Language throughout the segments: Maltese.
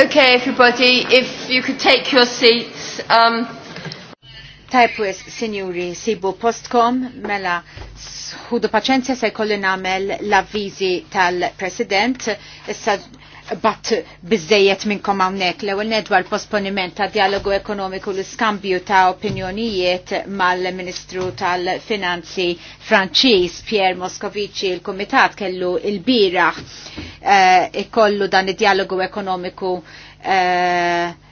Okay, everybody, if you could take your seats. Um... Tajpwis, sinjuri, sibu postkom, mela s-hudu paċenzja se kolli għamel l-avvizi tal-president, issa bat bizzejiet minnkom hawnhekk l-ewwel nedwar posponiment ta' dialogu ekonomiku l-iskambju ta' opinjonijiet mal-Ministru tal-Finanzi Franċiż Pierre Moscovici il-Kumitat kellu il-biraħ eh, ikollu dan id-dialogu ekonomiku uh,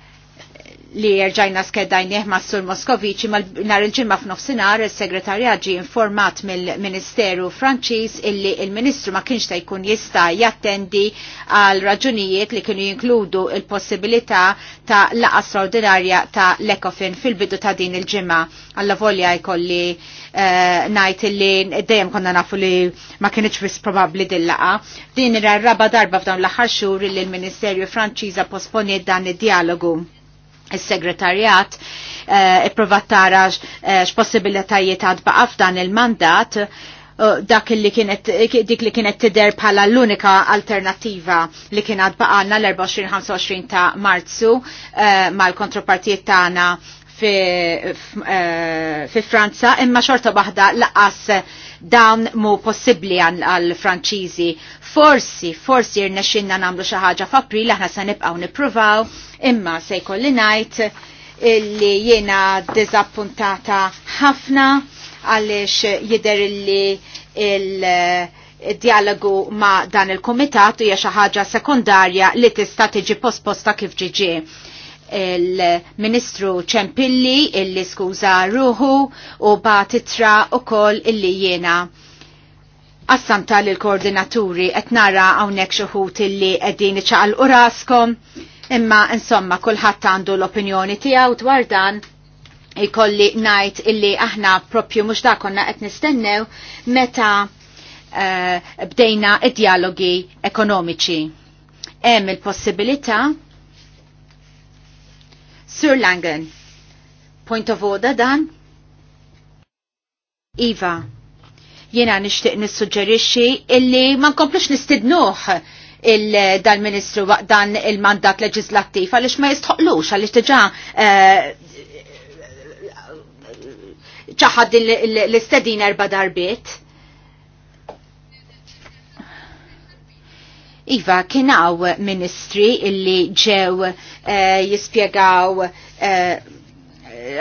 li rġajna skeddajnieh ma' Sur Moskovici ma nar il-ġimma f'nofsinhar is segretarja ġi informat mill-Ministeru Franċiż illi il-Ministru ma kienx ta' jkun jista' jattendi għal raġunijiet li kienu jinkludu il-possibilità ta' laqa straordinarja ta' l-Ekofin fil-bidu ta' din il-ġimma. Alla volja jkolli uh, eh, najt illi dejjem konna nafu li ma kienx bis probabbli dil-laqa. Din ir-raba darba f'dawn l-aħħar xhur li ministeru ministerju Franċiża posponi dan id-dialogu il-segretarjat eh, ipprova tara x eh, għad baqa' f'dan il-mandat eh, dak li kienet dik li kienet tidher bħala l-unika alternattiva li kien għad baqanna l-24-25 ta' Marzu mal-kontropartijiet tagħna Eh, fi Franza imma xorta waħda laqas dawn mu possibli għal franċiżi. Forsi, forsi jirnexxinna nagħmlu xi ħaġa f'April aħna se nibqgħu nippruvaw, imma se jkolli ngħid illi jiena dizappuntata ħafna għaliex jidher illi il- dialogu ma dan il-komitat hija xi ħaġa sekundarja li tista' tiġi posposta kif ġiġi il-Ministru Ċempilli illi skuża ruħu u batitra u koll illi jena. Assam tal-koordinaturi qed nara hawnhekk xi ħut illi qegħdin u raskom, imma insomma kulħadd għandu l-opinjoni tiegħu dwar dan ikolli ngħid illi aħna propju mhux dakonna konna qed nistennew meta uh, bdejna id-dialogi ekonomiċi. Hemm il-possibilità Sir Langen, point of order dan? Iva, jena nishtiq nissuġġerixxi illi ma nkomplux nistidnuh il-dal-ministru dan il-mandat leġislattiv għalix ma jistħoqlux għalix diġa eh, ċaħad l-istedin erba darbiet. Iva, kienaw ministri illi ġew eh, jispiegaw eh,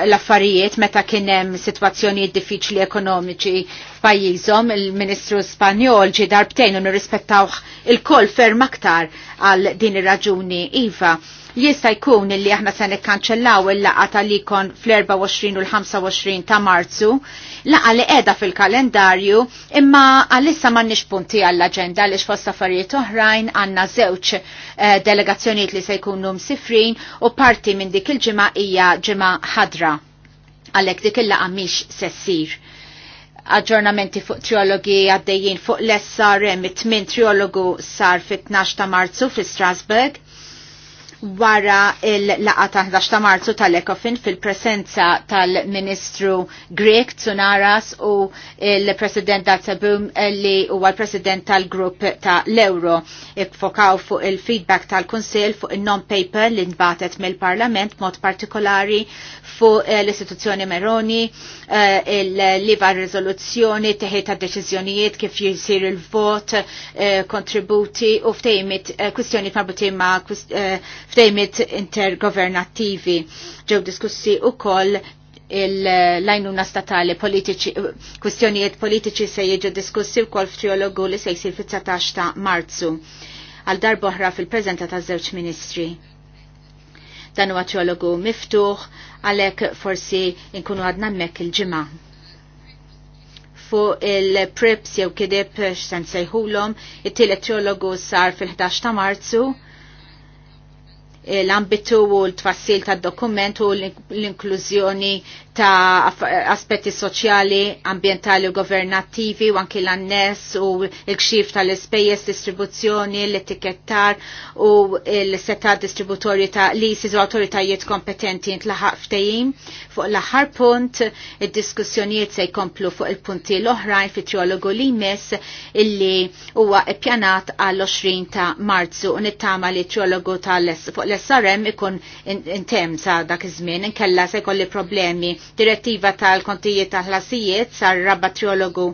l-affarijiet meta kien hemm sitwazzjonijiet diffiċli ekonomiċi f'pajjiżhom, il-Ministru Spanjol ġie darbtejn u nirrispettaw il-koll ferm aktar għal din ir-raġuni iva. Jista' jkun illi aħna se nikkanċellaw il-laqgħa tal-ikon fl-24 u l-25 ta' Marzu, laqa li qiegħda fil-kalendarju imma għalissa m'għandniex punti għall-aġenda li fost affarijiet oħrajn għandna żewġ eh, delegazzjonijiet li se jkunu msifrin u parti minn dik il-ġimgħa hija ġimgħa ħadra għalhekk dik il-laqa mhix sessir aġġornamenti fuq triologi għaddejjin fuq l-essar mit tmin triologu sar fit-12 ta' marzu fi Strasburg wara il-laqa ta' 11 ta' marzu tal-Ekofin fil-presenza tal-Ministru Grek Tsunaras u il-President Datsabum li huwa l-President tal-Grupp ta' l-Euro. Ikfokaw fuq il-feedback tal-Kunsil fuq il-non-paper li nbatet mill-Parlament mod partikolari fuq eh, l-istituzzjoni Meroni, eh, il-liva rizoluzzjoni, teħita deċizjonijiet kif jisir il-vot, eh, kontributi u ftejmit kwistjoni marbuti ma ftejmit intergovernativi. Ġew diskussi u koll l-lajnuna statali politiċi, kwistjonijiet politiċi se jieġu diskussi wkoll f'triologu li se jsir fit-19 ta' Marzu għal darboħra fil-preżenta ta' żewġ ministri. Dan huwa triologu miftuħ għalek forsi nkunu għadna mek il ġima Fu il-prips jew kidib x'sen sejħulhom, it-tielet teologu sar fil-11 ta' Marzu, l-ambitu u l-tfassil ta' dokument u l-inklużjoni ta' aspetti soċjali, ambientali u governattivi u anki l-annes u l-kxif tal-ispejjeż distribuzzjoni, l-etikettar u l-setta distributori ta' li u autoritajiet kompetenti intlaħaq ftejim. Fuq l-aħħar punt, id-diskussjonijiet se jkomplu fuq il-punti l-oħrajn fi triologu li jmiss illi huwa ippjanat għall-20 ta' Marzu u nittama li triologu tal fuq l-SRM ikun intem sa' dak iż-żmien, inkella se jkolli problemi direttiva tal-kontijiet tal-ħlasijiet sar rabba triologu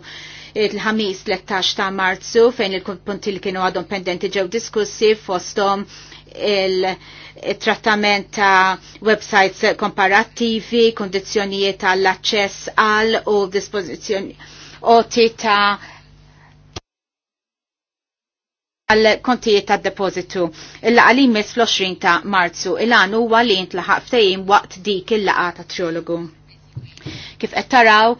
il-ħamis 13 ta' marzu fejn il-punti li kienu għadhom pendenti ġew diskussi fostom il-trattament ta' websites komparattivi, kondizjonijiet tal-aċċess għal u dispozizjoni oti ta' għal kontijiet ta' depozitu. Il-laqalim mis fl-20 ta' marzu il għanu huwa li jintlaħaq waqt dik il-laqa ta' triologu. Kif qed taraw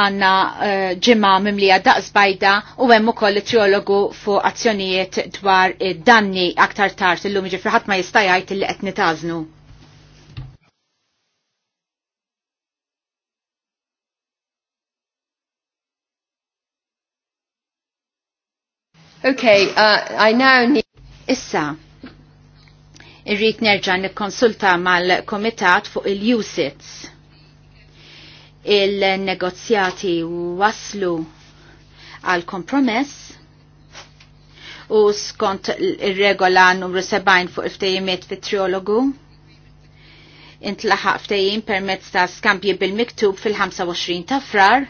għanna eh, ġimma mimlija daqs bajda u hemm ukoll triologu fuq azzjonijiet dwar danni aktar tard illum lum ħadd ma jista' jgħid li qed nitażnu. Ok, uh, I now need... Issa, irrit nerġa' nikkonsulta mal-komitat fuq il-USITS il-negozjati waslu għal kompromess u skont il-regola numru 70 fuq il-ftejimiet fit-triologu intlaħaq ftejim permezz ta' skambji bil-miktub fil-25 ta' frar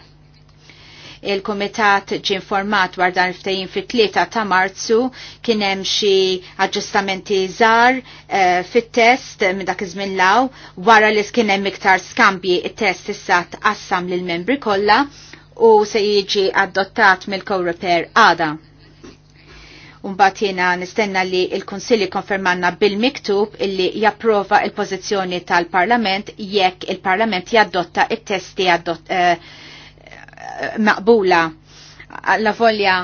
il-Kumitat ġi informat dwar dan il ftajin fit-3 ta' Marzu kien hemm xi aġġustamenti żgħar eh, fit-test minn dak iż-żmien law wara li kien hemm iktar skambji it-test issa tqassam lill-membri kollha u se jiġi adottat mill-Kowreper għada. Umbat jena nistenna li il-Konsilli konfermanna bil-miktub illi japprova il-pozizjoni tal-Parlament jekk il-Parlament jaddotta il-testi eh, maqbula la volja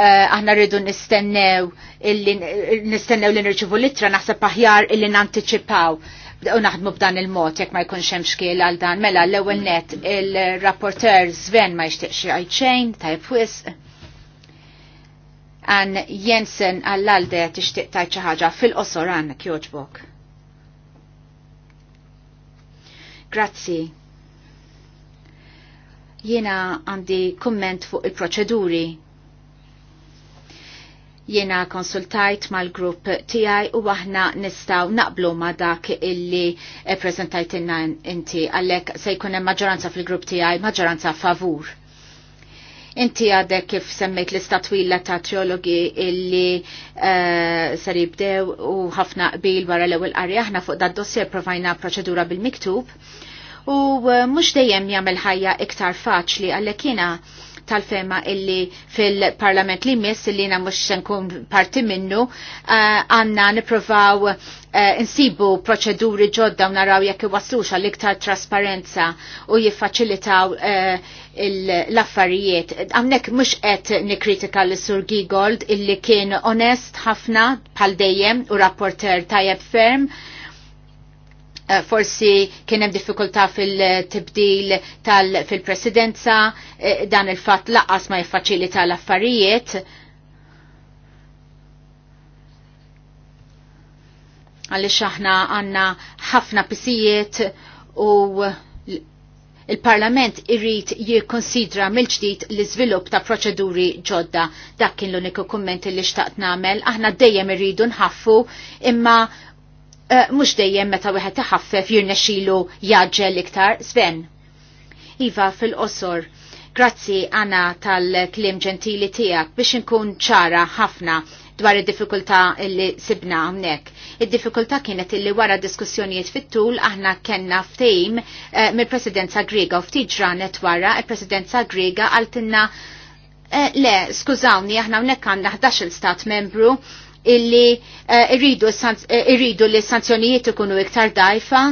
eh, aħna rridu nistennew illi nistennew li nirċivu litra naħseb aħjar illi nanticipaw u naħdmu b'dan il-mod jekk ma jkunx hemm xkiel għal dan. Mela l-ewwel net il-rapporter Sven ma jixtieqx jgħid xejn tajb wisq. Għan Jensen għall-alde tixtieq tajt xi ħaġa fil-qosor għandek jogħġbok. Grazzi. Jiena għandi komment fuq il-proċeduri. Jiena konsultajt mal-grupp tijaj u aħna nistaw naqblu ma dak illi prezentajt inna inti għallek se jkun hemm maġġoranza fil-grupp tijaj, maġġoranza favur. Inti għadek kif semmejt l twila ta' teologi illi uh, ser jibdew u ħafna qbil wara l-ewwel qari aħna fuq dad dossier provajna proċedura bil-miktub u eh, mhux dejjem jagħmel ħajja iktar faċli għalhekk jiena tal-fema illi fil-parlament li mis illi na mux nkun parti minnu eh, għanna uh, niprofaw uh, eh, insibu proċeduri ġodda u naraw jekk iwaslux għal iktar trasparenza u jiffaċilitaw uh, l-affarijiet. Għamnek mux qed nikritika l-Sur Gigold illi kien onest ħafna bħal dejjem u rapporter tajjeb ferm Eh, forsi kien hemm diffikultà fil-tibdil tal-fil-presidenza, eh, dan il-fatt laqqas ma jiffaċilita l-affarijiet. Għaliex aħna għandna ħafna pisijiet u il-Parlament irrit jikkonsidra mill-ġdid l-iżvilupp ta' proċeduri ġodda. Dak kien l-uniku kumment li xtaqt nagħmel, aħna dejjem irridu nħaffu imma Eh, mux dejjem meta wieħed iħaffef jirnexxielu jaġġel iktar, Sven. Iva fil-qosor. Grazzi għana tal-klim ġentili tijak biex nkun ċara ħafna dwar id-difikulta illi sibna għamnek. Id-difikulta kienet illi wara diskussjonijiet fit-tul aħna kenna ftejm eh, mill-presidenza Griega u ftit ġranet wara il-presidenza Griega għaltinna eh, le, skużawni, aħna għamnek għanna 11 stat membru illi eh, eh, irridu li sanzjonijiet ikunu iktar dajfa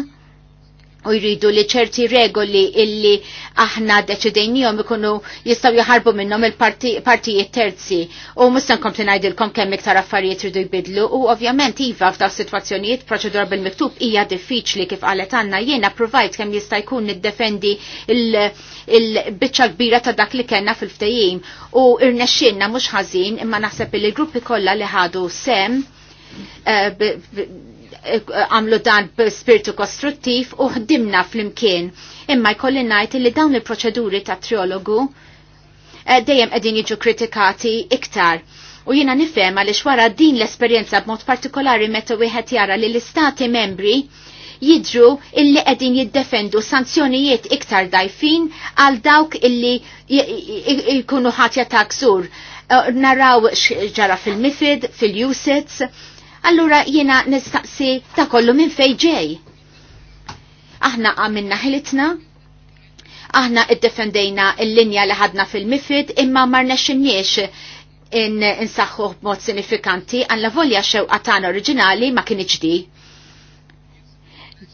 u jridu li ċerti regoli illi aħna deċidejnijom ikunu jistaw jaħarbu minnom il-partijiet terzi u mustan kom tinajdilkom kemm iktar affarijiet rridu jbidlu u ovvjament iva f'daw situazzjonijiet proċedura bil-miktub hija diffiċli kif qalet għanna jiena provajt kemm jista' jkun niddefendi il-biċċa kbira ta' dak li kellna fil ftejim u irnexxinna mhux ħażin imma naħseb li l-gruppi kollha li ħadu sem eh, għamlu dan spiritu kostruttiv u ħdimna fl-imkien. Imma jkolli najt li dawn il-proċeduri ta' triologu eh, dejjem qegħdin jiġu kritikati iktar. U jiena nifhem li wara din l-esperjenza b'mod partikolari meta wieħed jara li l-istati membri jidru illi qegħdin jiddefendu sanzjonijiet iktar dajfin għal dawk illi jkunu ħatja ta' ksur. Eh, naraw x'ġara fil-MIFID, fil-USITS, allura jiena nistaqsi ta' kollu minn fej ġej. Aħna għamilna ħilitna, aħna id-defendejna il-linja li ħadna fil-mifid imma marna xinniex in insaħħu b'mod sinifikanti għalla volja xewqa tagħna oriġinali ma kien iġdi.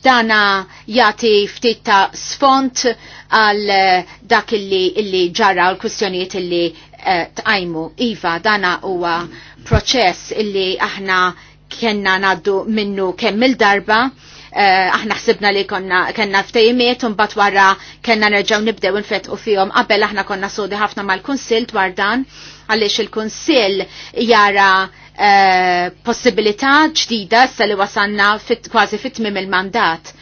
Dana jati ftit ta' sfont għal dak illi, illi ġara l kwistjonijiet illi eh, tqajmu. Iva, dana huwa proċess illi aħna kienna naddu minnu kemm il-darba, eh, aħna ħsibna li konna kena ftejmiet un bat wara kena nerġaw nibdew nfet u fihom qabel aħna konna sodi ħafna mal-kunsil dwar dan għaliex il kunsill jara eh, possibilità ġdida sa li wasanna kważi fit-tmim il-mandat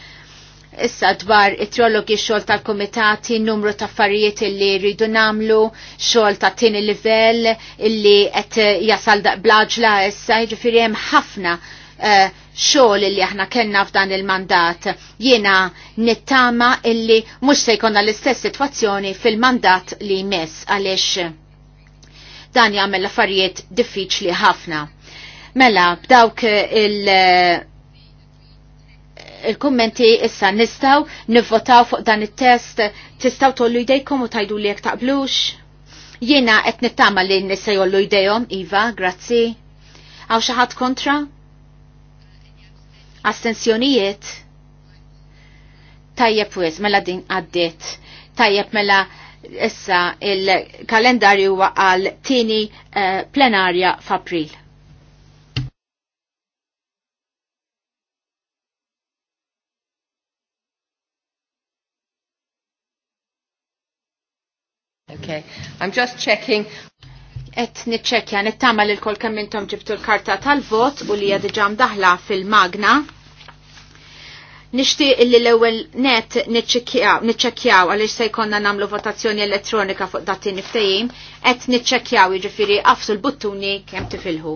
issa dwar it-trologi xol tal-komitati, numru ta' affarijiet illi rridu namlu, xol ta' tini livell illi qed jasal blaġla issa, ġifiri hemm ħafna eh, xol illi aħna kellna f'dan il-mandat. Jiena nittama illi mhux se jkollna l-istess sitwazzjoni fil-mandat li jmiss għaliex dan jagħmel affarijiet diffiċli ħafna. Mela, b'dawk il- il-kommenti issa nistaw nivvotaw fuq dan it-test tistaw tollu jdejkom u tajdu li jek taqblux. Jiena qed nittama li nisa jollu jdejhom, Iva, grazzi. Għaw xi ħadd kontra? Astensjonijiet? Tajjeb wis, mela din għaddiet. Tajjeb mela issa il-kalendarju għal tini uh, plenarja f'April. Okay, I'm just checking. Et nitċekja, nittama li l-kol kemm intom ġibtu l-karta tal-vot u li jadġam daħla fil-magna. Nishti illi l-ewel net nitċekjaw għalli se jkonna namlu votazzjoni elettronika fuq dati niftajim, et nitċekjaw iġifiri għafsu l-buttuni kem tifilħu.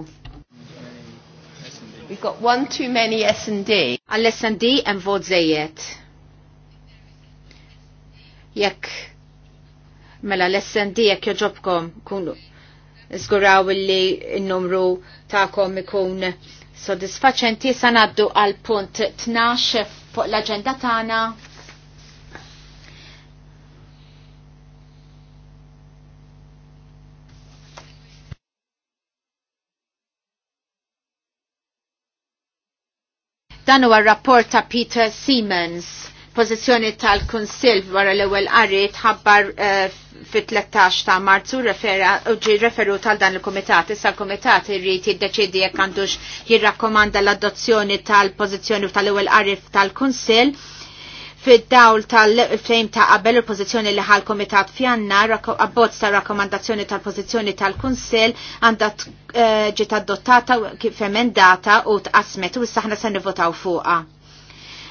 We've got one too many S&D. Għall-S&D hemm vot zejiet. Jekk Mela l-SND jekk joġobkom kunu zguraw li n-numru ta'kom ikun sodisfaċenti sanaddu għal punt 12 fuq l-agenda tagħna. Dan huwa rapport ta' Peter Siemens pożizzjoni tal-Kunsill wara l-ewwel qari tħabbar eh, fit-13 ta' Marzu refera referu tal dan il-Kumitat. Issa l-Kumitat irrid jiddeċidi jekk għandux jirrakkomanda l-adozzjoni tal-pożizzjoni tal-ewwel qari tal-Kunsill fid-dawl tal-frame ta' qabel il-pozizjoni li ħal komitat fjanna, abbozz ta' rakkomandazzjoni tal-pozizjoni tal-Kunsil għandha eh, ġiet adottata kif emendata u tqasmet u issa ħna se nivotaw fuqha.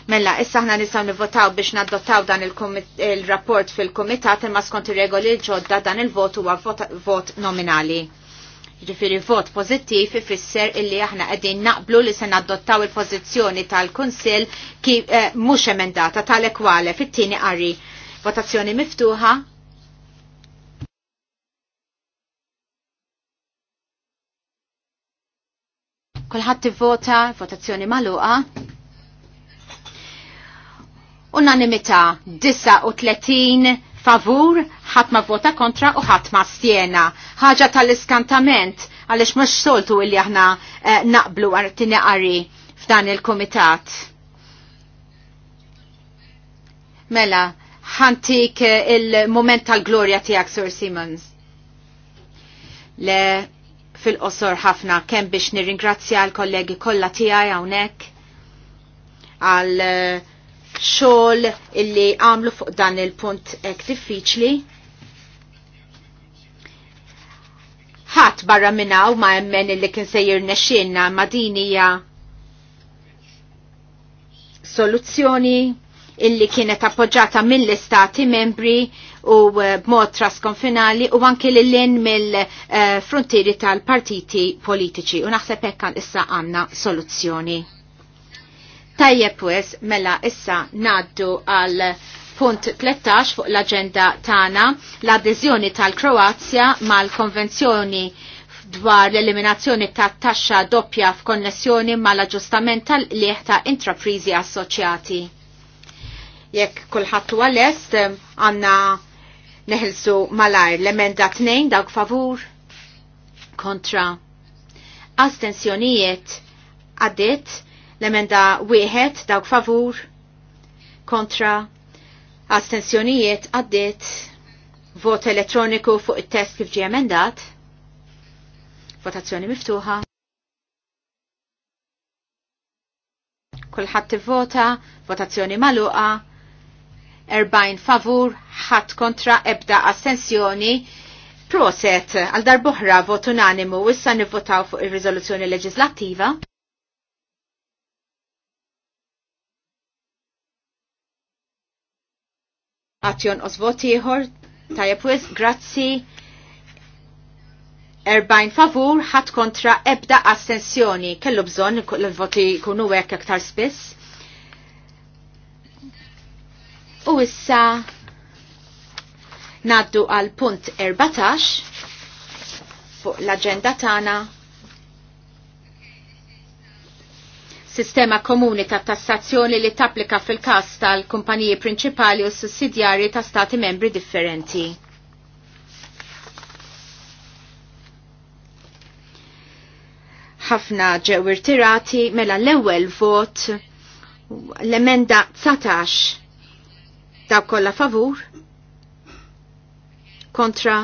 Mella, issa ħna nistaw nivvotaw biex naddottaw dan il-rapport il fil-komitat imma skont ir-regoli l-ġodda dan il-vot huwa vot, nominali. Ġifiri vot pozittiv ifisser illi aħna qegħdin naqblu li se naddottaw il-pożizzjoni tal-Kunsill ki eh, mhux emendata tal-ekwale fit-tieni qari. Votazzjoni miftuħa, kolħat t-vota, votazzjoni maluqa unanimità 39 favur, ħadd ma vota kontra u ħadd ma stjena. Ħaġa tal-iskantament għaliex mhux soltu illi aħna eh, naqblu għartini qari f'dan il-kumitat. Mela, ħantik eh, il-moment tal-glorja tiegħek Sir Simmons. Le fil-qosor ħafna kemm biex nirringrazzja l-kollegi kollha tiegħi hawnhekk għal eh, xogħol illi għamlu fuq dan il-punt hekk diffiċli. Ħadd barra minnaw ma emmen illi kien sejjer nexxinna ma din hija soluzzjoni illi kienet appoġġata mill-istati membri u eh, b'mod trasconfinali u anke l lin mill-frontieri eh, tal-partiti politiċi u naħseb hekk issa għandna soluzzjoni. Tajjeb wis mela issa naddu għal punt 13 fuq l-agenda tagħna l adizjoni tal-Kroazja mal-Konvenzjoni dwar l-eliminazzjoni ta' taxxa doppja f'konnessjoni mal-aġġustament tal-lieħ ta' intraprizi assoċjati. Jekk kulħadd huwa lest għandna neħilsu malajr l-emenda Tnejn dawk favur kontra astensjonijiet għaddit L-emenda wieħed dawk favur kontra astensjonijiet għaddit vot elettroniku fuq it-test kif ġie emendat. Votazzjoni miftuħa. Kulħadd ivvota, votazzjoni magħluqa, 40 favur, ħadd kontra ebda astensjoni. Proset għal darboħra vot unanimu issa nivvotaw fuq ir-riżoluzzjoni leġislattiva. Għatjon osvoti ieħor, tajab wis, grazzi. Erba'jn favur, ħat kontra ebda astensjoni. Kellu bżon l-voti kunu hekk aktar spiss. U issa naddu għal punt 14 fuq l-agenda tagħna sistema komuni ta' tassazzjoni li tapplika fil-kas tal-kumpaniji prinċipali u sussidjarji ta' stati membri differenti. ħafna ġew irtirati mela l-ewwel vot l-emenda 19 daw kollha favur kontra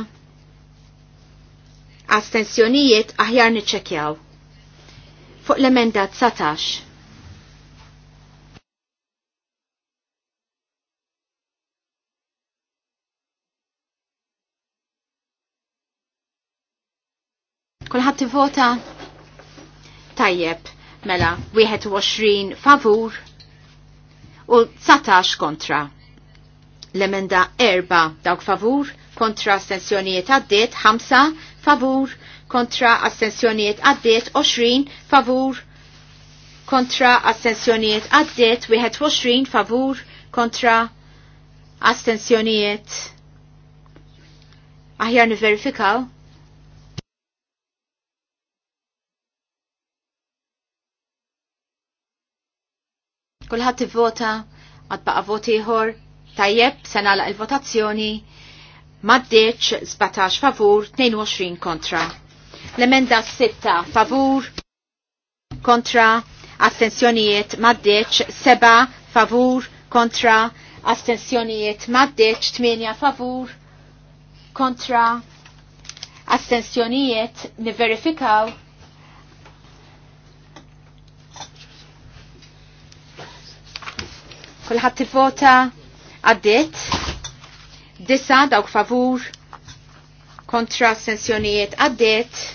astensjonijiet aħjar niċċekjaw fuq l-emenda 19. Kulħadd vota Tajjeb, mela 21 favur u 19 kontra. L-emenda 4 dawk favur kontra astensjonijiet għaddiet 5 favur kontra assenzjoniet għaddiet 20 favur kontra assenzjoniet għaddiet 21 favur kontra assenzjoniet. Aħjar niverifikaw. Kulħadd ivvota għad baqa voti ieħor tajjeb se nagħlaq il-votazzjoni maddeċ 17 favur 22 kontra. L-emenda sitta favur kontra astensjonijiet maddeċ seba favur kontra astensjonijiet maddeċ 8 favur kontra astensjonijiet niverifikaw Kulħadd tivvota għaddiet, disa dawk favur, kontra astensjonijiet għaddiet,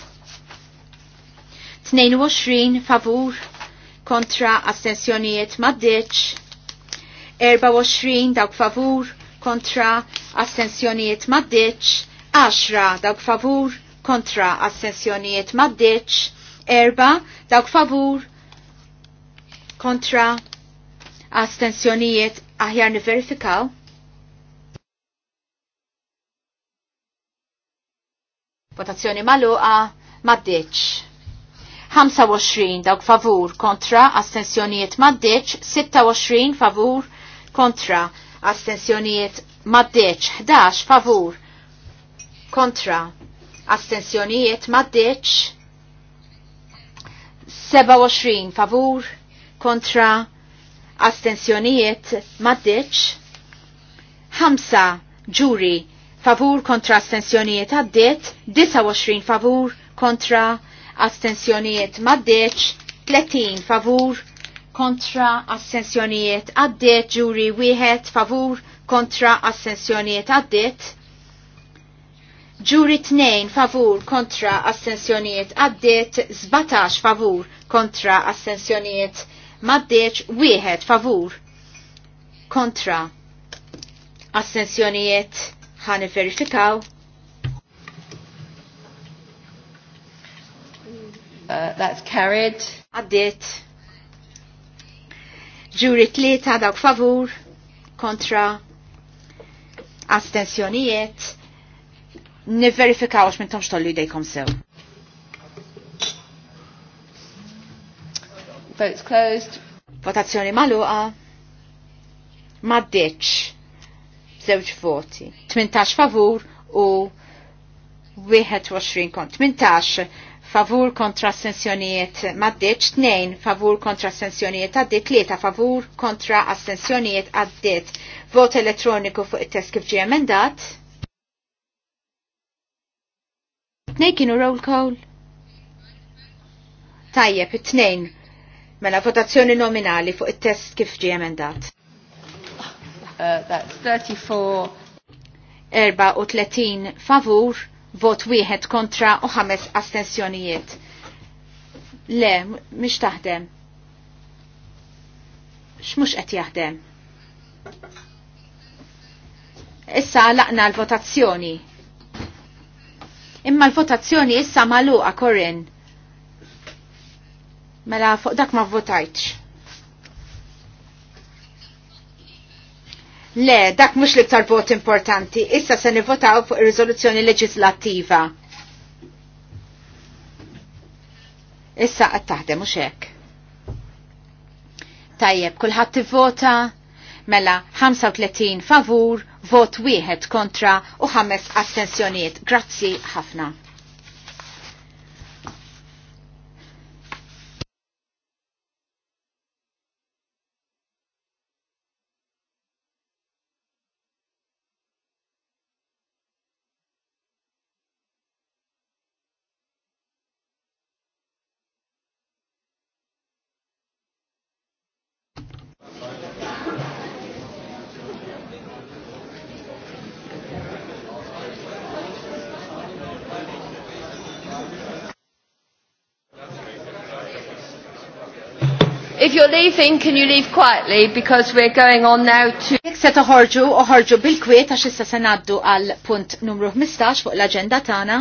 22 favur kontra astensjonijiet maddeċ, 24 dawk favur kontra astensjonijiet maddeċ, 10 dawk favur kontra astensjonijiet maddeċ, 4 dawk favur kontra astensjonijiet aħjar niverifikaw. Votazzjoni maluqa maddeċ. 25 dawk favur kontra astensjonijiet maddeċ, 26 favur kontra astensjonijiet maddeċ, 11 favur kontra astensjonijiet maddeċ, 27 favur kontra astensjonijiet maddeċ, 5 ġuri favur kontra astensjonijiet għaddiet, 29 favur kontra astensjonijiet astensjonijiet maddeċ, 30 favur kontra astensjonijiet għaddeċ, ġuri wieħed favur kontra astensjonijiet għaddeċ, ġuri 2 favur kontra astensjonijiet għaddeċ, 17 favur kontra astensjonijiet maddeċ, wieħed favur kontra astensjonijiet ħani verifikaw. Uh, that's carried. Għaddit. Ġuri tlieta dawk favur kontra astensjonijiet. Niverifikaw x'mintomx tollu jdejkom sew. Votes closed. Votazzjoni maluqa. Maddeċ. Zewġ voti. 18 favur u 21 kont. 18 favur kontra assenzjonijiet maddiċ, tnejn, favur kontra assenzjonijiet għaddit, tlieta favur kontra assenzjonijiet għaddit. Vot elettroniku fuq it-test kif ġie emendat. Tnejn kienu roll call. Tajjeb, it-tnejn. Mela votazzjoni nominali fuq it-test kif ġie emendat. Uh, that's 34 30 favur vot wieħed kontra u ħames astensjonijiet. Le, mhix taħdem. X'mhux qed jaħdem? Issa laqna l-votazzjoni. Imma l-votazzjoni issa maluqa korin. Mela fuq dak ma votajtx. Le, dak mhux l-iktar vot importanti. Issa se nivvotaw fuq ir-riżoluzzjoni leġislattiva. Issa qed taħdem mhux hekk. Tajjeb, kulħadd tivvota mela 35 favur, vot wieħed kontra u ħames astensjonijiet. Grazzi ħafna. you're leaving, can you leave quietly because we're going on now to... Jek se toħorġu, oħorġu bil-kwiet għax issa se naddu għal punt numru 15 fuq l-agenda tagħna.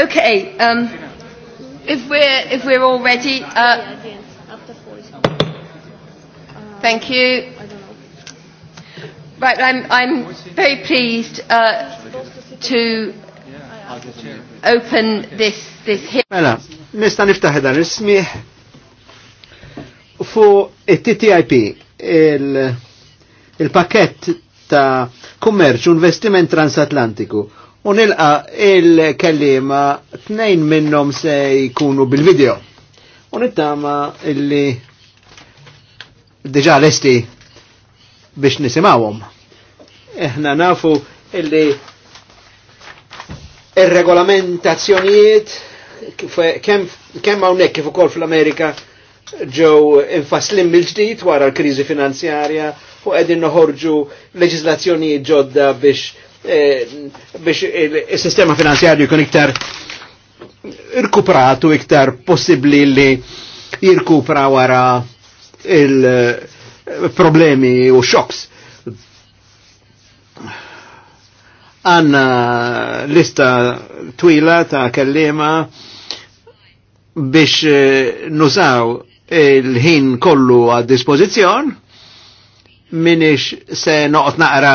Okay, um, if we're if we're all ready, uh, thank you. Right, I'm I'm very pleased uh, to open this this hearing. Mela, nista' niftaħ dan ismih fu it-TTIP il-pakett ta' kummerċ u investiment transatlantiku U nilqa il-kellima tnejn minnom se jkunu bil-video. U nittama illi diġa lesti biex nisimawom. Eħna nafu illi il-regolamentazzjonijiet kemm hawnhekk kif ukoll fl-Amerika ġew infaslim bil ġdid wara l-kriżi finanzjarja u qegħdin noħorġu leġislazzjonijiet ġodda biex E, biex il-sistema finanzjarju jkun iktar irkupratu iktar possibli li jirkupra wara il-problemi eh, u xoks. Għanna lista twila ta' kellima biex eh, nużaw il-ħin kollu għad dispożizzjon minix se noqot naqra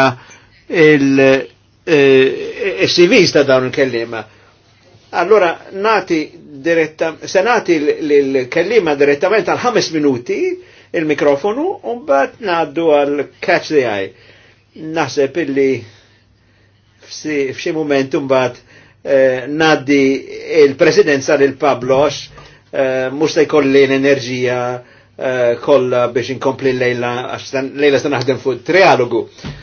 il- e si vista dawn il-kellima. Allora nati diretta, se nati l-kellima direttament għal ħames minuti il-mikrofonu un bat naddu al catch the eye. Naħseb illi f'xi moment un bat eh, naddi il-presidenza del Pablos eh, mux se jkolli l-enerġija eh, kolla biex inkompli lejla, lejla sta naħdem trialogu. Eh,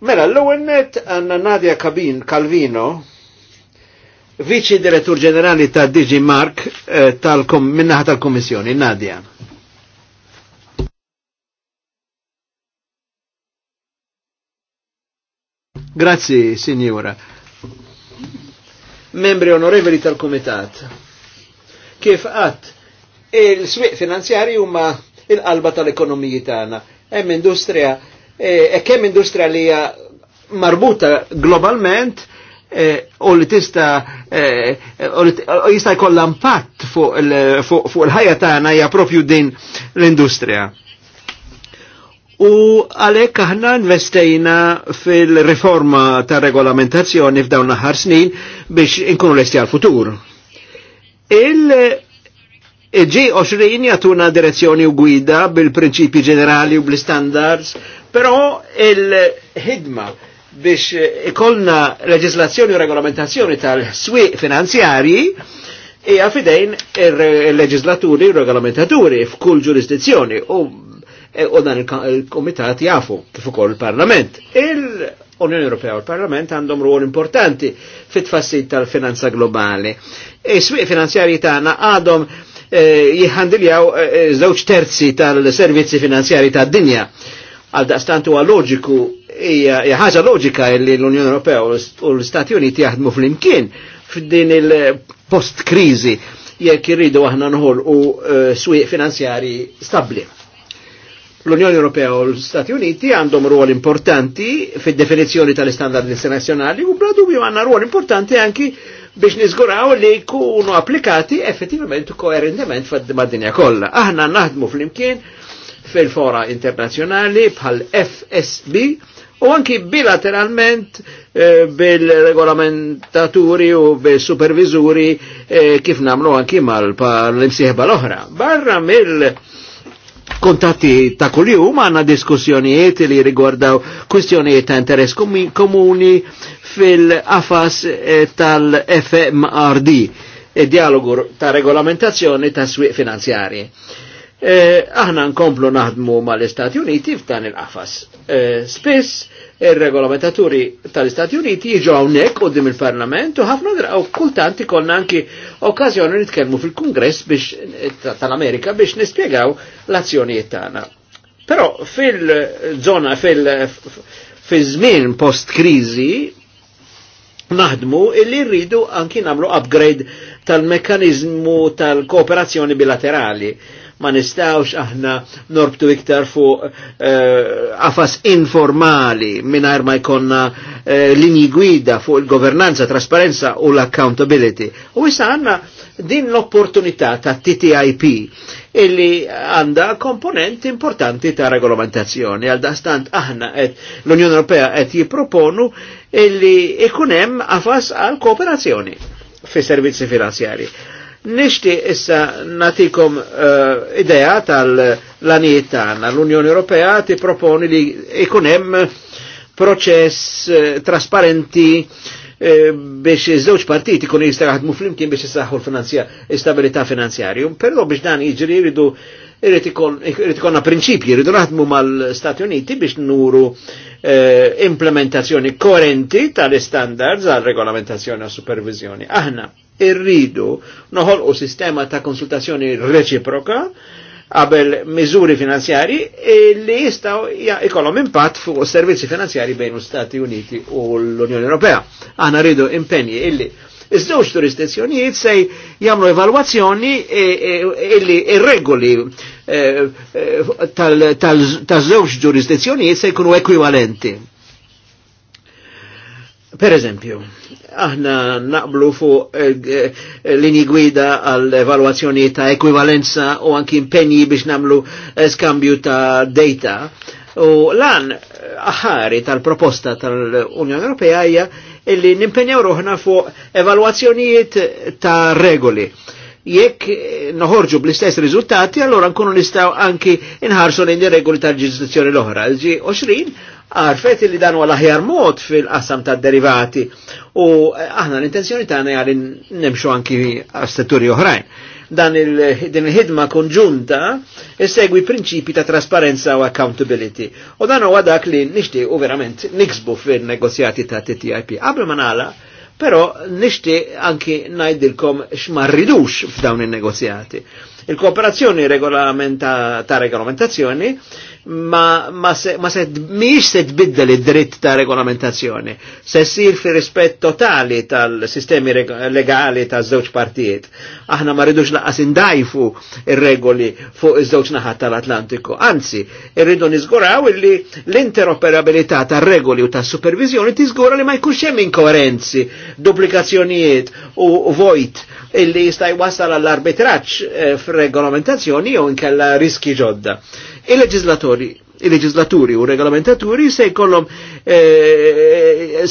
Mela, l-ewwel net għandna Nadia Kabin Calvino, viċi direttur ġenerali ta' DG Mark eh, tal minnaħa tal komissjoni Nadia. Grazzi, signora. Membri onorevoli tal-Komitat, kif qatt il-swieq finanzjari huma il-qalba tal-ekonomiji tagħna. Hemm industrija Eh, e kemm industrija li hija marbuta globalment eh, u li tista eh, u jista' jkollha impatt fuq il-ħajja tagħna hija propju din l-industrija. U għalhekk aħna investejna fil-riforma ta' regolamentazzjoni f'dawn aħħar snin biex inkunu lesti għal-futur. Il-G20 jatuna direzzjoni u gwida bil-prinċipi ġenerali u bl-standards Però il-ħidma biex ikollna leġislazzjoni u regolamentazzjoni tal-swieq finanzjarji hija fidejn il-leġislaturi u regolamentaturi f'kull ġurisdizzjoni u u dan il-komitat jafu kif ukoll il-Parlament. Il-Unjoni Ewropea u l-Parlament għandhom ruol importanti fit tfassit tal-finanza globali. Is-swieq finanzjarji tagħna għadhom eh, jihandiljaw eh, eh, żewġ terzi tal-servizzi finanzjarji tad-dinja. Għal daqstant huwa loġiku, hija ħaġa loġika li l-Unjoni Ewropea u l-Stati Uniti jaħdmu fl-imkien f'din il-post-kriżi jekk irridu aħna nħolqu e, swieq finanzjari stabbli. L-Unjoni Ewropea u l-Stati Uniti għandhom ruol importanti fid-definizzjoni tal-istandard internazzjonali u bladu bi għandna ruol importanti anki biex nizguraw li kunu applikati effettivament u koherentement fad-dinja kollha. Aħna naħdmu fl-imkien fil-fora internazjonali bħal FSB u anki bilateralment eh, bil-regolamentaturi u bil-supervizuri eh, kif namlu anki mal-imsieħba l-oħra. Barra mill- kontatti ta' kuljum għanna diskussjonijiet li rigordaw kwistjonijiet ta' interess komuni fil-afas eh, tal-FMRD, e dialogu ta' regolamentazzjoni ta' swiq finanzjari. Eh, aħna nkomplu naħdmu mal-Istati Uniti f'dan il-qafas. Eh, spiss ir-regolamentaturi tal-Istati Uniti jiġu hawnhekk qudiem il-Parlament u ħafna draw kultant ikollna anki okkażjoni nitkellmu fil-Kungress biex tal-Amerika biex nispjegaw l-azzjonijiet tagħna. Però fil-żona fil żona fil post-kriżi naħdmu illi rridu anki nagħmlu upgrade tal mekkaniżmu tal-kooperazzjoni bilaterali ma nistawx aħna norbtu iktar fuq għafas eh, uh, informali minnajr ma jkonna uh, eh, linji gwida fuq il-governanza, trasparenza u l-accountability. U issa għanna din l-opportunità ta' TTIP illi għanda komponenti importanti ta' regolamentazzjoni. Għal dastant aħna l-Unjoni Ewropea qed jipproponu illi ikunem għafas għal kooperazzjoni fi servizzi finanzjari. Nishti issa natikom uh, idea tal-lanijiet tagħna. L-Unjoni Ewropea ti proponi li ikun hemm proċess uh, trasparenti uh, biex iż-żewġ partiti kun jista' jaħdmu flimkien biex isaħħu l-istabilità finanzjarju. Però biex dan jiġri jridu irrid ikonna prinċipji, irridu naħdmu mal-Stati Uniti biex nuru eh, implementazzjoni koerenti tal-standards għal regolamentazzjoni u supervizjoni. Aħna irridu noħol u sistema ta' konsultazzjoni reċiproka għabel miżuri finanzjari li jistaw ikollhom impatt fuq servizzi finanzjari bejn l-Stati Uniti u l-Unjoni Ewropea. Għana rridu impenji illi iż-żewġ turistazzjonijiet se jagħmlu evalwazzjoni e, e, illi ir-regoli e, tal-żewġ ġurisdizzjonijiet se jkunu ekwivalenti. Per eżempju, aħna naqblu fuq eh, eh, lini gwida għal evaluazzjoni ta' ekwivalenza u anki impenji biex namlu skambju ta' data. U lan aħari tal-proposta tal-Unjoni Ewropea hija illi nimpenjaw ruħna fuq evaluazzjonijiet ta' regoli. Jekk noħorġu bl-istess rizultati, allora nkunu nistaw anki inħarsu lejn regoli tal-ġurisdizzjoni l-oħra. l għarfet li dan huwa l-aħjar mod fil-qasam ta' derivati u eh, aħna l-intenzjoni għana għalin nemxu anki għastetturi uħrajn. oħrajn. Dan din il-ħidma konġunta segwi prinċipi ta' trasparenza u accountability. U dan huwa dak li nixti u verament niksbu fil-negozjati ta' TTIP. Qabel ma nala, però nixtieq anki ngħidilkom x'ma rridux f'dawn in-negozjati. Il-kooperazzjoni regolamenta, ta' regolamentazzjoni ma, ma, se, ma se, miex se tbiddel id-dritt ta' regolamentazzjoni, se sir fi rispett totali tal-sistemi legali ta' żewġ partijiet. Aħna ma rridux laqas indajfu ir-regoli fuq iż-żewġ naħat tal-Atlantiku. Anzi, irridu niżguraw illi l-interoperabilità ta' regoli u ta' supervizjoni tiżgura li ma jkunx hemm inkoerenzi, duplikazzjonijiet u vojt illi jista' jwassal għall f eh, f'regolamentazzjoni jew inkella riski ġodda. il leġizlatori il leġizlaturi u regolamentaturi se jkollhom eh,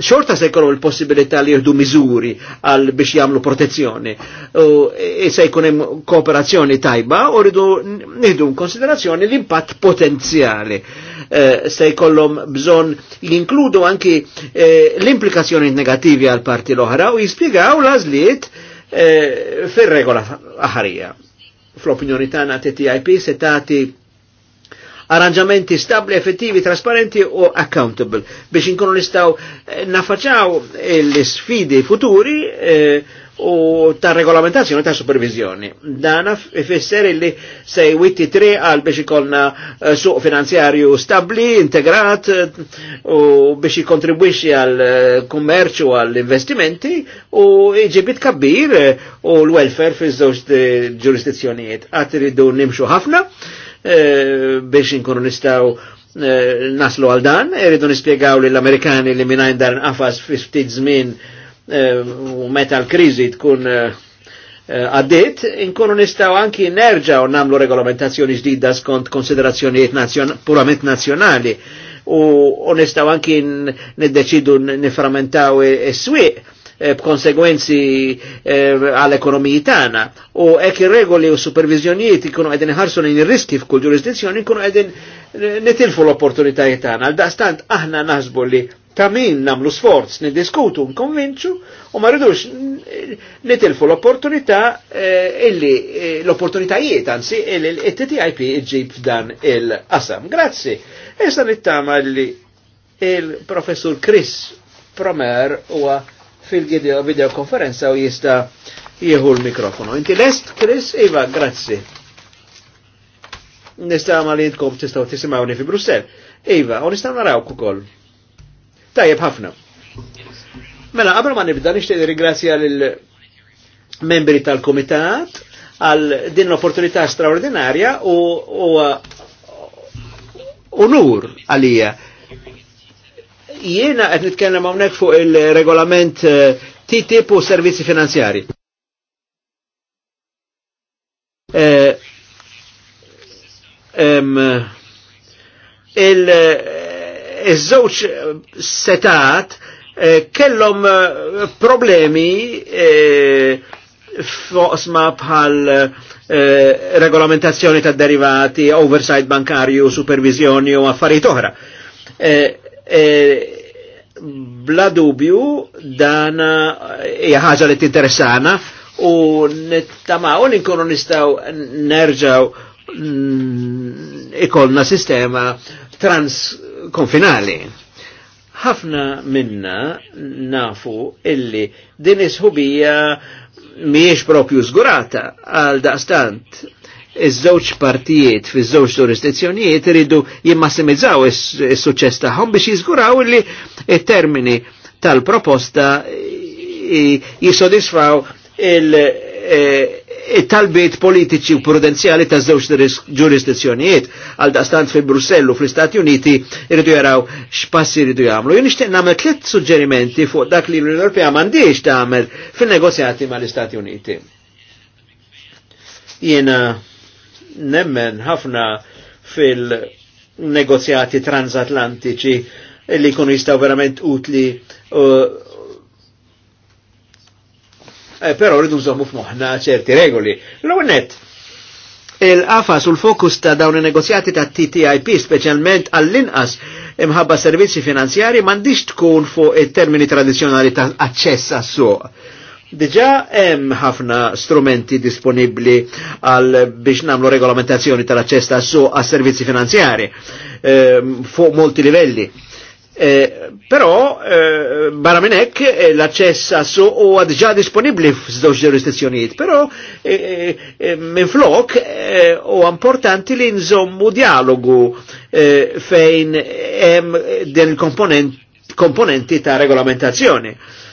xorta se jkollhom il-possibilità li jirdu miżuri għal biex jagħmlu protezzjoni. U e, se jkun hemm kooperazzjoni tajba u rridu nieħdu konsiderazzjoni l-impatt potenzjali. Eh, se jkollhom bżonn jinkludu anki l-implikazzjoni negativi għal parti l-oħra u jispjegaw l-għażliet Eh, fil-regola aħarija. Fl-opinjoni T TTIP se tati arranġamenti stabli, effettivi, trasparenti u accountable biex inkunu nistaw eh, nafaċaw l-sfidi futuri eh, u ta' regolamentazzjoni ta' supervizjoni. Dana fisser illi se witti tre għal biex ikolna eh, suq finanzjarju stabli, integrat eh, u biex jikontribwixi għal eh, kummerċu għal investimenti u iġibit kabbir u l-welfare fi żewġ ġurisdizzjonijiet. Għat nimxu ħafna biex inkunu nistaw naslu għal dan, irridu nispiegaw l amerikani li minajn dar nqafas fi ftit żmien Eh, u meta l-krizi tkun eh, eh, għaddit, inkunu nistaw anki nerġaw namlu regolamentazzjoni ġdida skont konsiderazzjonijiet purament nazjonali u nistaw anki niddeċidu niframentaw s swieq b'konsegwenzi għall-ekonomiji e tagħna u hekk ir-regoli u supervizjonijiet ikunu qegħdin iħarsu lejn ir-riski f'kull ġurisdizzjoni ikunu qegħdin nitilfu l-opportunitajiet tagħna. Għal daqstant aħna naħsbu li ta' min namlu sforz nidiskutu nkonvinċu u ma rridux nitilfu l-opportunità eh, illi eh, l-opportunitajiet anzi illi l-TTIP iġib f'dan il-qasam. Grazzi. Issa nittama li il-professur Chris Promer huwa fil-videokonferenza u jista jieħu l-mikrofonu. Inti lest, Chris? Iva, grazzi. Nistama li jintkom tistaw tisimawni fi Brussel. Iva, u nistama narawk ukoll. Tajjeb ħafna. Mela, qabel ma nibda nixtieq ringrazzja lil membri tal-Kumitat għal din l-opportunità straordinarja u, u unur għalija. Jiena qed nitkellem hawnhekk fuq il-regolament eh, TTIP u servizzi finanzjari. Eh, il iż-żewġ eh, setat eh, kellhom eh, problemi fosma bħal regolamentazzjoni ta' derivati, oversight bankarju, supervizjoni u affarijiet oħra. Bla dubju dana hija ħaġa li tinteressana u nittamaw ninkunu nistaw nerġaw ikolna sistema trans konfinali. Ħafna minna nafu illi din isħubija miex propju zgurata għal daqstant iż-żewġ partijiet fi żewġ jurisdizzjonijiet iridu jimmassimizzaw is-suċċess tagħhom biex jiżguraw li it-termini tal-proposta jisodisfaw il- eh, talbiet politiċi u prudenzjali ta' żewġ ġurisdizzjonijiet għal daqstant fi Brussellu fl-Istati Uniti irridu jaraw x'passi irridu jagħmlu. Jien nixtieq nagħmel tliet suġġerimenti fuq dak li l-Unjoni Ewropea m'għandix tagħmel fin-negozjati mal-Istati Uniti. Jiena nemmen ħafna fil-negozjati transatlantiċi li jkunu jistgħu verament utli uh, Eh, però rridu nżommu f'moħħna ċerti regoli. L-għonet, il-qafas u l-fokus ta' dawn il-negozjati ta' TTIP, specialment għall-inqas imħabba servizzi finanzjari, mandiġ tkun fuq il-termini tradizjonali ta' access għas-suq. Diġa hemm ħafna strumenti disponibli għal biex nagħmlu regolamentazzjoni tal-aċċess tas-suq għas-servizzi finanzjari eh, fuq molti livelli Eh, però, eh, barra minn hekk, eh, l-aċċess għassu huwa diġà disponibbli f'żewġ ġurisdizzjonijiet, però eh, eh, minn flok eh, huwa eh, importanti li nżommu dialogu eh, fejn hemm din komponent komponenti ta' regolamentazzjoni. Eh,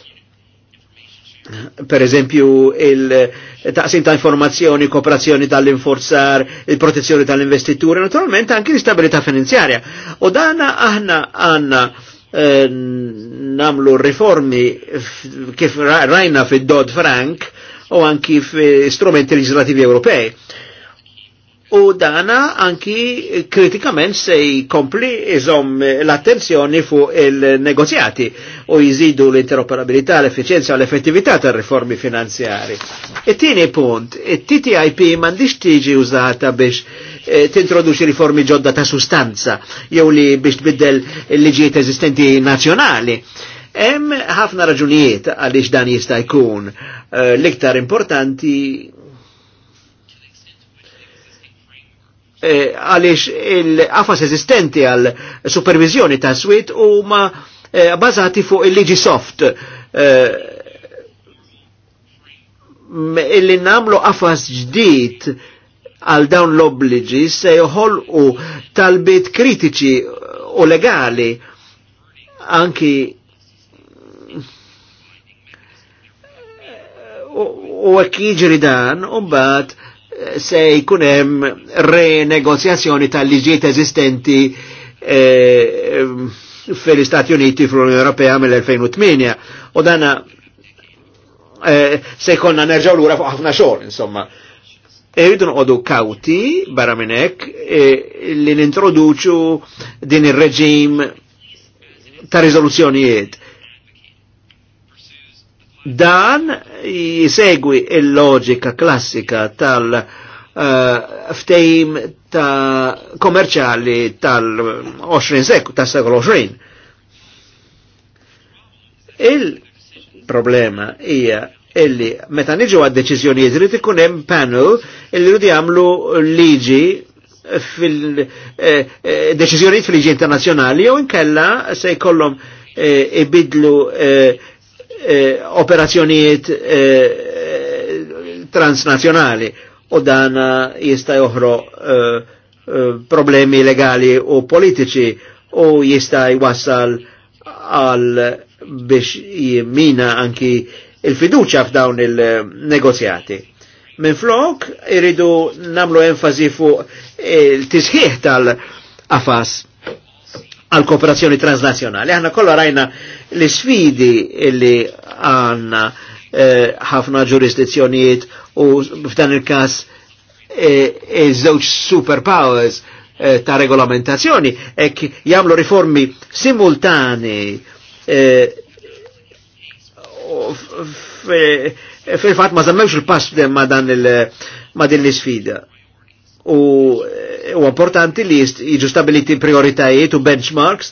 per eżempju il-taqsim ta' informazzjoni, kooperazzjoni tal-inforzar, il-protezzjoni tal-investitura, naturalment anke l-istabilità finanzjarja. U dana aħna għanna eh, namlu riformi kif rajna fid-Dodd Frank u anki f-strumenti legislativi europei. U dana anki kritikament se jkompli iżom l-attenzjoni fuq il-negozjati u jizidu l-interoperabilità, l-efficienza u l-effettività tal riformi finanzjari. It-tieni punt, it-TTIP mandiġ tiġi użata biex eh, t-introduċi riformi ġodda ta' sustanza jew li biex tbiddel l-liġijiet eżistenti nazzjonali. Hemm ħafna raġunijiet għaliex dan jista' jkun eh, l-iktar importanti Eh, għalix il-qafas eżistenti għal supervizjoni ta' swit u ma eh, bazati fuq il-liġi soft eh, illi namlu qafas ġdid għal dawn l obliġi se u talbit kritiċi u legali anki u għek u bat uh, se jkunem renegozjazzjoni tal-liġijiet eżistenti eh, fil-Istati Uniti fl-Unjoni Ewropea mill-2008 u dana eh, se jkollna nerġaw l lura fuq ħafna xogħol insomma. Irridu e nqodu kawti barra minn hekk eh, li nintroduċu din ir-reġim ta' riżoluzzjonijiet Dan jisegwi il-loġika klassika tal- uh, ftejm ta' komerċali tal-20 sekku, ta' sekol 20. Il-problema hija illi meta niġu għad deċizjoni irid ikun hemm panel illi rridu jagħmlu liġi fil-deċiżjonijiet eh, eh, fil-liġi internazzjonali jew inkella se jkollhom ibidlu eh, eh, operazzjonijiet eh, transnazjonali u dan eh, jista' joħro eh, eh, problemi legali u politiċi u jista' jwassal għal biex jimmina anki il-fiduċa f'dawn il-negozjati. Minn flok iridu namlu enfasi fuq eh, il-tisħiħ tal-afas għal kooperazzjoni transnazjonali. Aħna kollha rajna l sfidi li għanna eh, ħafna eh, ġurisdizzjonijiet u f'dan il kas eh, iż-żewġ eh, superpowers eh, ta' regolamentazzjoni ek jagħmlu riformi simultani eh, fil fat ma żammewx il-pass ma dan il sfida l-isfida. U u importanti li jiġu stabiliti prioritajiet u benchmarks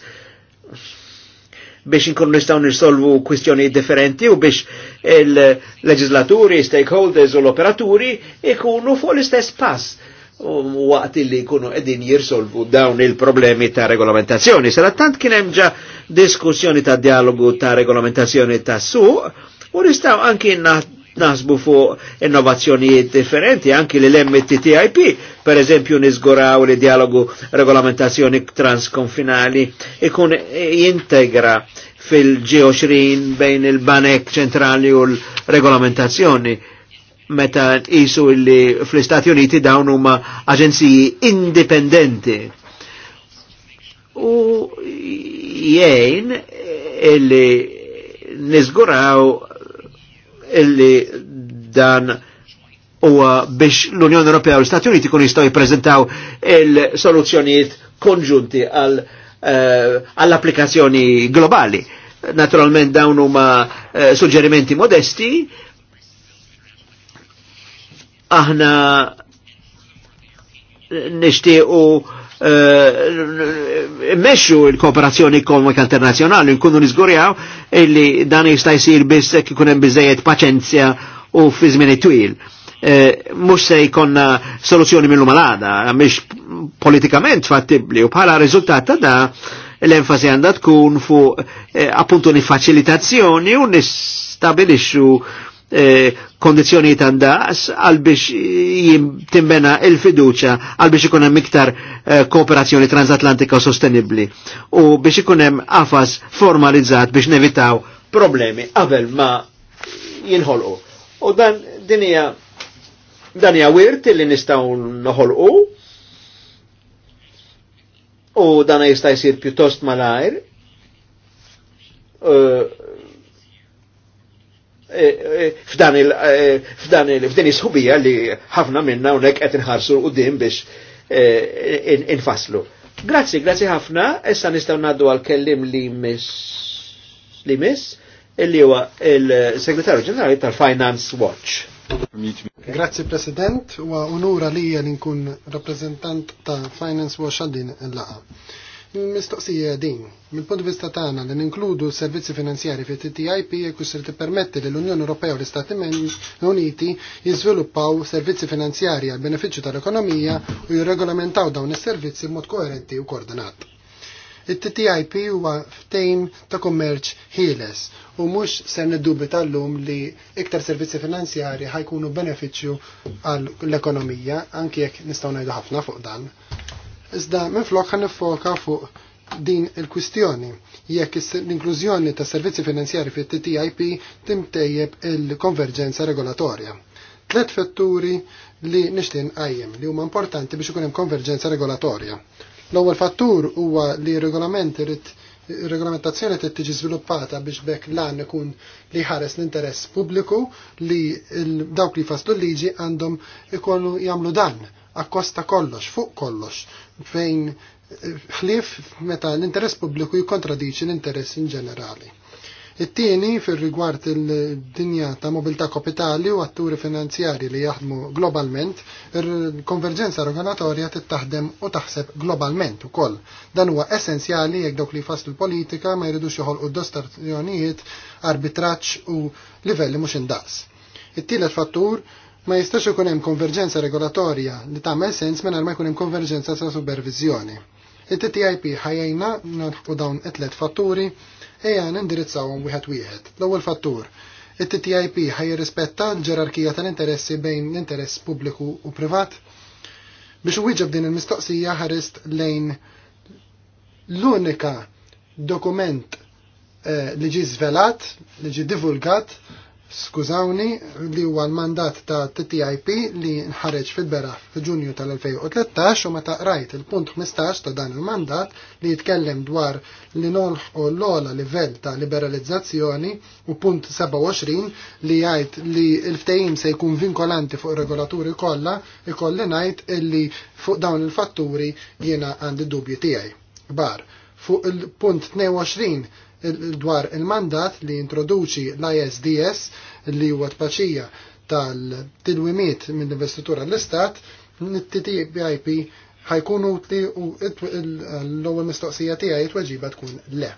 biex inkunu nistaw nisolvu kwistjoni differenti u biex il-leġislaturi, stakeholders u l-operaturi ikunu fuq l-istess pass u waqt li jkunu edin jirsolvu dawn il-problemi ta' regolamentazzjoni. Sera tant kien hemm ġa diskussjoni ta' dialogu ta' regolamentazzjoni ta' suq u nistaw anki naħt nasbu fuq innovazzjonijiet differenti, anki li l-MTTIP, per eżempju nizguraw li dialogu regolamentazzjoni transkonfinali ikun jintegra fil-G20 bejn il-banek ċentrali u l-regolamentazzjoni meta jisu li fl-Istati Uniti dawn huma aġenziji indipendenti. U jgħin illi nizguraw illi dan u biex l-Unjoni Ewropea u l-Stati Uniti kun jistgħu jippreżentaw il-soluzzjonijiet konġunti eh, għall-applikazzjoni uh, globali. Naturalment dawn huma uh, suġġerimenti modesti. Aħna nixtiequ Eh, meċu il-kooperazzjoni komik internazjonali, nkunu nizgurjaw illi dan jistaj sir biss kikunem ikun hemm paċenzja u fizmini żmien twil. Eh, Mux se jkollna soluzzjoni minnu malada, mhix politikament fattibli, u bħala riżultat ta' da l-enfasi għandha tkun fuq eh, appuntu nifaċilitazzjoni u nistabilixu Eh, kondizjoni ta' għal biex timbena il-fiduċa għal biex ikunem miktar eh, kooperazzjoni transatlantika sostenibli u biex ikunem għafas formalizzat biex nevitaw problemi qabel ma jinħolqu. U dan dinija dan hija wirt li nistgħu noħolqu u dan jista' jsir pjuttost malajr. Uh, Eh, eh, f'dan il-f'din eh, isħubija li ħafna minna unek qed inħarsu din biex infaslu. Grazzi, grazzi ħafna, issa nistgħu ngħaddu għal kellim li miss li miss illi huwa il-Segretarju Ġenerali tal-Finance Watch. Grazzi President, u onura li nkun rappresentant ta' Finance Watch għal l laqa mistoqsija din. Mill-punt vista tagħna li ninkludu servizzi finanzjari fi TTIP jekk se tippermetti li l-Unjoni Ewropea u l-Istati Uniti jiżviluppaw servizzi finanzjari għal benefiċċju tal-ekonomija u jirregolamentaw dawn is-servizzi b'mod koerenti u koordinat. It-TTIP huwa ftejn ta' kummerċ ħieles u mhux ser niddubita llum li iktar servizzi finanzjari ħajkunu benefiċċju għall-ekonomija anke jekk nistgħu ngħidu ħafna fuq dan iżda minflok ħan nifoka fuq din il-kwistjoni jekk l-inklużjoni ta' servizzi finanzjari fit ttip timtejjeb il-konverġenza regolatorja. Tlet fetturi li nixtin għajjem li huma importanti biex ikun hemm konverġenza regolatorja. L-ewwel fattur huwa li regolament irid regolamentazzjoni trid tiġi żviluppata biex bekk l-għan ikun li ħares l-interess pubbliku li dawk li faslu l-liġi għandhom ikonu jagħmlu dan akkosta kollox, fuq kollox, fejn ħlief meta l-interess pubbliku jikontradiċi l-interess in ġenerali. It-tieni fir rigward il-dinja ta' mobilità kapitali u atturi finanzjari li jaħdmu globalment, il-konverġenza regolatorja tittaħdem u taħseb globalment ukoll. Dan huwa essenzjali jekk dawk li faslu politika ma jridux joħolqu dostazzjonijiet, arbitraġġ u livelli mhux indaqs. It-tielet fattur Ma jistax ikun hemm konverġenza regolatorja li tagħmel sens mingħajr ma jkun hemm konverġenza ta' supervizjoni. It-TTIP ħajjajna u dawn it-tlet fatturi ejja nindirizzawhom wieħed wieħed. L-ewwel fattur, it-TTIP ħaj rispetta l-ġerarkija tal-interessi bejn l-interess pubbliku u privat. Biex uwieġeb din il-mistoqsija ħarist lejn l-unika dokument eh, li ġi zvelat, li ġi divulgat Skużawni li huwa l-mandat ta' TTIP li nħareġ fil-beraħ f'Ġunju tal-2013 u meta qrajt il-punt 15 ta' dan il-mandat li jitkellem dwar li u l-ola livell ta' liberalizzazzjoni u punt 27 li jgħid li l-ftehim se jkun vinkolanti fuq regolaturi kollha ikolli ngħid illi fuq dawn il-fatturi jiena għandi dubji tiegħi. Bar, fuq il-punt 22 dwar il-mandat li introduċi l-ISDS li huwa tpaċija tal-tilwimiet mill investitura l istat n-TTIP ħajkunu utli u l-ewwel mistoqsija tiegħi tweġiba tkun le.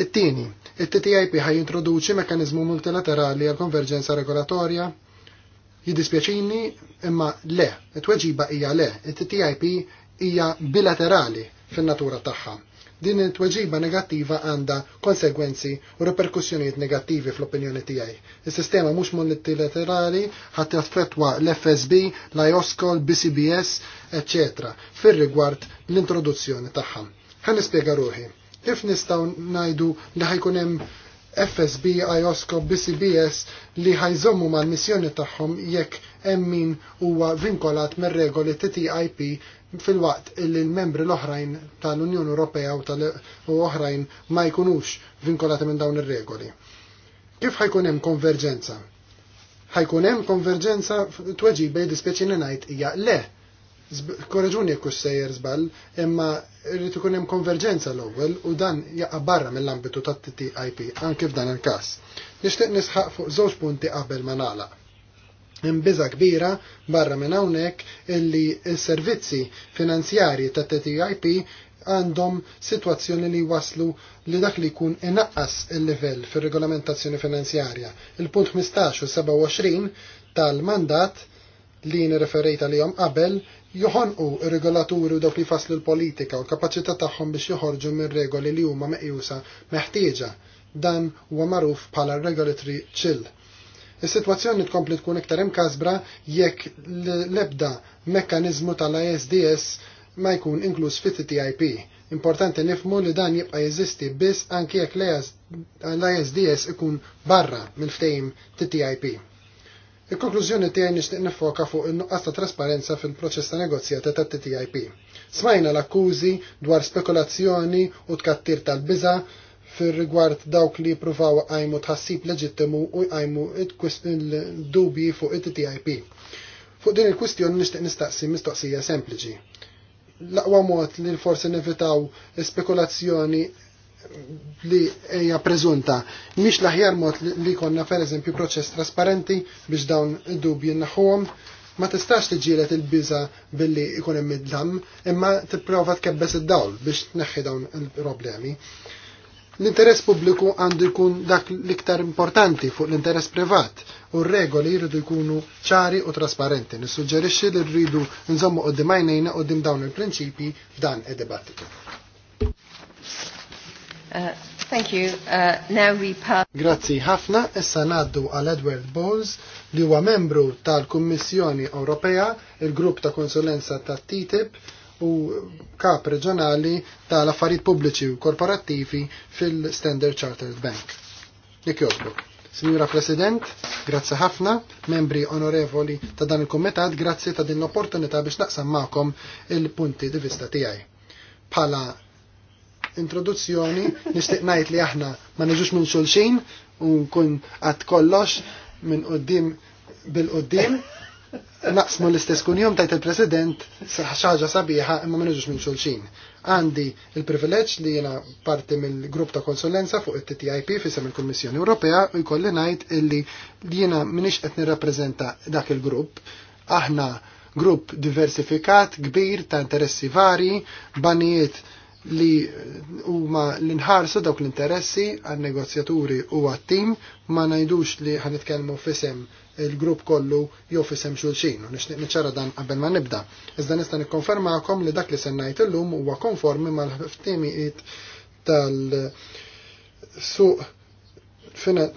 It-tieni, it-TTIP ħaj introduċi mekkaniżmu multilaterali għal konverġenza regolatorja jiddispjaċini imma le, it-tweġiba hija le, it-TTIP hija bilaterali fin-natura tagħha din it-tweġiba negattiva għandha konsegwenzi u reperkussjonijiet negattivi fl-opinjoni tiegħi. Is-sistema mhux multilaterali ħadd jaffettwa l-FSB, l-IOSCO, l-BCBS, etc. fir-rigward l-introduzzjoni tagħha. Ħa nispjega ruħi. Kif nistgħu ngħidu li ħajkun hemm FSB, IOSCO, BCBS li ħajżommu mal-missjoni tagħhom jekk hemm min huwa vinkolat me' regoli TTIP fil-waqt illi l-membri l-oħrajn tal-Unjoni Ewropea u tal-oħrajn ma jkunux vinkolati minn dawn ir-regoli. Kif ħajkun hemm konverġenza? ħajkun hemm konverġenza tweġiba jdispjaċini ngħid hija le korreġuni jekk sejjer żball, imma rrid ikun hemm konverġenza l-ewwel u dan jaqa' barra mill-ambitu tat-TTIP anke f'dan il-każ. Nixtieq nisħaq fuq żewġ punti qabel ma nagħlaq. Imbiża kbira barra minn hawnhekk illi s-servizzi finanzjarji tat-TTIP għandhom situazzjoni li waslu li dak li jkun inaqqas il-livell fir-regolamentazzjoni finanzjarja. Il-punt 15 u 27 tal-mandat li li għalihom qabel joħonqu ir-regolaturi u dawk li faslu l-politika u l-kapaċità tagħhom biex joħorġu mir-regoli li huma meqjusa meħtieġa dan huwa magħruf bħala regulatory chill. Is-sitwazzjoni tkompli tkun iktar imkasbra jekk l-ebda mekkaniżmu tal-ISDS ma jkun inkluż fit-TTIP. Importanti nifmu li dan jibqa' jeżisti biss anke jekk l-ISDS ikun barra mill-ftehim TTIP. Il-konklużjoni tiegħi nixtieq nifoka fuq in-nuqqas ta' trasparenza fil-proċess ta' negozjata ta' TTIP. Smajna l-akkużi dwar spekulazzjoni u tkattir tal-biża fir-rigward dawk li jippruvaw għajmu tħassib leġittimu u jqajmu dubji fuq it-TTIP. Fuq din il-kwistjoni nixtieq nistaqsi mistoqsija sempliċi. L-aqwa mod li forsi nevitaw spekulazzjoni li hija preżunta mhix l-aħjar mod li konna pereżempju proċess trasparenti biex dawn id-dubji naħuhom ma tistax tiġilet il-biża billi ikun hemm id-dam, imma tipprova tkebbes id-dawl biex tneħħi dawn il-problemi. L-interess pubbliku għandu jkun dak l-iktar importanti fuq l-interess privat u r-regoli jridu jkunu ċari u trasparenti. Nissuġġerixxi li rridu nżommu qudiem għajnejna qudiem dawn il-prinċipji f'dan id-dibattitu. Uh, thank you. Uh, now we pass. Grazzi ħafna, issa naddu għal Edward Bowles li huwa membru tal-Kummissjoni Ewropea, il-grupp ta' konsulenza ta' TTIP u kap reġjonali tal-affarijiet pubbliċi u korporattivi fil-Standard Chartered Bank. Jekk joġbok. Signora President, grazzi ħafna, membri onorevoli ta' dan il-Kumitat, grazzi ta' din l-opportunità biex naqsam magħkom il-punti di vista tiegħi. Pala introduzzjoni nixtieq ngħid li aħna ma niġux minn xulxin u nkun qatt kollox minn qudiem bil-qudiem naqsmu l-istess kun jom tajt il-president xaġa sabiħa imma ma neġux minn xulxin. Għandi il-privileġġ li jena parti mill-grupp ta' konsulenza fuq it-TTIP fisem il-Kommissjoni Ewropea u jkolli ngħid illi jiena minix qed nirrappreżenta dak il-grupp. Aħna grupp diversifikat kbir ta' interessi vari, banijiet li huma l-inħarsu dawk l-interessi għan negozjaturi u għat-tim ma najdux li ħanitkellmu fisem il-grupp kollu jew fisem xulxin u nixtieq niċċara dan qabel ma nibda. Iżda nista' nikkonfermakom li dak li se ngħid illum huwa konformi mal-ftimiqiet tal-suq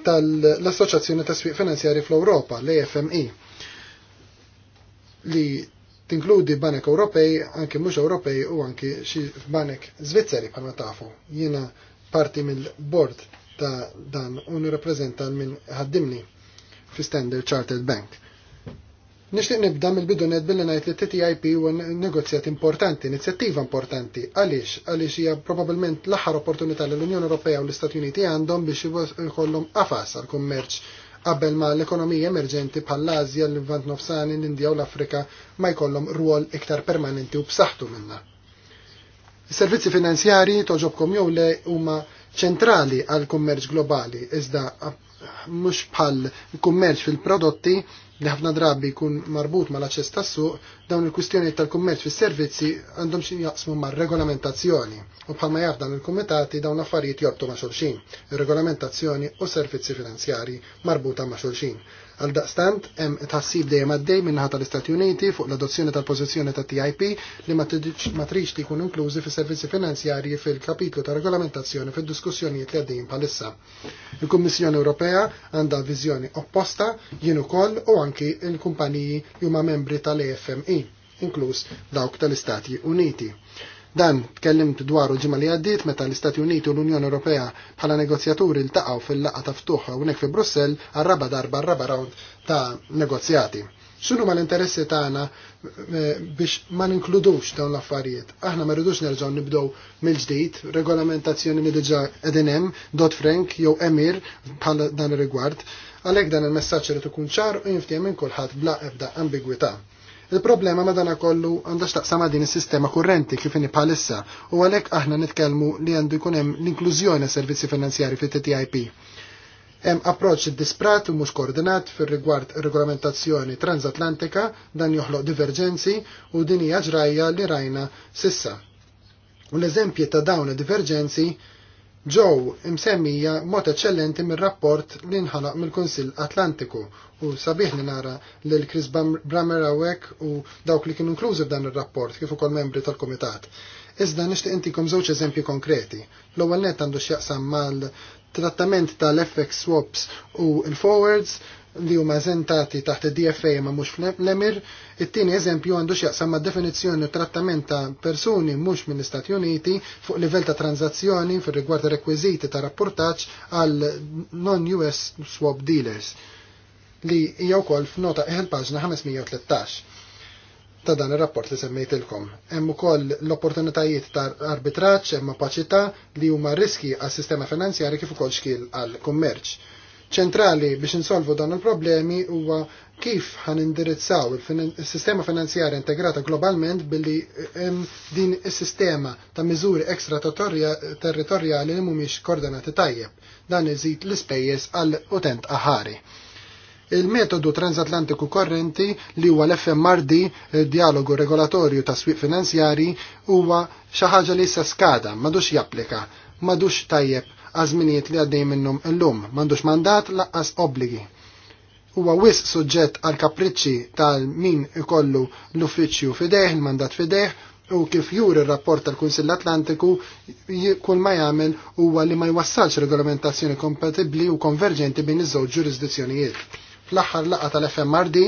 tal-Assoċjazzjoni ta' Sfiq Finanzjari fl-Ewropa, l afmi e, li tinkludi banek Ewropej, anke mhux Ewropej u anki xi banek Zvizzeri bħalma tafu. Jiena parti mill-bord ta' dan u nirrappreżenta minn ħaddimni fi Standard Chartered Bank. Nixtieq nibda mill bidu ned billi ngħid li TTIP huwa negozjat importanti, inizjattiva importanti. Għaliex? Għaliex hija probabbilment l-aħħar opportunità li l-Unjoni Ewropea u l-Istati Uniti għandhom biex ikollhom afas għall kummerċ qabel ma l-ekonomija emerġenti bħall-Azja, l-Levant Nofsani, l-Indja u l-Afrika ma jkollhom rwol iktar permanenti u b'saħħtu minna. Is-servizzi finanzjari toġobkom jew le huma ċentrali għal kummerċ globali, iżda mhux bħal kummerċ fil-prodotti li ħafna drabi jkun marbut mal aċċess tas-suq dawn il-kwistjoni tal-kummerċ fis-servizzi għandhom xi jaqsmu mar-regolamentazzjoni u bħalma jaf dan il-kumitati dawn affarijiet jorbtu ma' xulxin, ir-regolamentazzjoni u servizzi finanzjari marbuta ma' xulxin. Għal daqstant, hemm tħassib dejjem għaddej minnaħa tal-Istati Uniti fuq l-adozzjoni tal-pożizzjoni ta' TIP li ma trix li inklużi fis servizzi finanzjarji fil-kapitlu ta' regolamentazzjoni fid-diskussjonijiet li għaddejjin bħalissa. Il-Kummissjoni Ewropea għandha viżjoni opposta jien ukoll u anki l-kumpaniji huma membri tal-EFMI inkluż dawk tal-Istati Uniti. Dan tkellimt dwaru ġimma li għaddiet meta l-Istati Uniti u l-Unjoni Ewropea bħala negozjaturi ltaqgħu fil-laqgħa ta' ftuħ hawnhekk fi Brussell għarraba raba darba raba round ta' negozjati. Xunu ma l-interessi tagħna eh, biex ma ninkludux dawn l-affarijiet. Aħna ma rridux nerġgħu nibdew mill-ġdid, regolamentazzjoni li diġà qegħdin hemm, Dot Frank jew Emir bħala dan ir-rigward. Għalhekk dan il-messaġġ irid ikun ċar u jinftiehem minn kulħadd bla ebda ambigwità. Il-problema madana kollu għandax taqsam din is-sistema kurrenti kif ini bħalissa u għalhekk aħna nitkellmu li għandu jkun hemm l-inklużjoni servizzi finanzjari fit-TTIP. Hemm approċċ disprat u mhux koordinat fir-rigward regolamentazzjoni transatlantika dan joħloq diverġenzi u din hija ġrajja li rajna sissa. U l-eżempji ta' dawn id-diverġenzi Joe imsemmija mod eċċellenti mir-rapport li nħalaq mill-Kunsill Atlantiku u sabiħ li nara lil Chris Brammer hawnhekk u dawk li kienu inklużi f'dan ir-rapport kif ukoll membri tal-Kumitat. Iżda nixtieq intikom żewġ eżempji konkreti. L-ewwel net għandu x'jaqsam mal-trattament tal-FX swaps u l-forwards li huma eżentati taħt id-DFA ma mhux fl-emir, it-tieni eżempju għandu x'jaqsam ma' definizzjoni u trattament ta' persuni mhux mill-Istati Uniti fuq livell ta' tranzazzjoni fir rigward rekwiżiti ta' rapportaġġ għal non-US swap dealers li hija wkoll f'nota eħel paġna 513 ta' dan ir-rapport li semmejtilkom. Hemm ukoll l-opportunitajiet ta' arbitraġġ hemm opaċità li huma riski għas sistema finanzjari kif ukoll xkil għal kummerċ ċentrali biex insolvu dan il-problemi huwa kif ħan indirizzaw il-sistema finanzjarja integrata globalment billi eh, din is-sistema ta' miżuri ekstra territorjali li mhumiex koordinati tajjeb. Dan iżid l-ispejjeż għall utent aħari. Il-metodu transatlantiku korrenti li huwa l-FMRD, eh, dialogu regolatorju ta' swieq finanzjari, huwa xi ħaġa li issa skada, madux japplika, madux tajjeb għażminijiet li għaddej minnhom illum, m'għandux mandat laqqas obbligi. Huwa wis suġġett għal kapriċċi tal min ikollu l-uffiċċju fideh, il-mandat fideh, u kif jur il-rapport tal-Kunsill Atlantiku kull ma jagħmel huwa li ma jwassalx regolamentazzjoni kompatibbli u konverġenti bejn iż-żewġ ġurisdizzjonijiet. Fl-aħħar laqgħa tal-FMRD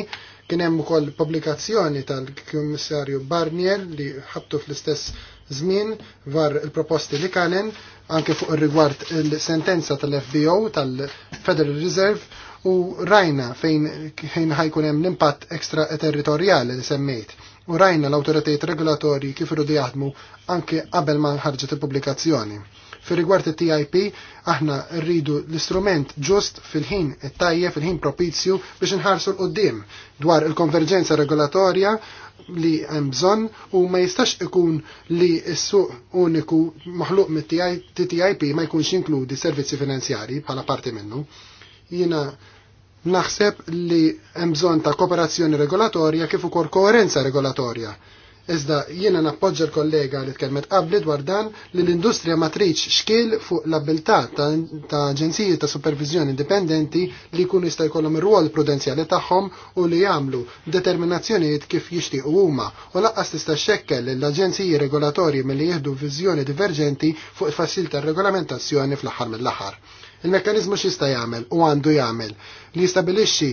kien hemm ukoll pubblikazzjoni tal-Kummissarju Barnier li ħabtu fl-istess żmien var il-proposti li kanen anke fuq rigward il-sentenza tal-FBO tal-Federal Reserve u rajna fejn ħajkun hemm l-impatt ekstra territorjali li semmejt u rajna l-autoritajiet regolatorji kif irudu jaħdmu anke qabel ma ħarġet il-pubblikazzjoni. Fi rigward it-TIP, aħna rridu l-istrument ġust fil-ħin it-tajje, fil-ħin propizju biex nħarsu l-qoddim dwar il-konverġenza regolatorja li hemm bżonn u ma jistax ikun li s-suq uniku maħluq mit-TTIP ma jkunx inkludi servizzi finanzjari bħala parti minnu. Jiena naħseb li hemm bżonn ta' kooperazzjoni regolatorja kif ukoll koerenza regolatorja Iżda jiena nappoġġa l-kollega li tkellmet qabli dwar dan li l-industrija ma tridx xkil fuq l-abilità ta' aġenziji ta' supervizjoni indipendenti li jkunu jista' jkollhom ir-rwol prudenzjali tagħhom u li jagħmlu determinazzjonijiet kif jixtiequ huma u laqqas tista' xekkel l-aġenziji regolatorji milli jieħdu viżjoni diverġenti fuq il-fassil tar-regolamentazzjoni fl-aħħar mill-aħħar. Il-mekkanizmu x'jista' jagħmel u għandu jagħmel li jistabilixxi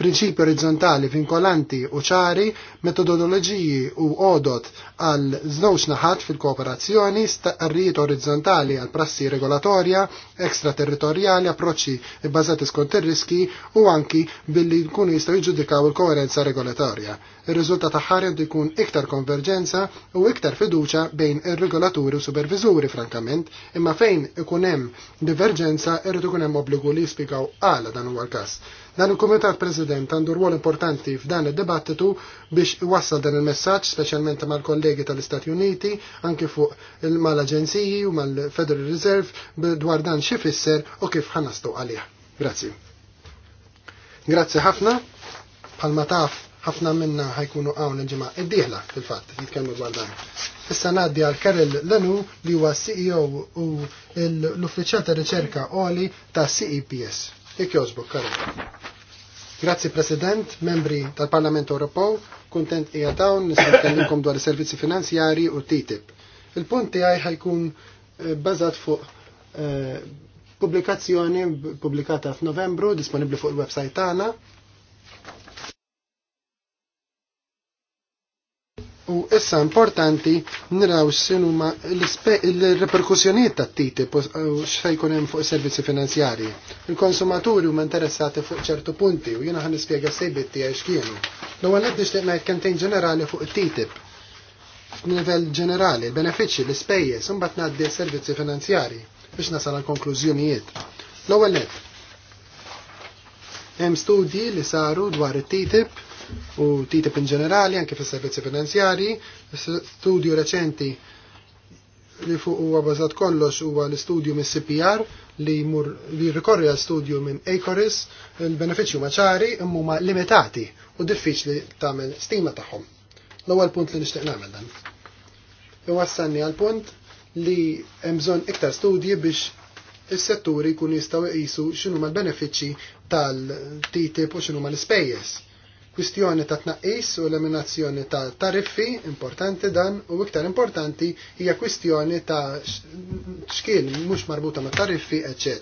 prinċipi orizzontali vinkolanti u ċari, metodologiji u odot għal żewġ naħat fil-kooperazzjoni, staqarrijiet orizzontali għal prassi regolatorja, ekstraterritorjali, approċċi bbażati skont ir-riski u anki billi jkunu jistgħu jiġġudikaw il-koerenza regolatorja il riżulta aħħar għandu jkun iktar konverġenza u iktar fiduċa bejn ir-regolaturi u supervizuri, frankament, imma fejn ikun hemm diverġenza irrid ikun hemm obbligu li jispikaw għala dan huwa l-każ. Dan il-Kumitat President għandu rwol importanti f'dan id-dibattitu biex iwassal dan il-messaġġ speċjalment mal-kollegi tal-Istati Uniti, anke fuq mal-Aġenziji u mal-Federal Reserve dwar dan xi u kif ħanastu għalih. Grazzi. Grazzi ħafna. Palma taf ħafna minna ħajkunu għawn il-ġimgħa id-dieħla fil-fatt jitkellmu dwar dan. Issa naddi għal Karel Lenu li huwa CEO u l-uffiċjal ta' riċerka Oli ta' CEPS. Jek jogħġbok Karel. Grazzi President, membri tal-Parlament Ewropew, kuntent ija dawn nista' nkellimkom dwar is-servizzi finanzjari u TTIP. Il-punt tiegħi ħajkun eh, bażat fuq eh, pubblikazzjoni pubblikata f'Novembru, disponibbli fuq il-website tagħna U issa importanti niraw x'inhuma l-reperkussjonijiet tat titi u x'ħajkun hemm fuq servizzi finanzjarji. Il-konsumaturi huma interessati fuq ċertu punti u jiena ħan nispjega sejbiet għax x'kienu. L-ewwel qed nixtieq ma kantin ġenerali fuq it-TTIP. F'nivell ġenerali, l-benefiċċji, l-ispejjeż, imbagħad ngħaddi s-servizzi finanzjarji biex nasal għal-konklużjonijiet. L-ewwel net. Hemm studji li saru dwar it-TTIP u TTIP in ġenerali anke fis-servizzi finanzjari. Studju reċenti li fuq huwa bażat kollox huwa l-istudju mis CPR li jmur li rikorri għal studju minn Acoris, il-benefiċċju ma ċari imma ma limitati u diffiċli tagħmel stima tagħhom. L-ewwel punt li nixtieq nagħmel dan. Iwassalni għal punt li hemm bżonn iktar studji biex is-setturi jkunu jistgħu jqisu x'inhuma l-benefiċċji tal-TTIP u x'inhuma l-ispejjeż kwistjoni ta' tnaqqis u eliminazzjoni ta' tariffi, importanti dan, u iktar importanti hija kwistjoni ta' x'kien mhux marbuta ma' tariffi, ecc.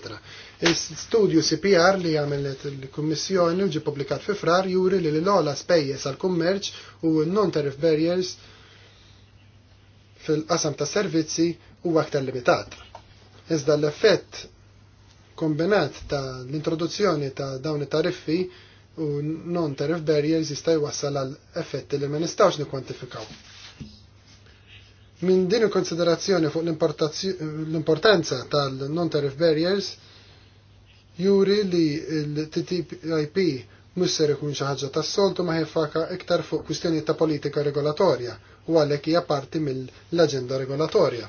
Il-studju CPR li għamilet il-Kummissjoni u ġi publikat fi frar juri li l-ola spejjeż għal kummerċ u non-tariff barriers fil-qasam ta' servizzi huwa aktar limitat. Iżda l-effett kombinat ta' l-introduzzjoni ta' dawn it-tariffi u non tariff barriers jista' jwassal għal effetti li ma nistgħux nikkwantifikaw. Min din il-konsiderazzjoni fuq l-importanza tal-non tariff barriers juri li l-TTIP mhux ser ikun xi ħaġa tas-soltu ma ħeffaka iktar fuq kwistjoni ta' politika regolatorja u għalhekk hija parti mill-aġenda regolatorja.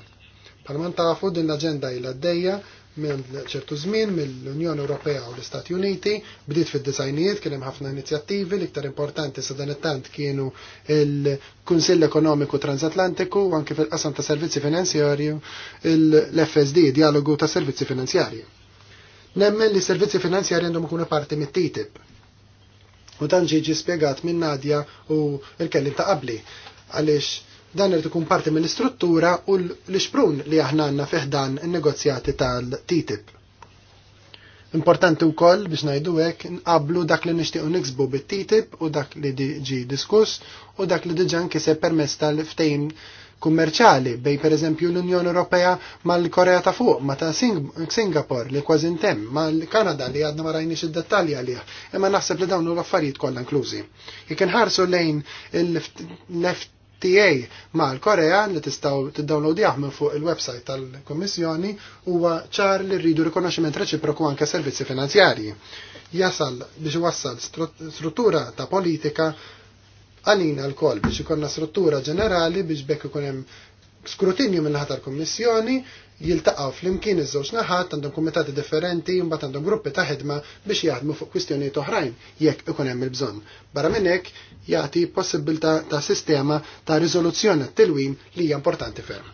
Palman tafu din l-aġenda ilha għaddejja minn ċertu żmien mill-Unjoni Ewropea u l-Istati Uniti, bdiet fid-disajnijiet kien hemm ħafna inizjattivi, l-iktar importanti sa dan it-tant kienu il-Kunsill Ekonomiku Transatlantiku u anke fil-qasam ta' servizzi finanzjarju l-FSD, dialogu ta' servizzi Finanzjarji. Nemmen li servizzi finanzjarji għandhom ikunu parti mit-TTIP. U dan ġiġi spjegat minn Nadja u l-kellim ta' qabli għaliex Dan irid ikun parti mill-istruttura u l isprun li aħna għandna fiħdan in-negozjati tal-TTIP. Importanti wkoll biex ngħidu hekk nqablu dak li nixtiequ niksbu bit-TTIP u dak li ġi diskuss u dak li diġà nkiseb permezz tal-ftejn kummerċali bej pereżempju l-Unjoni Ewropea mal-Korea ta' fuq, ma ta' Singapore li kważi intemm, mal-Kanada li għadna ma rajniex id-dettalji għalih, imma naħseb li dawn l-affarijiet kollha inklużi. Jekk inħarsu lejn l-left TA mal-Korea li tistgħu tiddownloadjah minn fuq il-website tal komissjoni huwa ċar li rridu rikonoxximent reċiproku anke servizzi finanzjarji. Jasal biex wassal struttura ta' politika għalina l-kol biex ikonna struttura ġenerali biex bekk ikun hemm skrutinju minn ħatar komissjoni jiltaqgħu flimkien iż-żewġ naħat għandhom kumitati differenti mbagħad għandhom gruppi ta' ħidma biex jaħdmu fuq kwistjonijiet oħrajn jekk ikun hemm il-bżonn. Barra minn hekk jagħti possibilità ta' sistema ta' riżoluzzjoni t-tilwim li hija importanti ferm.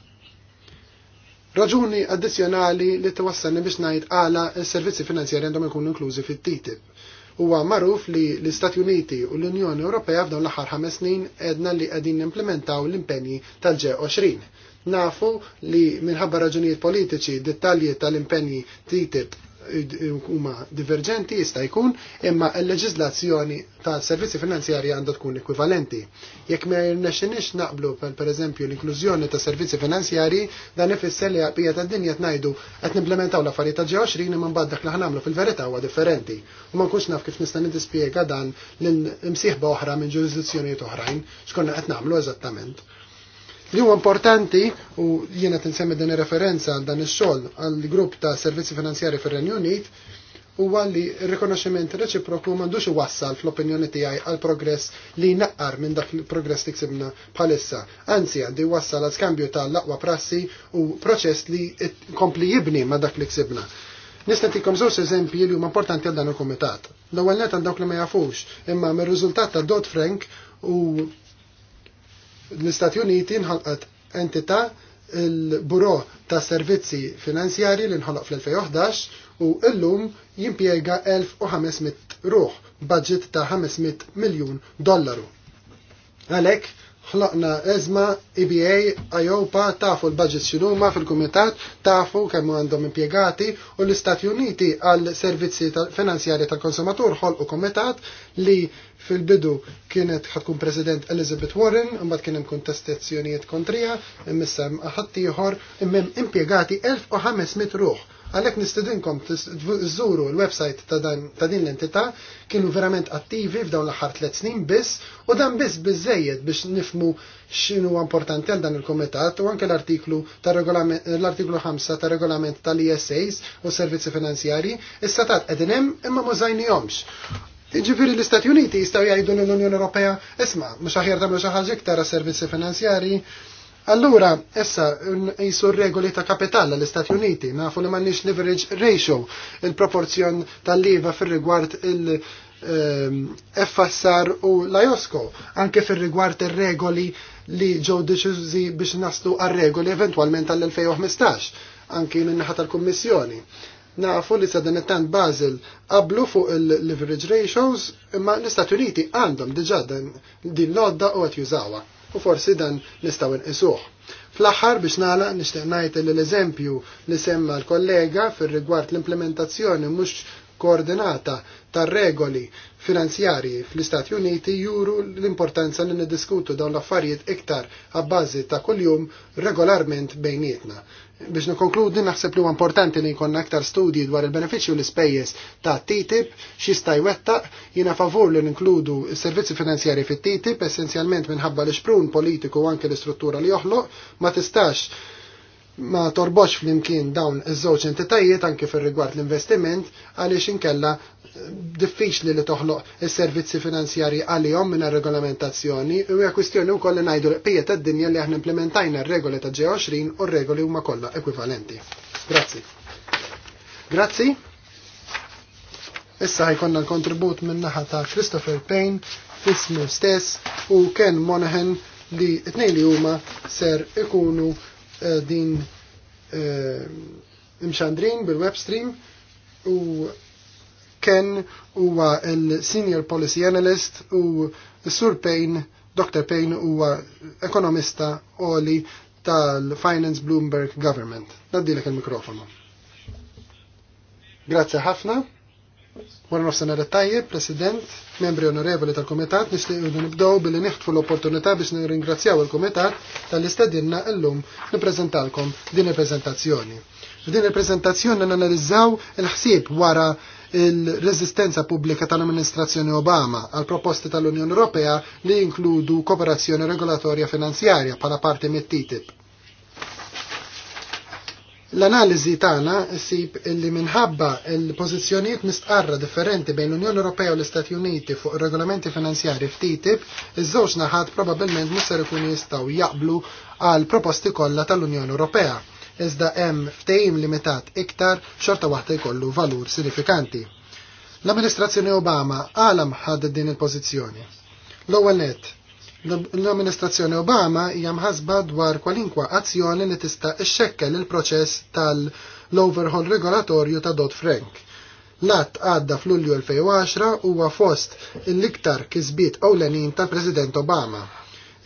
Raġuni addizjonali li twassalni biex ngħid għala s-servizzi finanzjari għandhom ikunu inklużi fit-TTIP. Huwa magħruf li l-Istati Uniti u l-Unjoni Ewropea f'dawn l-aħħar ħames snin edna li qegħdin nimplementaw l-impenji tal-G20 Nafu li minħabba raġunijiet politiċi dettalji tal-impenji TTIP huma diverġenti jista' jkun, imma l-leġiżlazzjoni tal-servizzi finanzjarji għandha tkun ekwivalenti. Jekk ma jirnexxinix naqblu pereżempju l-inklużjoni ta' servizzi finanzjarji, dan ifisser li għalbija tad-dinja tnajdu qed nimplementaw l-affarijiet ta' ġewxrin imma mbagħad dak li ħanamlu fil-verità huwa differenti. U ma nkunx naf kif nista' nispjega dan l-imsieħba oħra minn ġurisdizzjonijiet oħrajn x'konna qed nagħmlu eżattament. Li huwa importanti u jiena tinsemmi din ir-referenza għal dan ix-xogħol għall grupp ta' servizzi finanzjari fir-Renju Unit huwa li r-rikonoxximent reċiproku m'għandux iwassal fl-opinjoni tiegħi għal progress li naqqar minn dak il-progress li ksibna bħalissa. Anzi għandi wassal għal skambju tal laqwa prassi u proċess li kompli jibni ma' dak li ksibna. Nista' tikom żewġ eżempji li huma importanti għal dan il-kumitat. L-ewwel net għal dawk li ma jafux, imma mir-riżultat ta' Dodd Frank u l-Istati Uniti nħalqet entita' il-Buro ta' Servizzi Finanzjari li nħalq fl-2011 u illum jimpiega 1500 ruħ budget ta' 500 miljun dollaru. Għalek, ħloqna ezma, EBA, IOPA, tafu l-budget xinuma fil-Kumitat, tafu kemm għandhom impiegati u l-Istati Uniti għal servizzi finanzjari tal-konsumatur ħolqu Kumitat li Fil-bidu kienet ħatkun President Elizabeth Warren, imbagħad kien hemm kontestazzjonijiet kontrija, immissa ħadd ieħor imem impjegati 1500 ruħ. Għalhekk nistidinkom tżuru l-website ta' din l-entità kienu verament attivi f'dawn l-aħħar tliet snin biss u dan biss biżejjed biex nifmu x'inhu importanti għal dan il-kumitat u anke l-artiklu l-artiklu 5 ta' regolament tal isas u servizzi finanzjari, issa satat qegħdin hemm imma ma Iġifiri l-Istati Uniti jistaw jgħidu l-Unjoni Ewropea, isma, mux aħjar tamlu xaħġa iktar servizzi finanzjari. Allura, essa jisur regoli ta' kapital l-Istati Uniti, nafu li mannix leverage ratio, il-proporzjon tal-liva fil-rigward il- ehm, FSR u l-IOSCO, anke fil-rigward il-regoli li ġew deċiżi biex naslu għal-regoli eventualment għall 2015 anke minnaħa tal-Kommissjoni. Nafu li sa dan it-tant Basel qablu fuq il-leverage ratios imma l-Istati Uniti għandhom diġà din l-odda u qed jużawha u forsi dan nistgħu nqisuh. Fl-aħħar biex nagħlaq nixtieq ngħid li l-eżempju li semma l-kollega fir-rigward l-implementazzjoni mhux koordinata tar regoli finanzjarji fl-Istati Uniti juru l-importanza li niddiskutu dawn l-affarijiet iktar għabbażi ta' kuljum regolarment bejnietna. Biex nikonkludi naħseb li huwa importanti li jkollna aktar studji dwar il-benefiċċju l ispejjeż ta' TTIP x'jista' jwettaq jiena favur li ninkludu s-servizzi finanzjarji fit-TTIP essenzjalment minħabba l ixprun politiku u anke l-istruttura li joħloq ma tistax ma torbox flimkien dawn iż-żewġ entitajiet anke fir-rigward l-investiment għaliex inkella eh, diffiċli li toħloq is-servizzi finanzjari għalihom minn regolamentazzjoni u hija kwistjoni wkoll li ngħidu l-qbija tad-dinja li aħna implementajna r-regoli ta' G20 u r-regoli huma kollha ekwivalenti. Grazzi. Grazzi. Issa ħajkonna l-kontribut minn naħa ta' Christopher Payne, fismu stess u Ken Monahan li t nejli li huma ser ikunu Eh, din eh, imxandrin bil webstream u Ken huwa il-Senior Policy Analyst u Sur Payne, Dr. Payne huwa ekonomista oli tal-Finance Bloomberg Government. Naddilek il-mikrofonu. Grazie ħafna. Wara nofsenar tajje, President, membri onorevoli tal-Komitat, nixtiequ nibdow billi niħtfu l-opportunità biex nirringrazzjaw il-Komitat tal-istedinna llum nippreżentalkom din il prezentazzjoni F'din il-preżentazzjoni nanalizzaw il-ħsieb wara il-rezistenza pubblika tal-amministrazzjoni Obama għal proposti tal-Unjoni Ewropea li jinkludu kooperazzjoni regolatorja finanzjarja bħala parti mit-TTIP. L-analiżi tagħna ssib illi minħabba l-pożizzjonijiet mistqarra differenti bejn l-Unjoni Ewropea u l-Istati Uniti fuq regolamenti finanzjari ftitib, iż-żewġ naħat probabbilment mhux ikunu jistgħu jaqblu għal proposti kollha tal-Unjoni Ewropea. Iżda hemm ftehim limitat iktar xorta waħda jkollu valur sinifikanti. L-amministrazzjoni Obama għalam ħadd din il-pożizzjoni. L-ewwel nett, L-amministrazzjoni Obama hija mħasba dwar kwalinkwa azzjoni li tista' ixxekkel il-proċess tal-overhaul regolatorju ta' Dodd-Frank. L-att għadda fl-Ulju 2010 huwa fost l-iktar kisbiet ewlenin tal-President Obama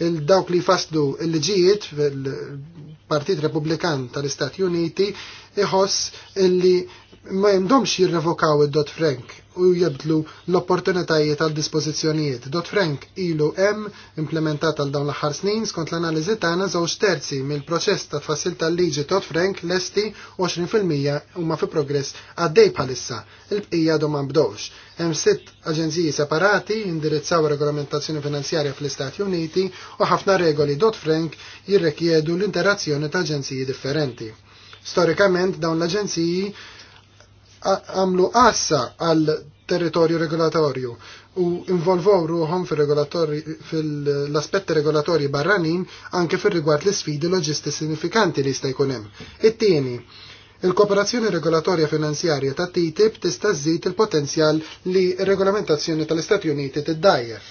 il-dawk li fasdu il-ġijiet fil-Partit Republikan tal-Istati Uniti iħoss illi ma jimdomx jirrevokaw id-Dot Frank u jibdlu l-opportunitajiet għal dispożizzjonijiet. Dot Frank ilu M implementat għal dawn l-aħħar snin skont l-analiżi tagħna żewġ terzi mill-proċess ta' tfassil tal-liġi Dot Frank lesti 20% huma fi progress għaddej bħalissa. Il-bqija dom ma bdowx. Hemm sitt aġenziji separati indirizzaw regolamentazzjoni finanzjarja fl-Istati Uniti u ħafna regoli Dot Frank jirrekjedu l-interazzjoni ta' aġenziji differenti. Storikament dawn l-aġenziji għamlu qassa għal territorju regolatorju u involvow ruħom fil-aspetti regolatorji barranin anke fil-rigward l-sfidi loġisti sinifikanti li jista' jkun hemm. It-tieni, il-kooperazzjoni regolatorja finanzjarja ta' TTIP tista' żżid il-potenzjal li regolamentazzjoni tal-Istati Uniti tiddajjef.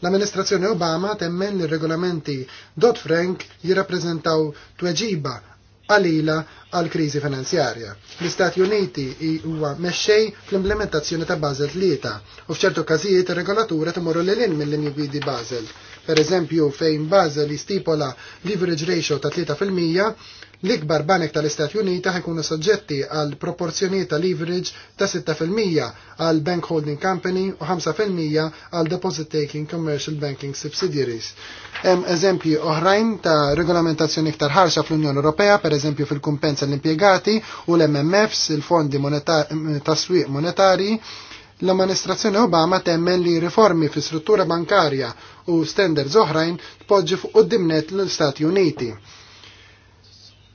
L-amministrazzjoni Obama temmen ir regolamenti Dodd-Frank jirrappreżentaw tweġiba għalila għal kriżi finanzjarja. L-Istati Uniti huwa mexxej fl-implementazzjoni ta' Basel tlieta u f'ċertu każijiet ir-regolatura timorru l lin mill-linji gwidi Basel. Per eżempju, fejn Basel jistipola leverage ratio ta' 3% L-ikbar banek tal-Istati Uniti ħajkunu soġġetti għal proporzjoni ta' leverage ta' 6% għal Bank Holding Company u 5% għal Deposit Taking Commercial Banking Subsidiaries. Hemm eżempji oħrajn ta' regolamentazzjoni iktar ħarxa fl-Unjoni Ewropea, per eżempju fil-kumpensa l-impjegati u l-MMFs, il-fondi tas-swieq monetari, l-amministrazzjoni Obama temmen li riformi fi struttura bankarja u standards oħrajn tpoġġi fuq dimnet l istati Uniti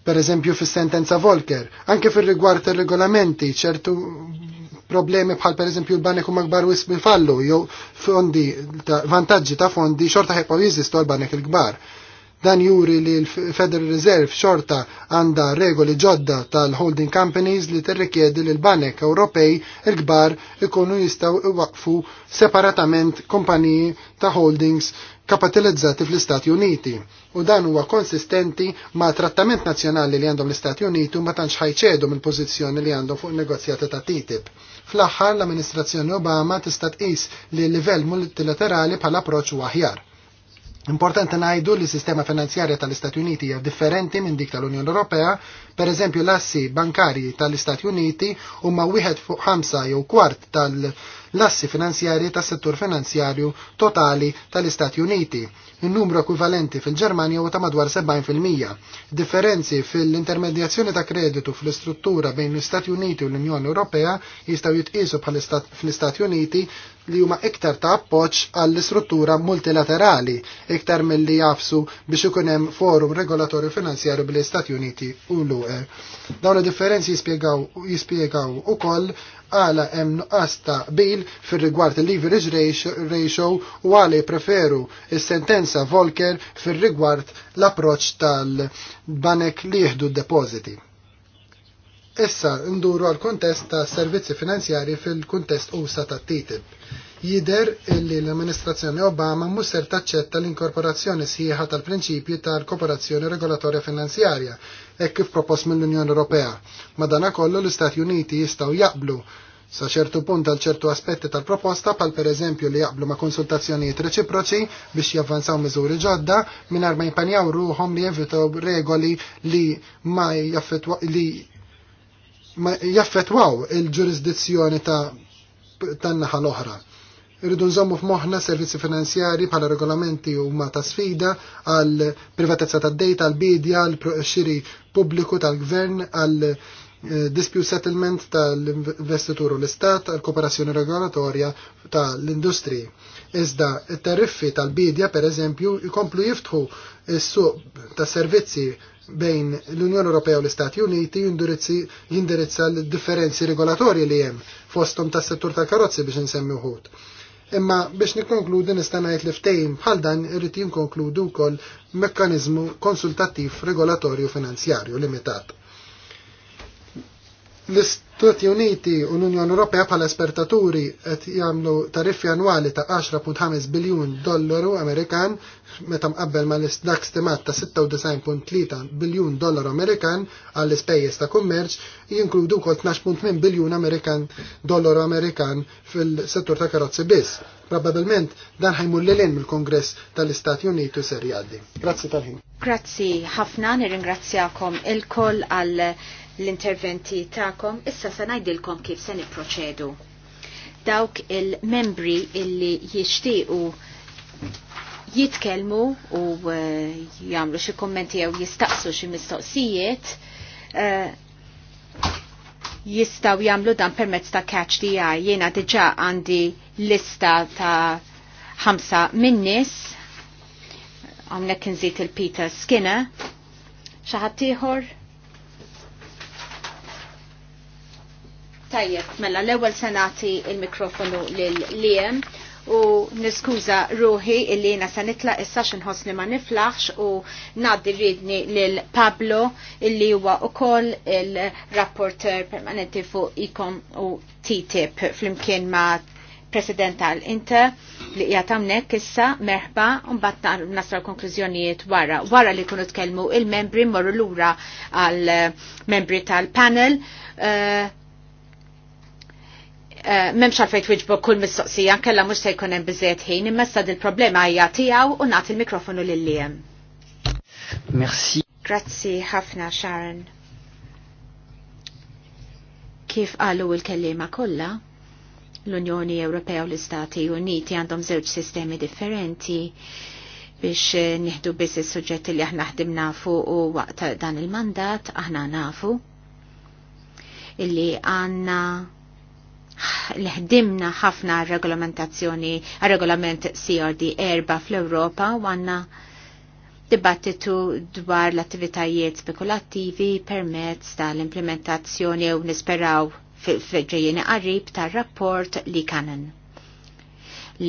per eżempju fis-sentenza Volker, anke fir-rigward ir-regolamenti ċertu problemi bħal per eżempju l-banek huma kbar wisq fallu jew fondi ta' vantaġġi ta' fondi xorta ħejqgħu jeżistu għall-banek il-kbar. Dan juri li l-Federal Reserve xorta għanda regoli ġodda tal-holding companies li tirrikjedi li l-banek Ewropej il-kbar ikunu jistaw iwaqfu separatament kompaniji ta' holdings kapitalizzati fl-Istati Uniti u dan huwa konsistenti ma' trattament nazzjonali li għandhom l-Istati Uniti u ma tantx ħajċedu mill-pożizzjoni li għandhom fuq negozjati ta' TTIP. Fl-aħħar l-amministrazzjoni Obama tista' tqis li l-livell multilaterali bħala approċċ aħjar Importanti ngħidu li s-sistema finanzjarja tal-Istati Uniti hija differenti minn dik tal-Unjoni Ewropea, pereżempju l-assi bankari tal-Istati Uniti huma wieħed fuq ħamsa jew kwart tal- l-assi finanzjari tas settur finanzjarju totali tal-Istati Uniti, il-numru ekwivalenti fil-Ġermanja u ta' madwar 70%. Differenzi fil-intermedjazzjoni ta' kreditu fl-istruttura bejn l-Istati Uniti u l-Unjoni Ewropea jistaw jitqisu fl-Istati Uniti li huma iktar ta' appoġġ għall-istruttura multilaterali, iktar mill-li jafsu biex ikun hemm forum regolatorju finanzjarju bl-Istati Uniti u l-UE. Dawn differenzi jispjegaw ukoll għala hemm nuqqas ta' bil fir-rigward il-leverage ratio u għala preferu is-sentenza Volker fir-rigward l-approċċ tal-banek li jieħdu d-depożiti. Issa nduru għal kontest ta' servizzi finanzjari fil-kontest USA ta' TTIP. Jider illi l-amministrazzjoni Obama musser taċċetta l-inkorporazzjoni sħiħa tal-prinċipji tal-kooperazzjoni regolatorja finanzjarja hekk kif propost mill-Unjoni Ewropea. kollu l-Istati Uniti jistgħu jaqblu sa ċertu punt għal ċertu aspetti tal-proposta, pal per eżempju li jaqblu ma' konsultazzjonijiet reċiproċi biex javvanzaw miżuri ġodda mingħajr ma jpanjaw ruhom li jevitaw regoli li ma li ma jaffetwaw il-ġurisdizzjoni ta' tan-naħa l-oħra Irridu nżommu f'moħħna servizzi finanzjari bħala regolamenti huma ta' sfida għal privatezza tad-dejta, għal bidja, għal xiri pubbliku tal-gvern, għal eh, dispute settlement tal-investitur u l-istat għal kooperazzjoni regolatorja tal-industriji. Iżda, tariffi tal-bidja, per eżempju, jkomplu jiftħu s-suq ta' servizzi bejn l-Unjoni Ewropea u l-Istati Uniti jindirizza l-differenzi regolatorji li hemm fostom tas settur tal-karozzi biex nsemmi uħud. Imma biex nikkonkludi nista' ngħid li ftehim bħal dan irrid jinkonkludu wkoll mekkaniżmu konsultattiv regolatorju finanzjarju limitat. L-Istati Uniti u l-Unjoni Ewropea bħala espertaturi qed jagħmlu tariffi annwali ta' 10.5 biljun dollaru Amerikan meta mqabbel ma' dak stimat ta' 96.3 biljun dollaru Amerikan għall ispejjeż ta' kummerċ jinkludu wkoll 12.8 biljun Amerikan dollaru Amerikan fil-settur ta' karozzi biss. Probabilment dan ħajmur lilin mill-Kongress tal-Istati Uniti ser jgħaddi. Grazzi tal-ħin. Grazzi ħafna nirringrazzjakom il-koll għal l-interventi ta'kom, issa se ngħidilkom kif se nipproċedu. Dawk il-membri illi jixtiequ jitkellmu u eh, jagħmlu xi kummenti jew jistaqsu xi mistoqsijiet, eh, jistaw jamlu dan permezz ta' catch di għaj. Jena diġa għandi lista ta' ħamsa minnis, għamlek nżid il-Peter Skinner, xaħatiħor? Tajjeb, mela l-ewwel se nagħti l mikrofonu lil liem u niskuża ruħi illi jiena se nitlaq issa x'inħossni ma niflaħx u ngħaddi ridni lil Pablo illi huwa ukoll il-rapporter permanenti fuq ikom u TTIP flimkien ma' President tal-Inter li qiegħed tamnek issa merħba mbagħad nasra konklużjonijiet wara. Wara li kunu tkellmu il-membri morru lura għal membri tal-panel. Uh, Eh, memx għalfejt wieġbu kull mistoqsija, kella mux se jkun hemm biżejjed ħin, imma sa il problema hija tiegħu u nagħti il-mikrofonu lil liem. Merci. Grazzi ħafna Sharon. Kif qalu l-kellima kollha, l-Unjoni Ewropea u l-Istati Uniti għandhom żewġ sistemi differenti biex nieħdu biss is-suġġetti li aħna ħdimna fuq u waqt dan il-mandat aħna nafu illi għanna li ħdimna ħafna regolamentazzjoni, regolament CRD erba fl-Europa u għanna dibattitu dwar l-attivitajiet spekulattivi permezz tal-implementazzjoni u nisperaw fil-ġejjeni qarib tar-rapport li kanen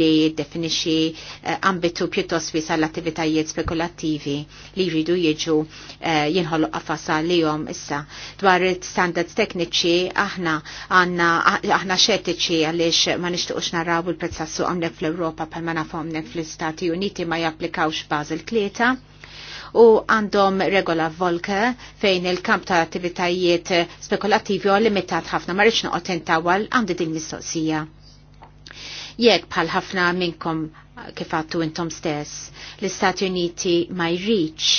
li definixi eh, ambitu pjuttos wis għall-attivitajiet spekulattivi li jridu jiġu eh, jinħollu qafasa li jom issa. Dwar standards tekniċi aħna għanna aħna xetiċi għaliex ma nixtuqx naraw il-prezz tassu għamnek fl-Europa pal ma nafu għamnek fl-Istati Uniti ma japplikawx il-kleta u għandhom regola volke fejn il-kamp ta' attivitajiet spekulativi u limitat ħafna marriċ noqot intawal għandi din mistoqsija jekk bħal ħafna minnkom kif għattu intom stess, l-Istati Uniti ma jriċ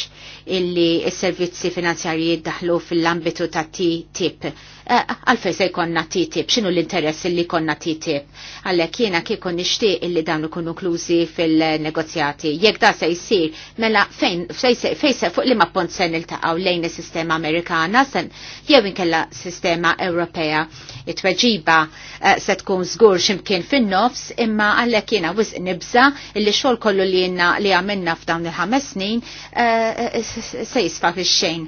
illi s-servizzi finanzjarji jiddaħlu fil-ambitu ta' TTIP Eh, għalfej se jkonna titib, xinu l-interess li konna titib? għallek jena kikon nishtiq illi dan ikunu klużi fil-negozjati. Jek da se jisir, mela fejn, fejn se fuq li ma pont sen il-taqaw lejn il-sistema Amerikana, sen jew inkella sistema Ewropea. It-tweġiba eh, se tkun zgur ximkien fin-nofs, imma għallek jena wiz nibza illi xol kollu li jenna li għamilna f'dawn il-ħames snin eh, se jisfa fil-xejn.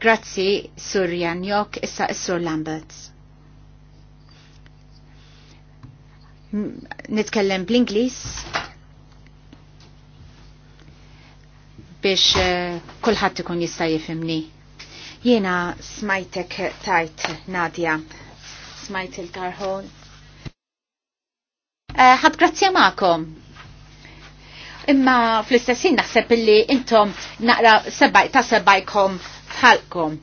Grazzi, Sur Jok, issa Sur Lamberts. Nitkellem bl-Inglis biex uh, eh, kullħat ikun jista' jifimni. Jiena smajtek tajt, Nadja. Smajt il-karħol. Eh, ħad uh, grazzja ma'kom. Imma fl-istessin naħseb illi intom naqra sebaj ta' sebajkom bħalkom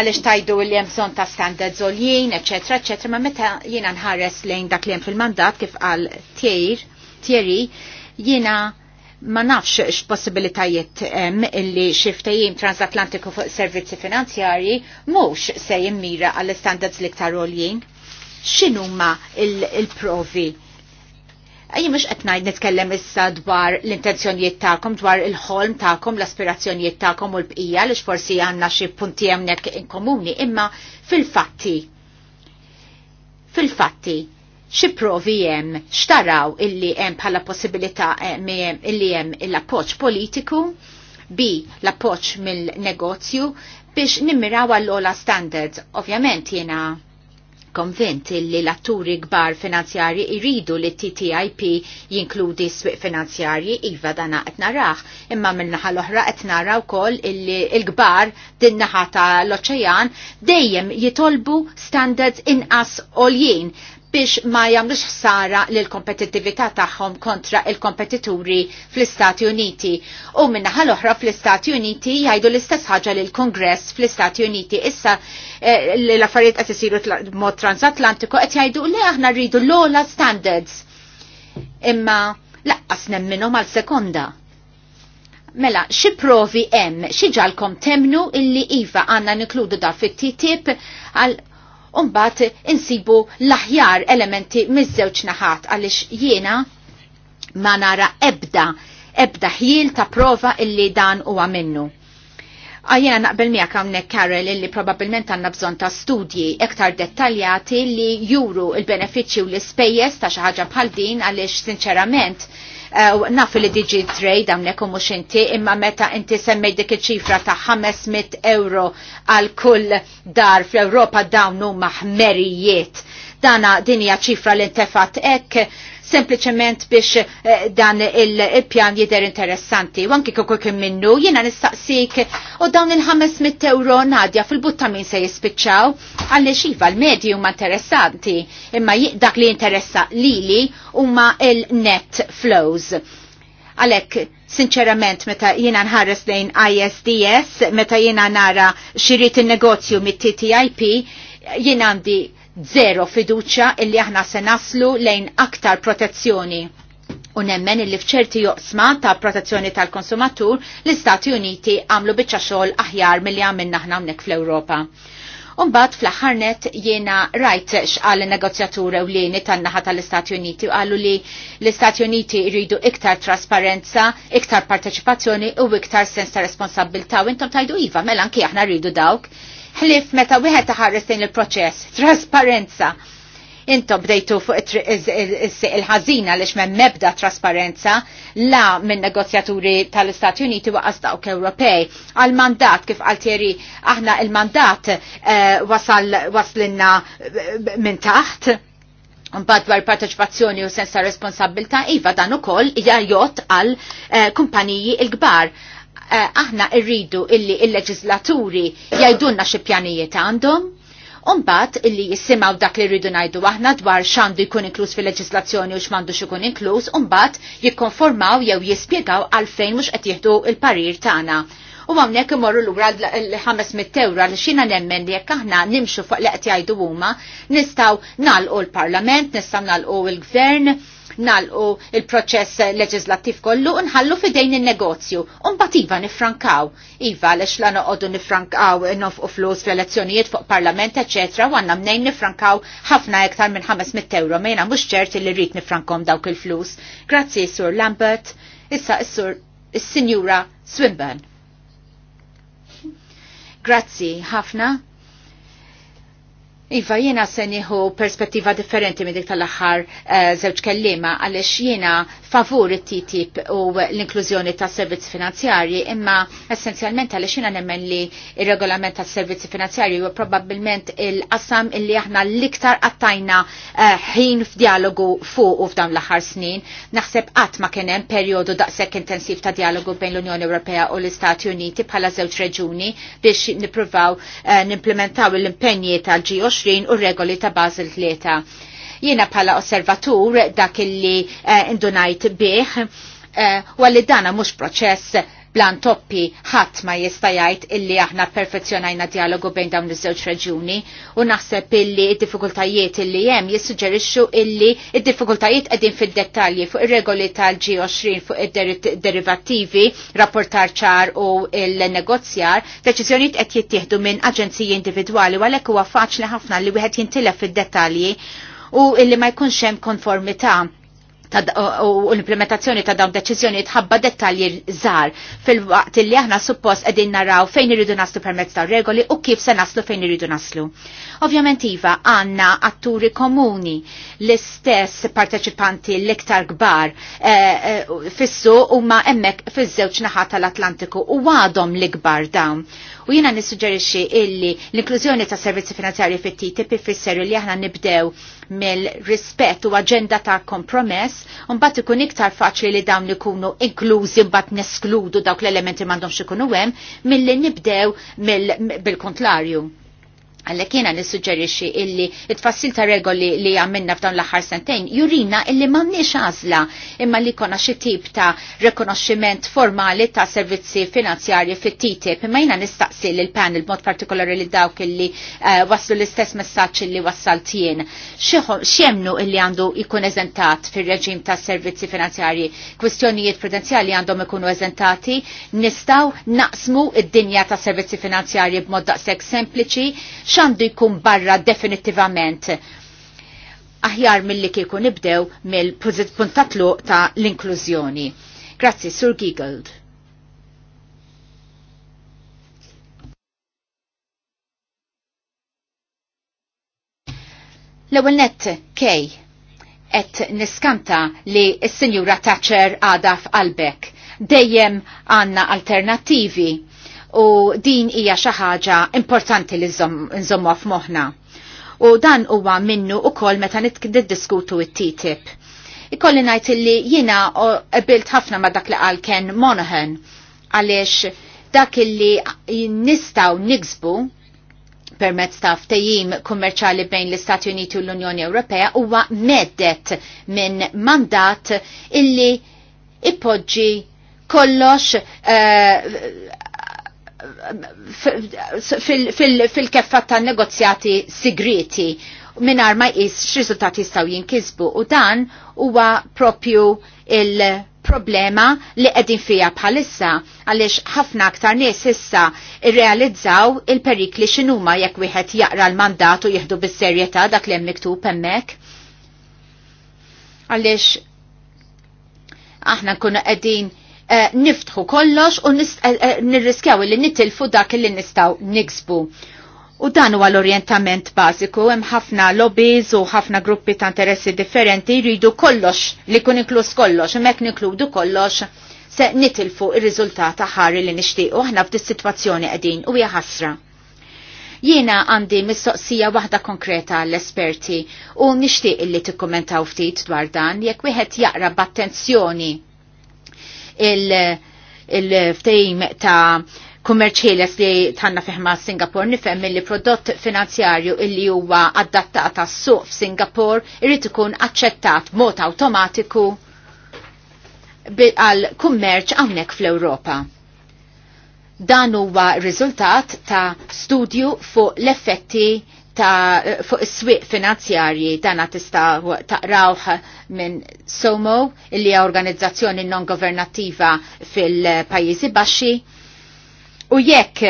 għalix tajdu li hemm bżonn ta' standards zoljien, eċetera, eċetera, ma meta jiena nħares lejn dak li hemm fil-mandat kif qal tjer, tjeri, jiena ma nafx x-possibilitajiet li illi xiftajim transatlantiku fuq servizzi finanzjari mhux se jimmira għall standards ktar oljien. X'inhuma il-provi? Ejja mhux qed ngħid nitkellem issa dwar l-intenzjonijiet tagħkom, dwar il-ħolm tagħkom, l-aspirazzjonijiet tagħkom u l-bqija li forsi għandna xi punti hemmhekk inkomuni, imma fil-fatti. Fil-fatti, xi provi hemm xtaraw illi hemm bħala possibilità eh, illi hemm l-appoġġ politiku bi l-appoġġ mill-negozju biex nimmiraw għall-ola standards. Ovvjament jiena konvint illi l-atturi gbar finanzjarji iridu li TTIP jinkludi swiq finanzjarji iva dana qed imma minnaħa l-oħra qed nara wkoll illi l-gbar din naħa ta' l oċejan dejjem jitolbu standards inqas oljien biex ma jagħmlux ħsara lil kompetittività tagħhom kontra il-kompetituri fl-Istati Uniti. U minnaħa l-oħra fl-Istati Uniti jgħidu l-istess ħaġa lil kongress fl-Istati Uniti. Issa eh, l-affarijiet qed isiru mod transatlantiku qed jgħidu li aħna rridu l-ola standards. Imma laqqas nemminu mal sekonda. Mela, xi provi hemm, xi ġalkom temnu illi iva għandna nikludu da fit-TTIP għal Umbat insibu l-aħjar elementi miż-żewġ naħat għaliex jiena ma nara ebda, ebda ħjil ta' prova illi dan huwa minnu. Għajjena naqbel mija kamnek Karel illi probabilment għanna bżon ta' studji ektar dettaljati li juru il-benefiċi u l spejjes ta' xaħġa bħal din għalix sinċerament Eh, naf li diġi trade għamnek u mux inti imma meta inti semmej dik ċifra ta' 500 euro għal kull dar fl-Europa dawn huma ħmerijiet. Dana dinja ċifra l-intefat ek sempliċement biex eh, dan il-pjan jider interessanti. Wanki kukur kim minnu, jina nistaqsik u dawn il-500 euro nadja fil-butta min se jispiċċaw għalli xiva l medi huma interessanti imma dak li interessa lili huma il-net flows. Għalek, sinċerament, meta jiena nħares lejn ISDS, meta jiena nara xirrit il-negozju mit-TTIP, jien għandi zero fiduċa illi aħna se naslu lejn aktar protezzjoni. U nemmen illi fċerti joqsma ta' protezzjoni tal-konsumatur l-Istati Uniti għamlu bieċa xogħol aħjar mill-li għamilna aħna hawnhekk fl-Ewropa. Umbat fl-ħarnet jena rajt xqal negozjatur ewlieni tan-naħa tal-Istati Uniti u għallu li l-Istati Uniti jridu iktar trasparenza, iktar parteċipazzjoni u iktar sens ta' responsabilta' u intom tajdu iva, mela anki aħna rridu dawk ħlif meta wieħed taħares din il-proċess, trasparenza. Intom bdejtu fuq il-ħazina lix xmen mebda trasparenza la minn negozjaturi tal-Istati Uniti waqas dawk Ewropej. Għal-mandat kif għaltieri aħna il-mandat eh, wasal waslinna eh, minn taħt. Mbagħad dwar parteċipazzjoni u sens ta' responsabilità iva dan ukoll hija jgħod għal eh, kumpaniji l-kbar Eh, aħna irridu illi il-leġislaturi jajdunna xi pjanijiet għandhom, Umbat illi jissimaw dak li rridu najdu aħna dwar xandu jkun inkluż fil-leġislazzjoni u x'mandu xikun inkluż, umbat jikkonformaw jew jispjegaw għalfejn mhux qed jieħdu l-parir tagħna. U għamnek imorru l-ura l-500 euro li xina nemmen li jekk aħna nimxu fuq li qed jgħidu huma, nistgħu nagħlqu l-Parlament, nistgħu nagħlqu l-Gvern, nalqu il-proċess leġislattiv kollu u nħallu fidejn il-negozju. Unbat iva nifrankaw. Iva lex lana noqodu nifrankaw nofqu flus fl-elezzjonijiet fuq parlament, ecc. U għanna mnejn nifrankaw ħafna iktar minn 500 euro. Mejna mux ċerti li rrit nifrankom dawk il-flus. Grazzi, Sur Lambert. Issa, Sur, is-Sinjura Swinburne. Grazzi, ħafna. Iva, jiena se nieħu perspettiva differenti minn dik tal-aħħar eh, żewġ kellima għaliex jiena favur it-TTIP u l-inklużjoni ta' servizzi finanzjarji, imma essenzjalment għal xina nemmen li il-regolament ta' servizzi finanzjarji u probabbilment il-qasam illi aħna l-iktar għattajna eh, ħin uh, f'dialogu fuq u f'dawn l-aħħar snin. Naħseb qatt ma kien hemm perjodu daqshekk intensiv ta' dialogu bejn l-Unjoni Ewropea u l-Istati Uniti bħala żewġ reġuni biex nippruvaw uh, nimplementaw l-impenji tal-G20 u regoli ta' Basel 3 Jiena bħala osservatur dak illi uh, indunajt bih uh, eh, li dana mhux proċess blan toppi ħadd ma jista' jgħid illi aħna perfezzjonajna dialogu bejn dawn iż-żewġ reġjuni u naħseb illi d-diffikultajiet illi hemm jissuġġerixxu illi d-diffikultajiet qegħdin fid-dettalji fuq ir-regoli tal-G20 fuq id-derivattivi, rapportar ċar u l-negozjar, deċiżjonijiet qed jittieħdu minn aġenziji individwali u għalhekk huwa faċli ħafna li wieħed jintilef fid-dettalji u illi ma jkunx hemm konformità u l-implementazzjoni ta' dawn deċiżjoni tħabba dettalji żgħar fil-waqt li aħna suppost qegħdin naraw fejn iridu naslu permezz ta' regoli u kif se naslu fejn iridu naslu. Ovvjament iva għandna atturi komuni l-istess parteċipanti l-iktar kbar eh, eh, fissu huma hemmhekk fiż-żewġ naħa tal-Atlantiku u għadhom l-ikbar dawn. U jiena nissuġġerixxi illi l-inklużjoni ta' servizzi finanzjarji fit-TTIP ifisser li aħna nibdew mill-rispett u aġenda ta' kompromess, un mbagħad ikun iktar faċli li dawn ikunu inklużi mbagħad neskludu dawk l-elementi m'għandhomx ikunu hemm milli nibdew bil-kontlarju. Għallek jena nissuġġerixi illi it-fassil ta' regoli li għamilna f'dawn l-aħħar sentejn jurina illi m'għandniex għażla imma li kona xi tip ta' rekonoxximent formali ta' servizzi finanzjarji fit-TTIP imma jena nistaqsi l panel mod partikolari li dawk illi uh, waslu l-istess messaġġ illi wassalt jien. X'jemnu illi għandu jkun eżentat fir-reġim ta' servizzi finanzjarji kwistjonijiet prudenzjali għandhom ikunu eżentati, nistgħu naqsmu id-dinja ta' servizzi finanzjarji b'mod daqshekk sempliċi x'għandu jkun barra definittivament aħjar mill-li kieku nibdew mill-puntatlu ta' l-inklużjoni. Grazzi, Sur Giegold. L-ewel net kej et niskanta li s-Sinjura taċer għada f'qalbek. Dejjem għanna alternativi u din hija xi ħaġa importanti li nżommu f'moħħna. U dan huwa minnu ukoll meta niddiskutu it-TTIP. Ikolli ngħid illi jiena qabilt ħafna ma' dak li qal Ken Monahan għaliex dak illi nistgħu niksbu permezz ta' ftejim kummerċali bejn l-Istati Uniti u l-Unjoni Ewropea huwa meddet minn mandat illi ipoġġi kollox uh, fil-keffa ta' negozjati sigriti minar ma jis x-rizultati jistaw jinkisbu u dan huwa propju il- problema li qegħdin fija bħalissa għaliex ħafna aktar nies issa irrealizzaw il-perikli x'inhuma jekk wieħed jaqra l-mandat u jieħdu bis-serjetà dak li hemm miktub hemmhekk. Għaliex aħna nkunu qegħdin Eh, niftħu kollox u eh, eh, nirriskjaw li nitilfu dak li nistaw niksbu. U dan huwa l-orientament bażiku, hemm ħafna lobbies u ħafna gruppi ta' interessi differenti jridu kollox li kun inkluż kollox, hemmhekk ninkludu kollox se nitilfu ir-riżultat ħari li nixtiequ aħna f'dis sitwazzjoni qegħdin u hija ħasra. Jiena għandi mistoqsija waħda konkreta l-esperti u nixtieq illi tikkumentaw ftit dwar dan jekk wieħed jaqra b'attenzjoni il-ftejm il ta' kummerċieles li tanna fiħma Singapore nifhem li prodott finanzjarju illi huwa adattat għas suq f'Singapore irid ikun aċċettat b'mod awtomatiku għal kummerċ hawnhekk fl-Ewropa. Dan huwa riżultat ta' studju fuq l-effetti ta' fuq is-swieq finanzjarji dana tista' taqrawh minn SOMO illi hija organizzazzjoni non governattiva fil-Pajjiżi Baxxi. U jekk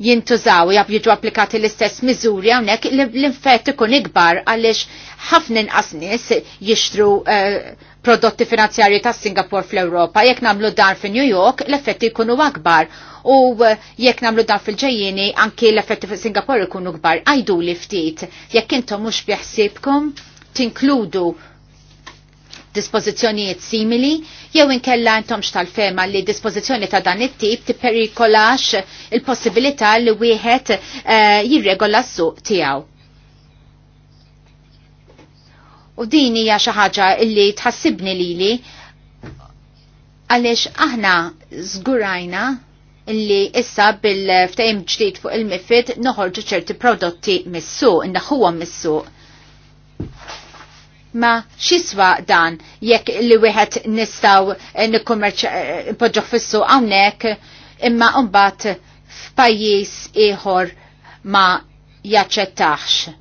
jintużaw jab jiġu applikati l-istess miżuri hawnhekk l-infett ikun ikbar għaliex ħafna inqas nies jixtru eh, prodotti finanzjarji ta' Singapore fl-Ewropa, jekk nagħmlu dar fi New York, l-effetti jkunu akbar u eh, jekk namlu dan fil-ġejjeni anki l-effetti fuq Singapore ikunu kbar. Għajdu li ftit, jekk intom mhux biħsibkom tinkludu dispożizzjonijiet simili, jew inkella intom tal-fema li dispożizzjoni ta' dan it-tip tipperikolax il-possibilità li wieħed eh, jirregola s-suq tiegħu. U din hija xi ħaġa li tħassibni lili għaliex aħna zgurajna li issa bil ftajm ġdid fuq il-mifid noħorġu ċerti prodotti mis-suq, innaħuhom mis-suq. Ma xiswa dan jekk li wieħed nistaw eh, nikkummerċ eh, fissu hawnhekk imma mbagħad f'pajjiż ieħor ma jaċċettax.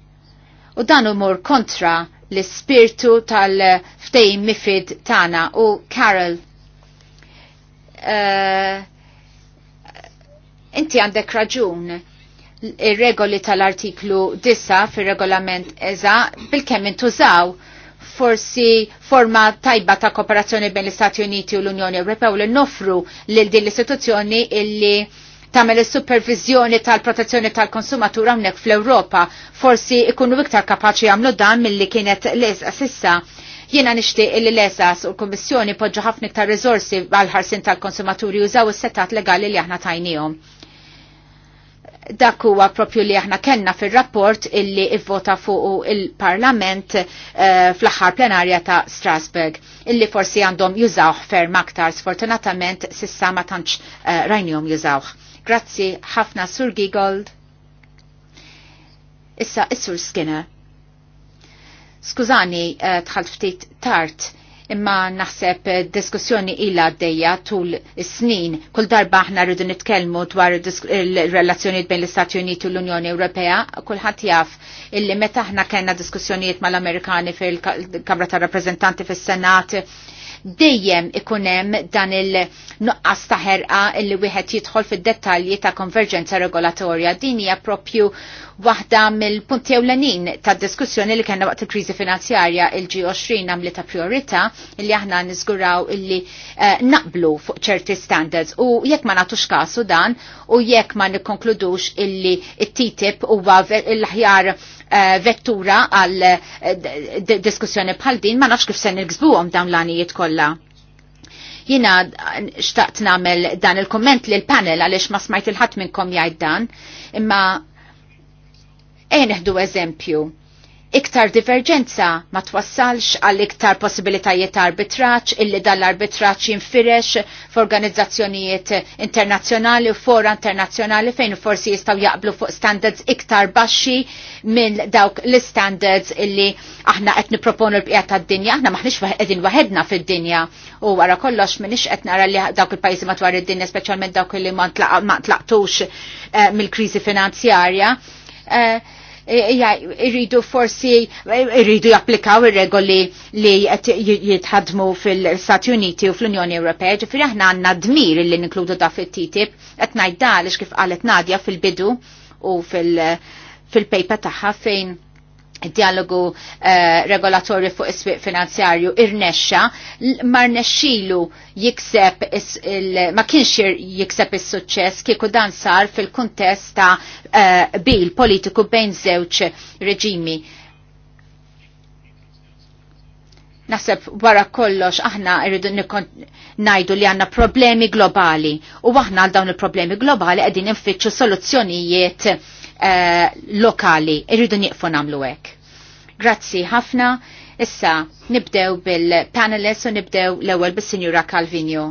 U dan umur kontra l-ispirtu tal-ftejn mifid tana u Carol. Uh, Inti għandek raġun ir-regoli tal-artiklu 9 fir-regolament eża bil kem intużaw forsi forma tajba ta' kooperazzjoni bejn l-Istati Uniti u l-Unjoni Ewropew li nofru lil din l-istituzzjoni illi tagħmel is-supervizjoni tal-protezzjoni tal-konsumatur hawnhekk fl-Ewropa forsi ikunu iktar kapaċi jagħmlu dan milli kienet l-eżqa sissa. Jiena nixtieq li l-eżas u l-Kummissjoni poġġa ħafna iktar riżorsi għal ħarsin tal-konsumaturi jużaw is settat legali li aħna tajnihom dak huwa propju li aħna kenna fil-rapport illi ivvota fuq il-Parlament eh, fl-aħħar plenarja ta' Strasburg illi forsi għandhom jużawh ferm aktar sfortunatament sissa ma tantx uh, rajnihom jużawh. Grazzi ħafna Sur Gigold. Issa is-Sur Skinner. Skużani eh, tħalftit tart. ftit tard imma naħseb diskussjoni illa għaddejja tul snin. Kull darba aħna rridu nitkellmu dwar il relazzjoniet bejn l-Istati Uniti u l-Unjoni Ewropea, kulħadd jaf illi meta aħna kellna diskussjonijiet mal-Amerikani fil-Kamra tar Rappreżentanti fis-Senat, dejjem ikunem dan il-nuqqas ta' ħerqa illi wieħed jidħol fid-dettalji ta' konverġenza regolatorja. Din hija propju waħda mill-punti ewlenin ta' diskussjoni li kellna waqt il-kriżi finanzjarja il-G20 għamli ta' priorità illi aħna niżguraw illi uh, naqblu fuq ċerti standards u jekk ma nagħtux kasu dan u jekk ma nikkonkludux illi it-TTIP huwa l-aħjar Eh, vettura għal eh, diskussjoni bħal din ma nafx kif se nirgżbuhom dawn l-għanijiet kollha jina xtaqt namel dan il-komment li l-panel għalix ma smajt il-ħat minnkom jgħid dan, imma eħneħdu eh, eżempju iktar diverġenza ma twassalx għal iktar possibilitajiet ta' arbitraċ illi dal-arbitraċ jinfirex f'organizzazzjonijiet internazzjonali u fora internazzjonali fejn forsi jistaw jaqblu fuq standards iktar baxxi minn dawk l-standards illi aħna qed niproponu l-bqija tad-dinja, aħna maħniex qegħdin waħedna fid-dinja u wara kollox m'iniex qed nara li dawk il-pajjiżi matwar id-dinja speċjalment dawk illi ma tlaqtux eh, mill-kriżi finanzjarja. Uh, Eh, irridu forsi irridu japplikaw ir-regoli li jitħadmu fil-Stati Uniti u fl-Unjoni Ewropea, ġifieri aħna għandna dmir li ninkludu da fil ttip qed ngħid kif qalet Nadja fil-bidu u fil-paper tagħha fejn dialogu uh, regolatorju fuq is-swieq finanzjarju irnexxa ma rnexxilu jikseb il, ma kienx jikseb is-suċċess kieku dan sar fil-kuntest ta' uh, bil politiku bejn żewġ reġimi. Naseb wara kollox aħna irridu najdu li għanna problemi globali u aħna għal dawn il-problemi globali qegħdin infittxu soluzzjonijiet Eh, lokali. Irridu nieqfu nagħmlu hekk. Grazzi ħafna. Issa nibdew bil panelist u nibdew l-ewwel bis-Sinjura Calvinio.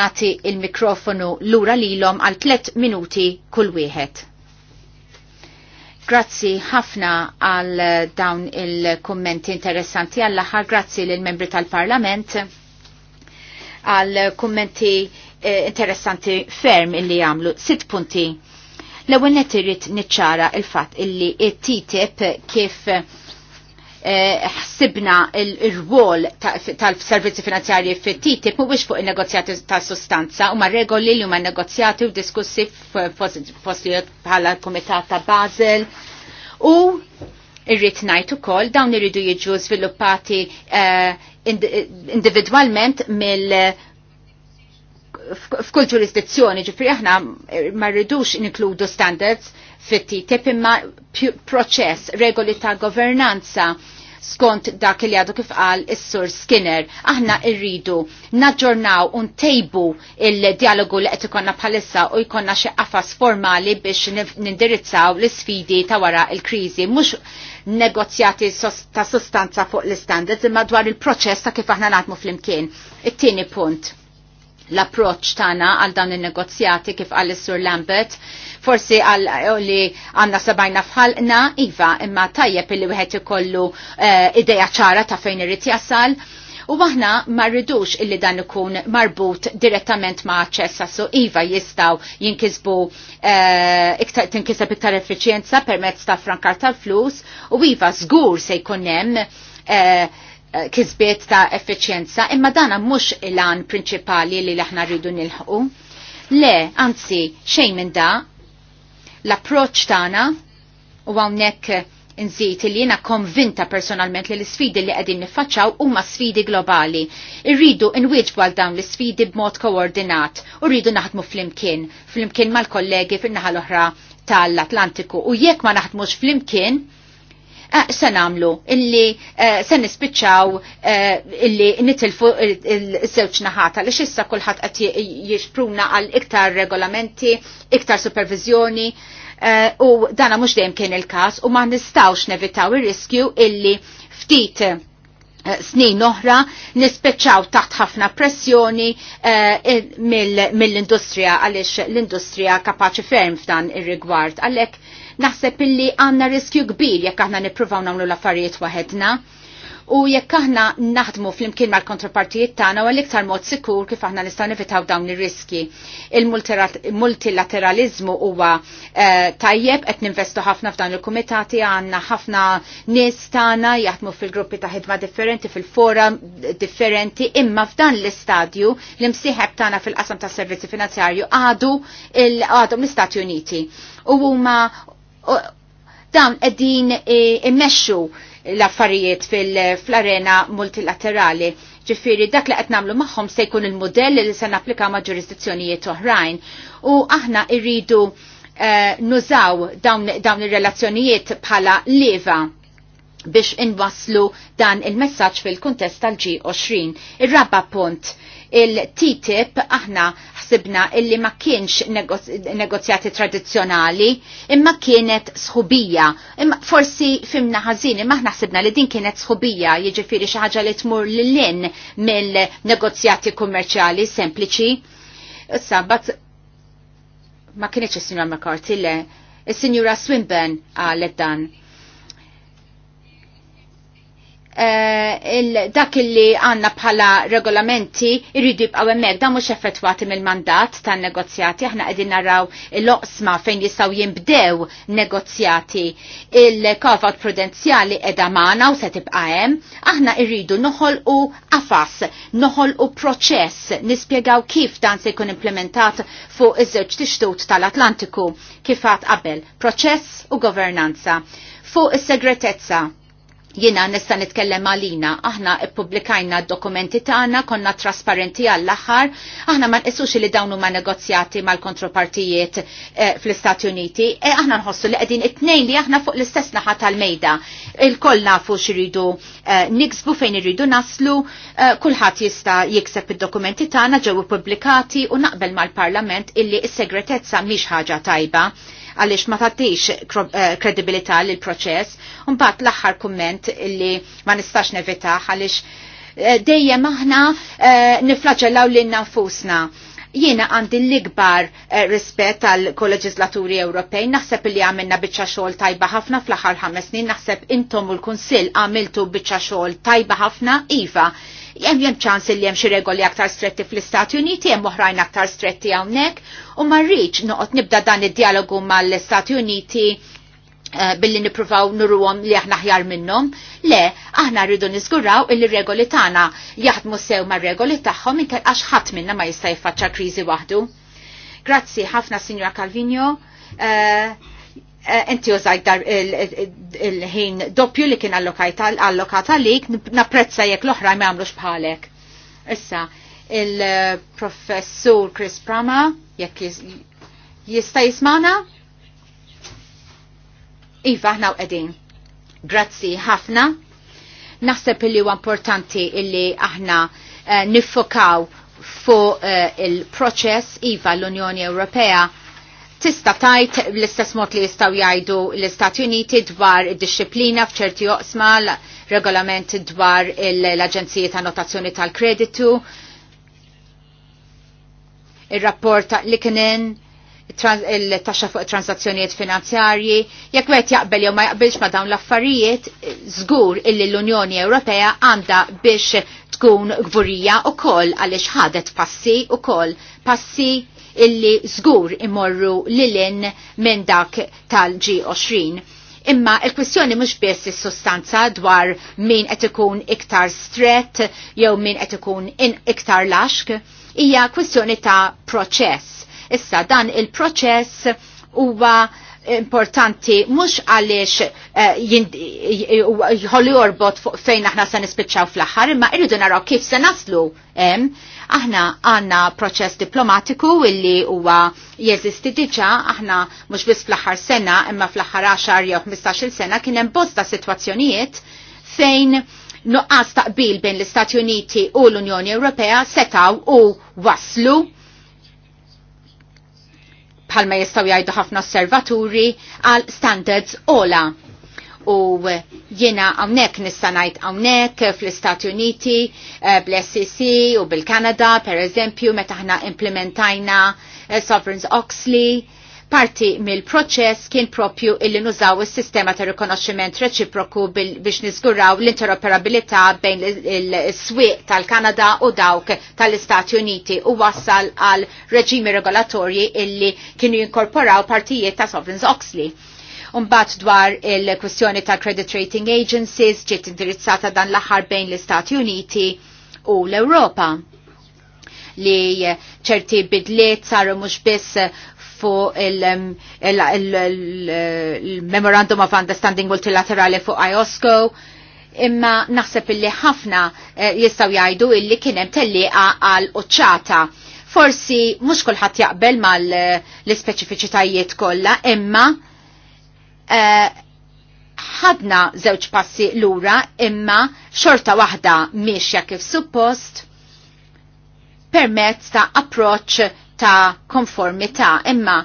Nati il-mikrofonu lura lilhom għal tliet minuti kull wieħed. Grazzi ħafna għal dawn il-kommenti interessanti għall aħħar grazzi l membri tal-Parlament għal kommenti eh, interessanti ferm li għamlu. Sitt punti L-ewwel net irrid niċċara il-fatt illi it-TTIP kif eh, ħsibna il-rwol tal-servizzi finanzjarji fit-TTIP mhuwiex fuq in-negozjati ta' sustanza u ma' regoli li huma negozjati u diskussi f'postijiet bħala l-Kumitat ta' Basel u irrid ngħid ukoll dawn iridu jiġu żviluppati eh, individwalment mill- f'kull ġurisdizzjoni, ġifri aħna ma rridux inkludu standards fitti ttip imma proċess, regoli ta' governanza skont dak li għadu kif qal is-sur Skinner. Aħna irridu naġġornaw un tejbu il-dialogu li qed ikonna bħalissa u jkollna xi qafas formali biex nindirizzaw l-isfidi ta' wara l-kriżi, mhux negozjati ta' sostanza fuq l-standards imma dwar il-proċess ta' kif aħna naħdmu flimkien. It-tieni punt l-approċ tana għal dan il-negozjati kif għal sur Lambert, forsi għal eh, li għanna sabajna fħalqna, iva, imma tajjeb li wieħed ikollu uh, ideja ċara ta' fejn irid jasal. U aħna ma rridux illi dan ikun marbut direttament ma' ċessa su iva jistaw jinkisbu eh, iktar tinkiseb iktar effiċjenza permezz ta' frankar tal-flus u iva żgur se jkun hemm kisbiet ta' effiċjenza, imma dana mhux il-għan prinċipali li aħna rridu nilħqu. Le, anzi, xejn minn da, l-approċ tagħna u hawnhekk nżid li jiena konvinta personalment li l-sfidi li qegħdin niffaċċaw huma sfidi globali. Irridu nwieġbu għal dawn l-sfidi b'mod koordinat u rridu naħdmu flimkien, flimkien mal-kollegi fin-naħa l-oħra tal-Atlantiku u jekk ma naħdmux flimkien, Ah, se namlu illi eh, se nispiċċaw eh, illi nitilfu il-żewġ naħata li xissa kulħadd qed jixpruna għal iktar regolamenti, iktar supervizjoni eh, u dana mhux dejjem kien il-każ u ma nistawx nevitaw ir-riskju illi ftit snin oħra nispeċċaw taħt ħafna pressjoni mill-industrija għaliex l-industrija kapaċi ferm f'dan ir-rigward. Għalhekk naħseb illi għanna riskju kbir jekk aħna nippruvaw nagħmlu l-affarijiet waħedna. U jekk aħna naħdmu flimkien mal-kontrapartijiet tagħna u l-iktar mod sikur kif aħna nistgħu nifitaw dawn ir-riski. Il-multilateralizmu huwa eh, tajjeb qed ninvestu ħafna f'dan il-kumitati għandna ħafna nies tagħna jaħdmu fil-gruppi ta' ħidma differenti fil-fora differenti imma f'dan l-istadju li msieħeb tagħna fil-qasam tas servizzi finanzjarju għadu għadhom l-Istati Uniti u huma dawn qegħdin e, immexxu l-affarijiet fil-arena multilaterali. Ġifiri, dak li qed nagħmlu magħhom se jkun il-modell li se napplika ma' ġurisdizzjonijiet oħrajn. U aħna rridu e, nużaw dawn, ir-relazzjonijiet bħala leva biex inwaslu dan il-messaġġ fil-kuntest tal-G20. Ir-rabba punt il-TTIP aħna ħsibna illi ma kienx negozjati tradizjonali, imma kienet sħubija. Imma forsi fimna ħażin, imma ħnaħsibna li din kienet sħubija, jiġifieri xi ħaġa li tmur lil mill-negozjati kummerċjali sempliċi. Issa, bat ma kienx is-Sinjora McCarthy le, is-Sinjura Swinburne għalet dan Eh, dak illi għanna bħala regolamenti irridu jibqaw hemmhekk dan mhux effettwati mill-mandat tan-negozjati aħna qegħdin naraw l-oqsma fejn jistgħu jinbdew negozjati il-kovat prudenzjali edha magħna u se tibqa' hemm aħna rridu noħolqu qafas, noħolqu proċess, nispjegaw kif dan se jkun implementat fuq iż-żewġ tixtut tal-Atlantiku kif qabel proċess u governanza fuq is-segretezza Jiena nista' nitkellem għalina, aħna ppubblikajna d-dokumenti tagħna, konna trasparenti għall-aħħar, aħna ma nqisux li dawn huma negozjati mal-kontropartijiet e, fl-Istati Uniti, e aħna nħossu li qegħdin it-tnejn li aħna fuq l-istess naħa tal-mejda. Il-koll nafu x'iridu e, niksbu fejn iridu naslu, e, kulħadd jista' jikseb id-dokumenti tagħna ġew ippubblikati u naqbel mal-Parlament illi s-segretezza mhix ħaġa tajba għaliex ma tagħtix eh, kredibilità l proċess. Mbagħad l-aħħar kumment li ma nistax nevita għaliex eh, dejjem aħna eh, niflaġellaw lil nafusna. Jiena għandi l-ikbar rispett għal kolleġislaturi Ewropej, naħseb li għamilna biċċa xogħol tajba ħafna fl-aħħar ħames snin, naħseb intom u l-Kunsill għamiltu biċċa xogħol tajba ħafna iva jem jem ċans li jem xi regoli aktar stretti fl-Istati Uniti, jem oħrajn aktar stretti għawnek, u marriċ noqot nibda dan id-dialogu mal-Istati Uniti eh, billi nipruvaw nurruhom li aħna ħjar minnhom. Le, aħna rridu nizguraw il regoli tagħna jaħdmu sew mar-regoli tagħhom minn għax ħadd minna ma jista' faċċa kriżi waħdu. Grazzi ħafna Sinjora Calvino. Uh, Eh, inti użajt il-ħin doppju li kien allokata għalik, napprezza jekk l-oħra ma bħalek. Issa, il-professur Chris Prama, jekk jista' jismana? Iva, ħna għedin. Grazzi ħafna. Naħseb li huwa importanti illi aħna eh, nifokaw fuq eh, il-proċess iva l-Unjoni Ewropea tista tajt l-istess mod li jistaw jajdu l-Istati Uniti dwar disciplina fċerti oqsma regolament dwar l-Aġenzija ta' Notazzjoni tal-Kreditu, il-rapport ta' li kien il-taxxa fuq transazzjonijiet finanzjarji, jekk wieħed jaqbel jew ma jaqbilx ma dawn l-affarijiet, żgur illi l-Unjoni Ewropea għandha biex tkun gburija u koll għaliex ħadet passi u koll passi illi żgur imorru lilin minn dak tal-G20. Imma il-kwestjoni mhux biss is sostanza dwar min qed ikun iktar stret jew min qed ikun iktar laxk, hija kwestjoni ta' proċess. Issa dan il-proċess huwa importanti mux għalix eh, jħolli orbot fejn aħna se nispiċċaw fl-aħħar, imma irridu naraw kif se naslu hemm Aħna għanna proċess diplomatiku illi huwa jeżisti diġa, aħna mhux biss fl-aħħar sena imma fl-aħħar 10 jew 15-il sena kien hemm bosta sitwazzjonijiet fejn nuqqas taqbil bejn l-Istati Uniti u l-Unjoni Ewropea setaw u waslu bħalma jistaw jgħidu ħafna osservaturi għal standards ola u eh, jiena għawnek nistanajt għawnek fl-Istati Uniti, eh, bl-SEC u bil-Kanada, per eżempju, meta ħna implementajna eh, Sovereigns Oxley, parti mill-proċess kien propju illi nużaw is-sistema ta' rikonoxximent reċiproku biex nizguraw l-interoperabilità bejn is-swieq tal-Kanada u dawk tal-Istati Uniti u wassal għal reġimi regolatorji illi kienu jinkorporaw partijiet ta' Sovereigns Oxley Umbat dwar il-kwestjoni ta' credit rating agencies ġiet indirizzata dan l-aħħar bejn l-Istati Uniti u l-Ewropa li ċerti bidliet saru mhux biss fuq il-Memorandum of Understanding Multilaterali fuq IOSCO, imma naħseb illi ħafna eh, jistaw jgħidu illi kienem telliqa għal uċċata. Forsi mhux kulħadd jaqbel mal l-ispeċifiċitajiet kollha, imma ħadna zewċ żewġ passi lura imma xorta waħda miexja kif suppost permezz ta' approċ ta' konformità imma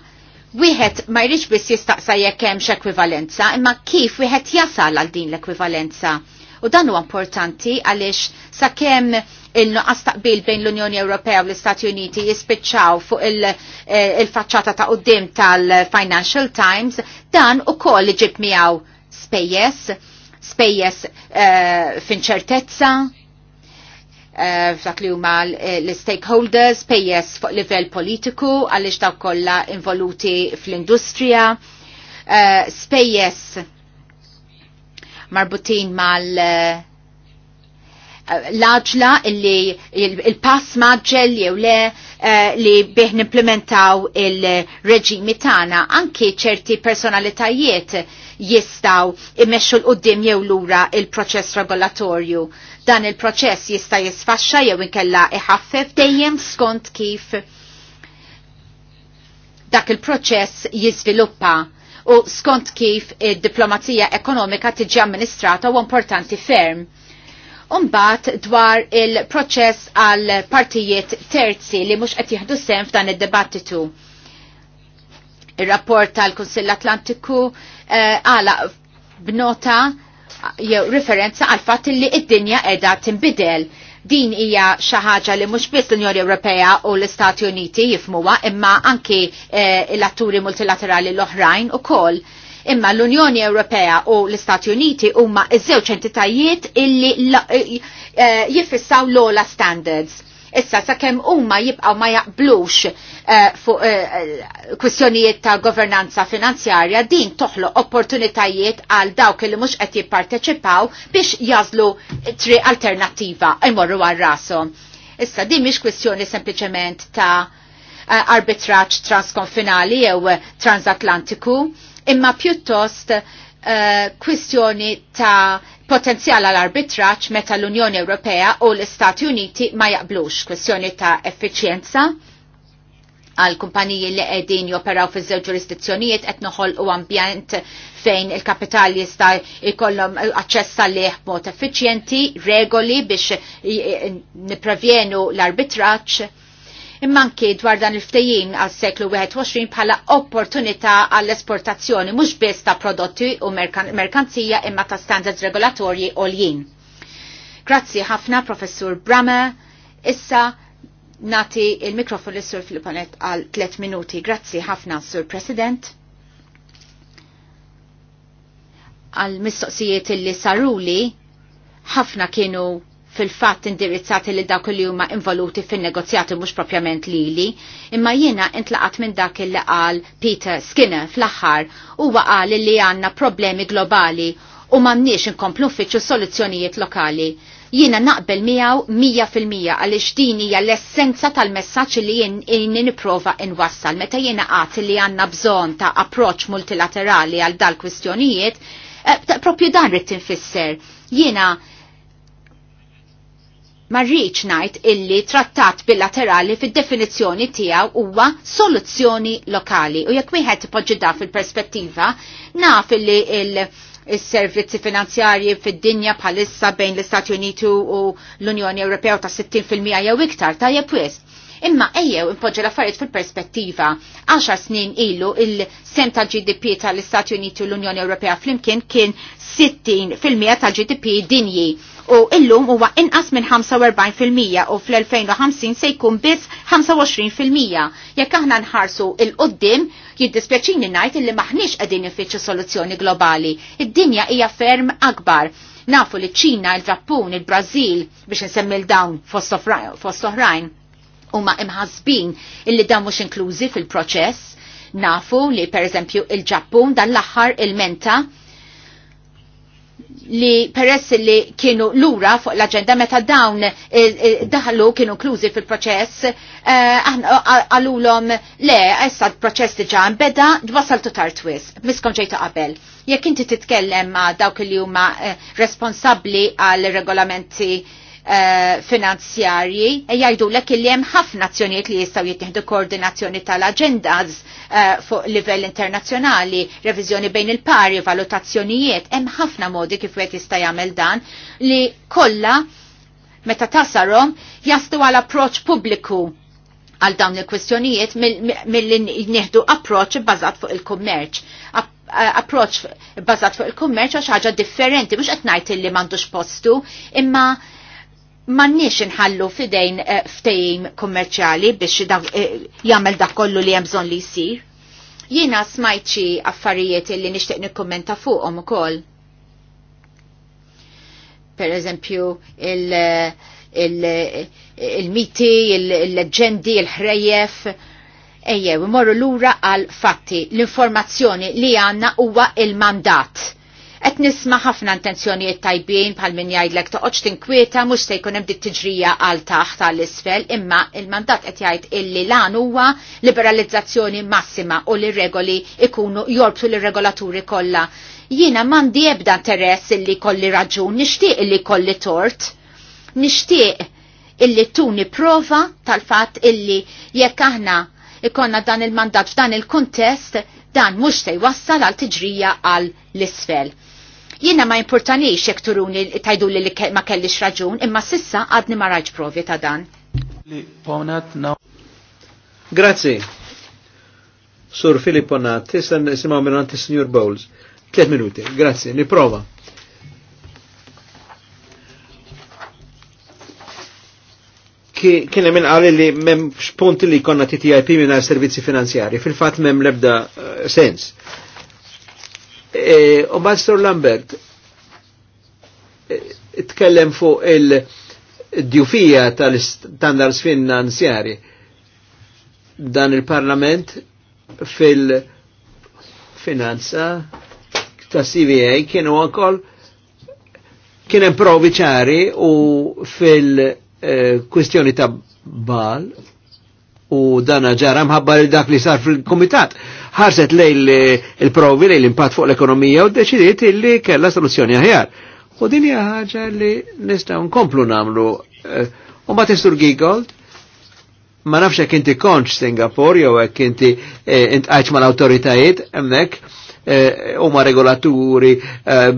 wieħed ma jridx biss jistaqsa jekk hemmx ekwivalenza, imma kif wieħed jasal għal din l-ekwivalenza. U dan huwa importanti għaliex sakemm il-nuqqas taqbil bejn l-Unjoni Ewropea u l-Istati Uniti jispiċċaw fuq eh, il-faċċata ta' qudiem tal-Financial Times, dan u koll ġib miegħu spejjes, spejjes eh, finċertezza, eh, f'dak li huma l-stakeholders, pejjes fuq livell politiku għaliex dawk kollha involuti fl-industrija, spejjes marbutin mal- l-aġla illi il-pass maġġel jew le eh, li bih nimplementaw il-reġimi tagħna anki ċerti personalitajiet jistaw immexxu l-qoddim jew lura il-proċess regolatorju. Dan il-proċess jista' jisfaxxa jew inkella iħaffef dejjem skont kif dak il-proċess jiżviluppa u skont kif id-diplomazija ekonomika tiġi amministrata u importanti ferm Umbat dwar il-proċess għal partijiet terzi li mux qed jihdu sem f'dan id-debattitu. Il-rapport tal-Kunsill Atlantiku eh, għala uh, b'nota jew referenza għal fatt li id-dinja edha timbidel. Din hija xi ħaġa li mhux biss l-Unjoni Ewropea u l-Istati Uniti jifmuha imma anki eh, l-atturi multilaterali l-oħrajn ukoll. koll Imma l-Unjoni Ewropea u l-Istati Uniti huma ż-żewġ entitajiet illi eh, eh, eh, jiffissaw l-ola standards. Issa sakemm huma jibqgħu ma jaqblux fuq kwistjonijiet ta' governanza finanzjarja din toħloq opportunitajiet għal dawk li mhux qed jipparteċipaw biex jażlu tri alternattiva jmorru għal rashom. Issa din mhix kwistjoni sempliċement ta' arbitraċ transkonfinali jew transatlantiku imma pjuttost eh, kwistjoni ta' potenzjal għal arbitraċ meta l-Unjoni Ewropea u l-Istati Uniti ma jaqblux kwistjoni ta' effiċjenza għal kumpaniji li qegħdin joperaw fi żewġ ġurisdizzjonijiet qed noħol u ambjent fejn il-kapital jista' jkollhom aċċessa għalih mod effiċjenti, regoli biex niprevjenu l-arbitraċ immanki dwar dan il-ftejjim għas seklu 21 bħala opportunità għall-esportazzjoni mhux biss ta' prodotti u merkanzija imma ta' standards regolatorji l-jien. Grazzi ħafna Professur Brame. Issa nati il-mikrofon lis sur Filipponet għal 3 minuti. Grazzi ħafna Sur President. Għal mistoqsijiet li saruli ħafna kienu fil-fatt indirizzati li dak li huma involuti fin-negozjati mhux propjament lili, imma jiena intlaqat minn dak li qal Peter Skinner fl-aħħar huwa qal li għandna problemi globali u m'għandniex inkomplu nfittxu soluzzjonijiet lokali. Jiena naqbel miegħu mija fil-mija għaliex din hija l-essenza tal-messaġġ li jien nipprova inwassal meta jiena qagħti li għandna bżonn ta' approċċ multilaterali għal dal-kwistjonijiet, eh, propju dan rrid tinfisser. Jiena ma rridx ngħid illi trattat bilaterali fid-definizzjoni tiegħu huwa soluzzjoni lokali u jekk wieħed ipoġġi fil-perspettiva naf illi il-servizzi finanzjarji fid-dinja bħalissa bejn l-Istati Uniti u l-Unjoni Ewropea ta' 60% jew iktar tajjeb jepwis. Imma ejjew impoġġa l-affarijiet fil-perspettiva. 10 snin ilu il-sem ta' GDP tal-Istati Uniti u l-Unjoni Ewropea flimkien kien 60% tal-GDP dinji u illum huwa inqas minn 45% u fl-2050 se jkun biss 25%. Jekk aħna nħarsu il-qoddim, jiddispjaċini ngħid illi maħniex qegħdin ifittxu soluzzjoni globali. Id-dinja hija ferm akbar nafu li ċina, il-Ġappun, il-Brazil biex nsemmi l-dawn fost oħrajn huma imħasbin illi dawn mhux inklużi fil-proċess. Nafu li per eżempju il-Ġappun dan l-aħħar il-menta li peress li kienu lura fuq l-agenda meta dawn eh, eh, daħlu kienu klużi fil-proċess, eh, għallulom le, issa l-proċess diġa beda dwasaltu twis. miskom ġejta qabel. Jekk inti titkellem ma' dawk li huma responsabbli għal regolamenti Eh, finanzjarji finanzjarji e jajdu l li hemm ħafna azzjonijiet li jistgħu jittieħdu koordinazzjoni tal-agendas eh, fuq livell internazzjonali, reviżjoni bejn il-pari, valutazzjonijiet, hemm ħafna modi kif qed jista' jagħmel dan li kollha meta tasarhom jaslu għal approċċ pubbliku għal dawn il-kwestjonijiet mill jneħdu nieħdu approċ bazat fuq il-kummerċ. Eh, approċ bazat fuq il-kummerċ għax ħaġa differenti, mux qed ngħid li m'għandux postu, imma mannix nħallu fidejn eh, ftejim kummerċjali biex eh, jagħmel dak kollu li hemm bżonn li jsir. Jiena smajt xi affarijiet li nixtieq nikkummenta fuqhom ukoll. Per eżempju il-miti, il-leġendi, il-ħrejjef. Ejjew, imorru lura għal fatti. L-informazzjoni li għanna huwa il-mandat qed nisma ħafna intenzjonijiet tajbin bħal min jgħidlek toqgħodx tinkwieta mhux se jkun hemm dit tiġrija għal taħt għall isfel imma il-mandat qed jgħid illi lan huwa liberalizzazzjoni massima u li regoli ikunu jorbtu lir regolaturi kollha. Jiena m'għandi ebda interess illi kolli raġun, nixtieq illi kolli tort, nixtieq illi tuni prova tal-fatt illi jekk aħna ikonna dan il-mandat f'dan il kuntest dan mhux se jwassal għal tiġrija għal l-isfel Jiena ma importanix jekk turuni tajdu li ma kellix raġun, imma sissa għadni ma raġ provi ta' dan. Grazzi. Sur Filippo Nat, tissan nisimaw minnanti Signor Bowles. Tlet minuti, grazzi, niprofa. kien hemm għalli li mem punti li konna TTIP mingħajr servizzi finanzjari. Fil-fatt m'hemm lebda eh, sens. U e, Master Lambert e, tkellem fuq il-djufija tal-standards finanzjari dan il-parlament fil-finanza ta' CVA kienu għakol kienem provi ċari u fil-kwistjoni e, ta' bal u dana ġara mħabba li dak li sar fil-komitat. Ħarset lej il-provi li l-impat fuq l-ekonomija u deċidiet li kella soluzzjoni aħjar. U din hija ħaġa li nistgħu nkomplu namlu. Eh, u ma tistur Gigold, ma nafx hekk inti konċ Singapore jew hekk inti eh, intqajċ mal-awtoritajiet hemmhekk eh, huma regolaturi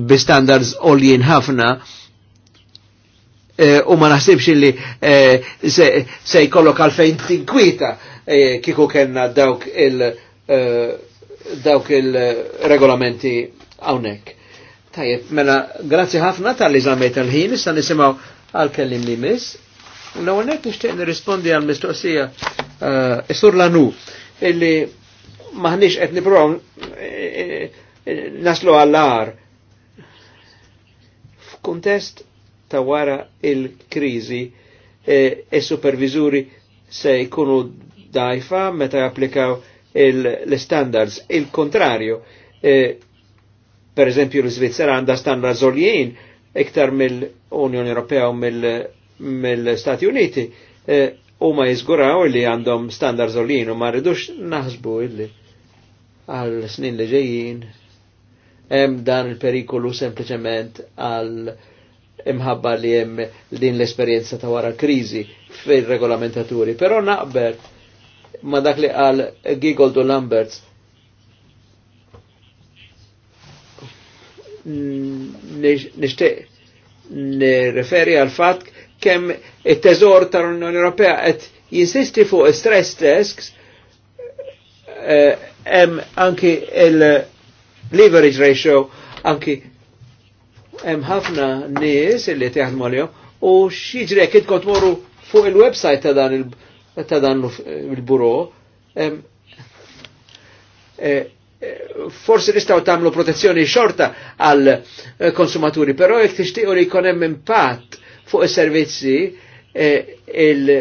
bi standards oljin ħafna Eh, u ma naħsibx li eh, se jkollok għalfejn tinkwita eh, kiku kena dawk il- dawk il-regolamenti għawnek. Tajib, mela, grazzi ħafna tal-li tal ħin issa nisimaw għal-kellim li mis. L-għonek nishtiq nirrispondi għal-mistoqsija Isur Lanu, illi maħnix qed niprofaw naslu għall-ar. F'kuntest ta' wara il-krizi e, e supervizuri se jkunu dajfa meta applikaw l-standards. Il Il-kontrarju, e, per eżempju l-Svizzera għanda standards oljien iktar mill-Unjoni Ewropea u mill-Stati Uniti e, u ma jizguraw li għandhom standards oljien u ma rridux naħsbu illi għal snin li ġejjin hemm dan il-perikolu sempliċement għal imħabba li jem din l esperienza ta' wara krizi fil-regolamentaturi. Pero naqbert, ma dak li għal Gigold u Lamberts nishtiq nireferi għal fatt kemm it-teżor l unjoni Ewropea qed jinsisti fuq stress tests eh, hemm anki il-leverage ratio anki hemm ħafna nies illi teħdmu għalihom u x'jiġri jekk kont morru fuq il-website ta' dan ta' dan il-buro e, e, forsi nistgħu tagħmlu protezzjoni xorta għal e, konsumaturi, però jekk tixtiequ li jkun hemm impatt fuq is-servizzi il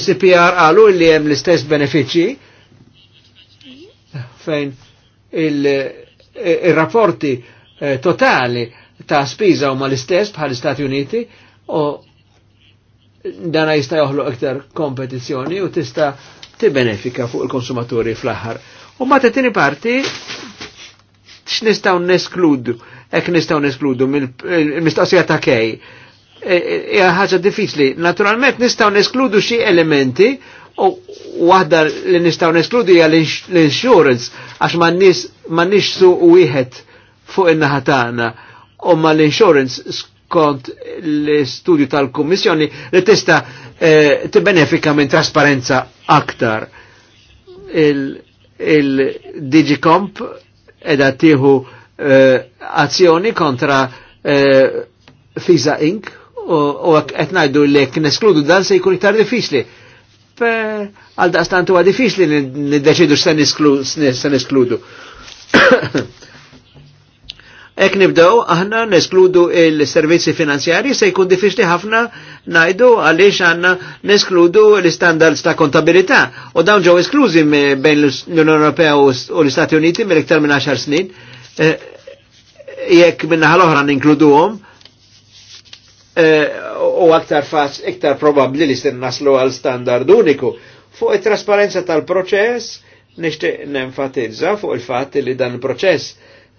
SPR għalu li hemm l-istess benefiċċji fejn Eh, il-rapporti eh, totali ta' spiża u mal istess bħal istati Uniti u dana jista' joħlu iktar kompetizzjoni u tista' tibbenefika fuq il-konsumaturi fl-aħħar. U ma t-tini parti, x'nistgħu neskludu, hekk nistgħu neskludu mill-mistoqsija ta' kej. E, e, hija ħaġa diffiċli. Naturalment nistgħu neskludu xi elementi U waħda li nistaw neskludi hija l-insurance għax nix suq wieħed fuq in-naħa tagħna u ma l-insurance skont l-studju tal-Kummissjoni li tista' eh, tibbenefika minn trasparenza aktar. Il-Digicomp edha tieħu eh, azzjoni kontra Fisa eh, Inc. u qed ngħidu li neskludu dan se jkun iktar diffiċli Eh, għal daqstant huwa diffiċli li n-deċidu niddeċidu sen niskludu. Ek nibdew aħna neskludu il-servizzi finanzjari se jkun diffiċli ħafna najdu għaliex għanna neskludu l-standards ta' kontabilità u dawn ġew esklużi bejn l-Unjoni Ewropea u l-Istati Uniti mill-iktar minn 10 snin. Eh, jekk minna ħal-oħra għom, u aktar faċ, iktar probabli li sen naslu għal standard uniku. Fuq il trasparenza tal-proċess, nishtiq nenfatizza fuq il-fatt li dan il-proċess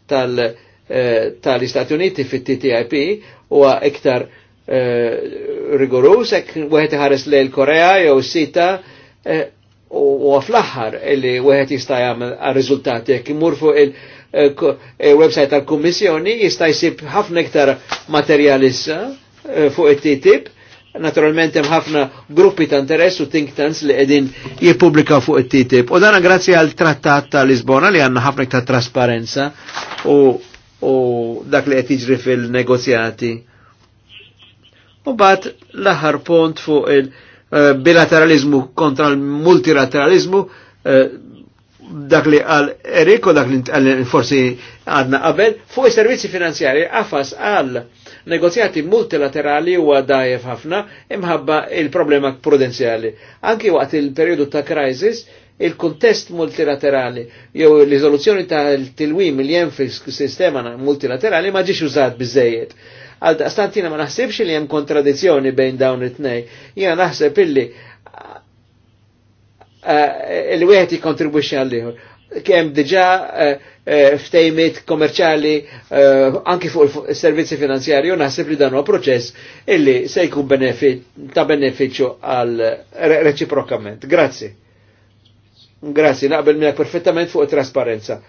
eh, tal-Istati Uniti fit-TTIP u iktar eh, rigorus, ek wieħed iħares l Korea jew sita eh, u għaflaħar li wieħed jistajam għal-rizultati, ek imur fuq il-website tal-Kummissjoni jista' jsib ħafna iktar materjalissa Eh, fuq it-TTIP. Naturalment hemm ħafna gruppi ta' interess u think tanks li qegħdin jippubblika fuq it-TTIP. U dan grazzi għal trattat ta' Lisbona li għandna ħafna ta' trasparenza u, u dak li qed jiġri fil-negozjati. U bat l-aħħar pont fuq il-bilateralizmu eh, kontra l-multilateralizmu eh, dak li għal Eriko, dak li forsi għadna qabel, fuq i servizzi finanzjari għafas għal negozjati multilaterali huwa dajef ħafna imħabba il-problema prudenzjali. Anki waqt il-periodu ta' crisis, il-kontest multilaterali jew l-izoluzzjoni tal-tilwim li jem sistema multilaterali ma ġiex użat biżejjed. Għal stantina ma naħsibx li jem kontradizzjoni bejn dawn it-tnej. Jena naħseb illi eh, il-wieħed jikontribwixxi għal ieħor kem diġa eh, eh, ftejmit kommerċali eh, anki fuq il-servizzi finanzjarju naħseb li dan huwa proċess illi se jkun ta' beneficju għal reċiprokament. Grazzi. Grazzi, naqbel minna perfettament fuq trasparenza.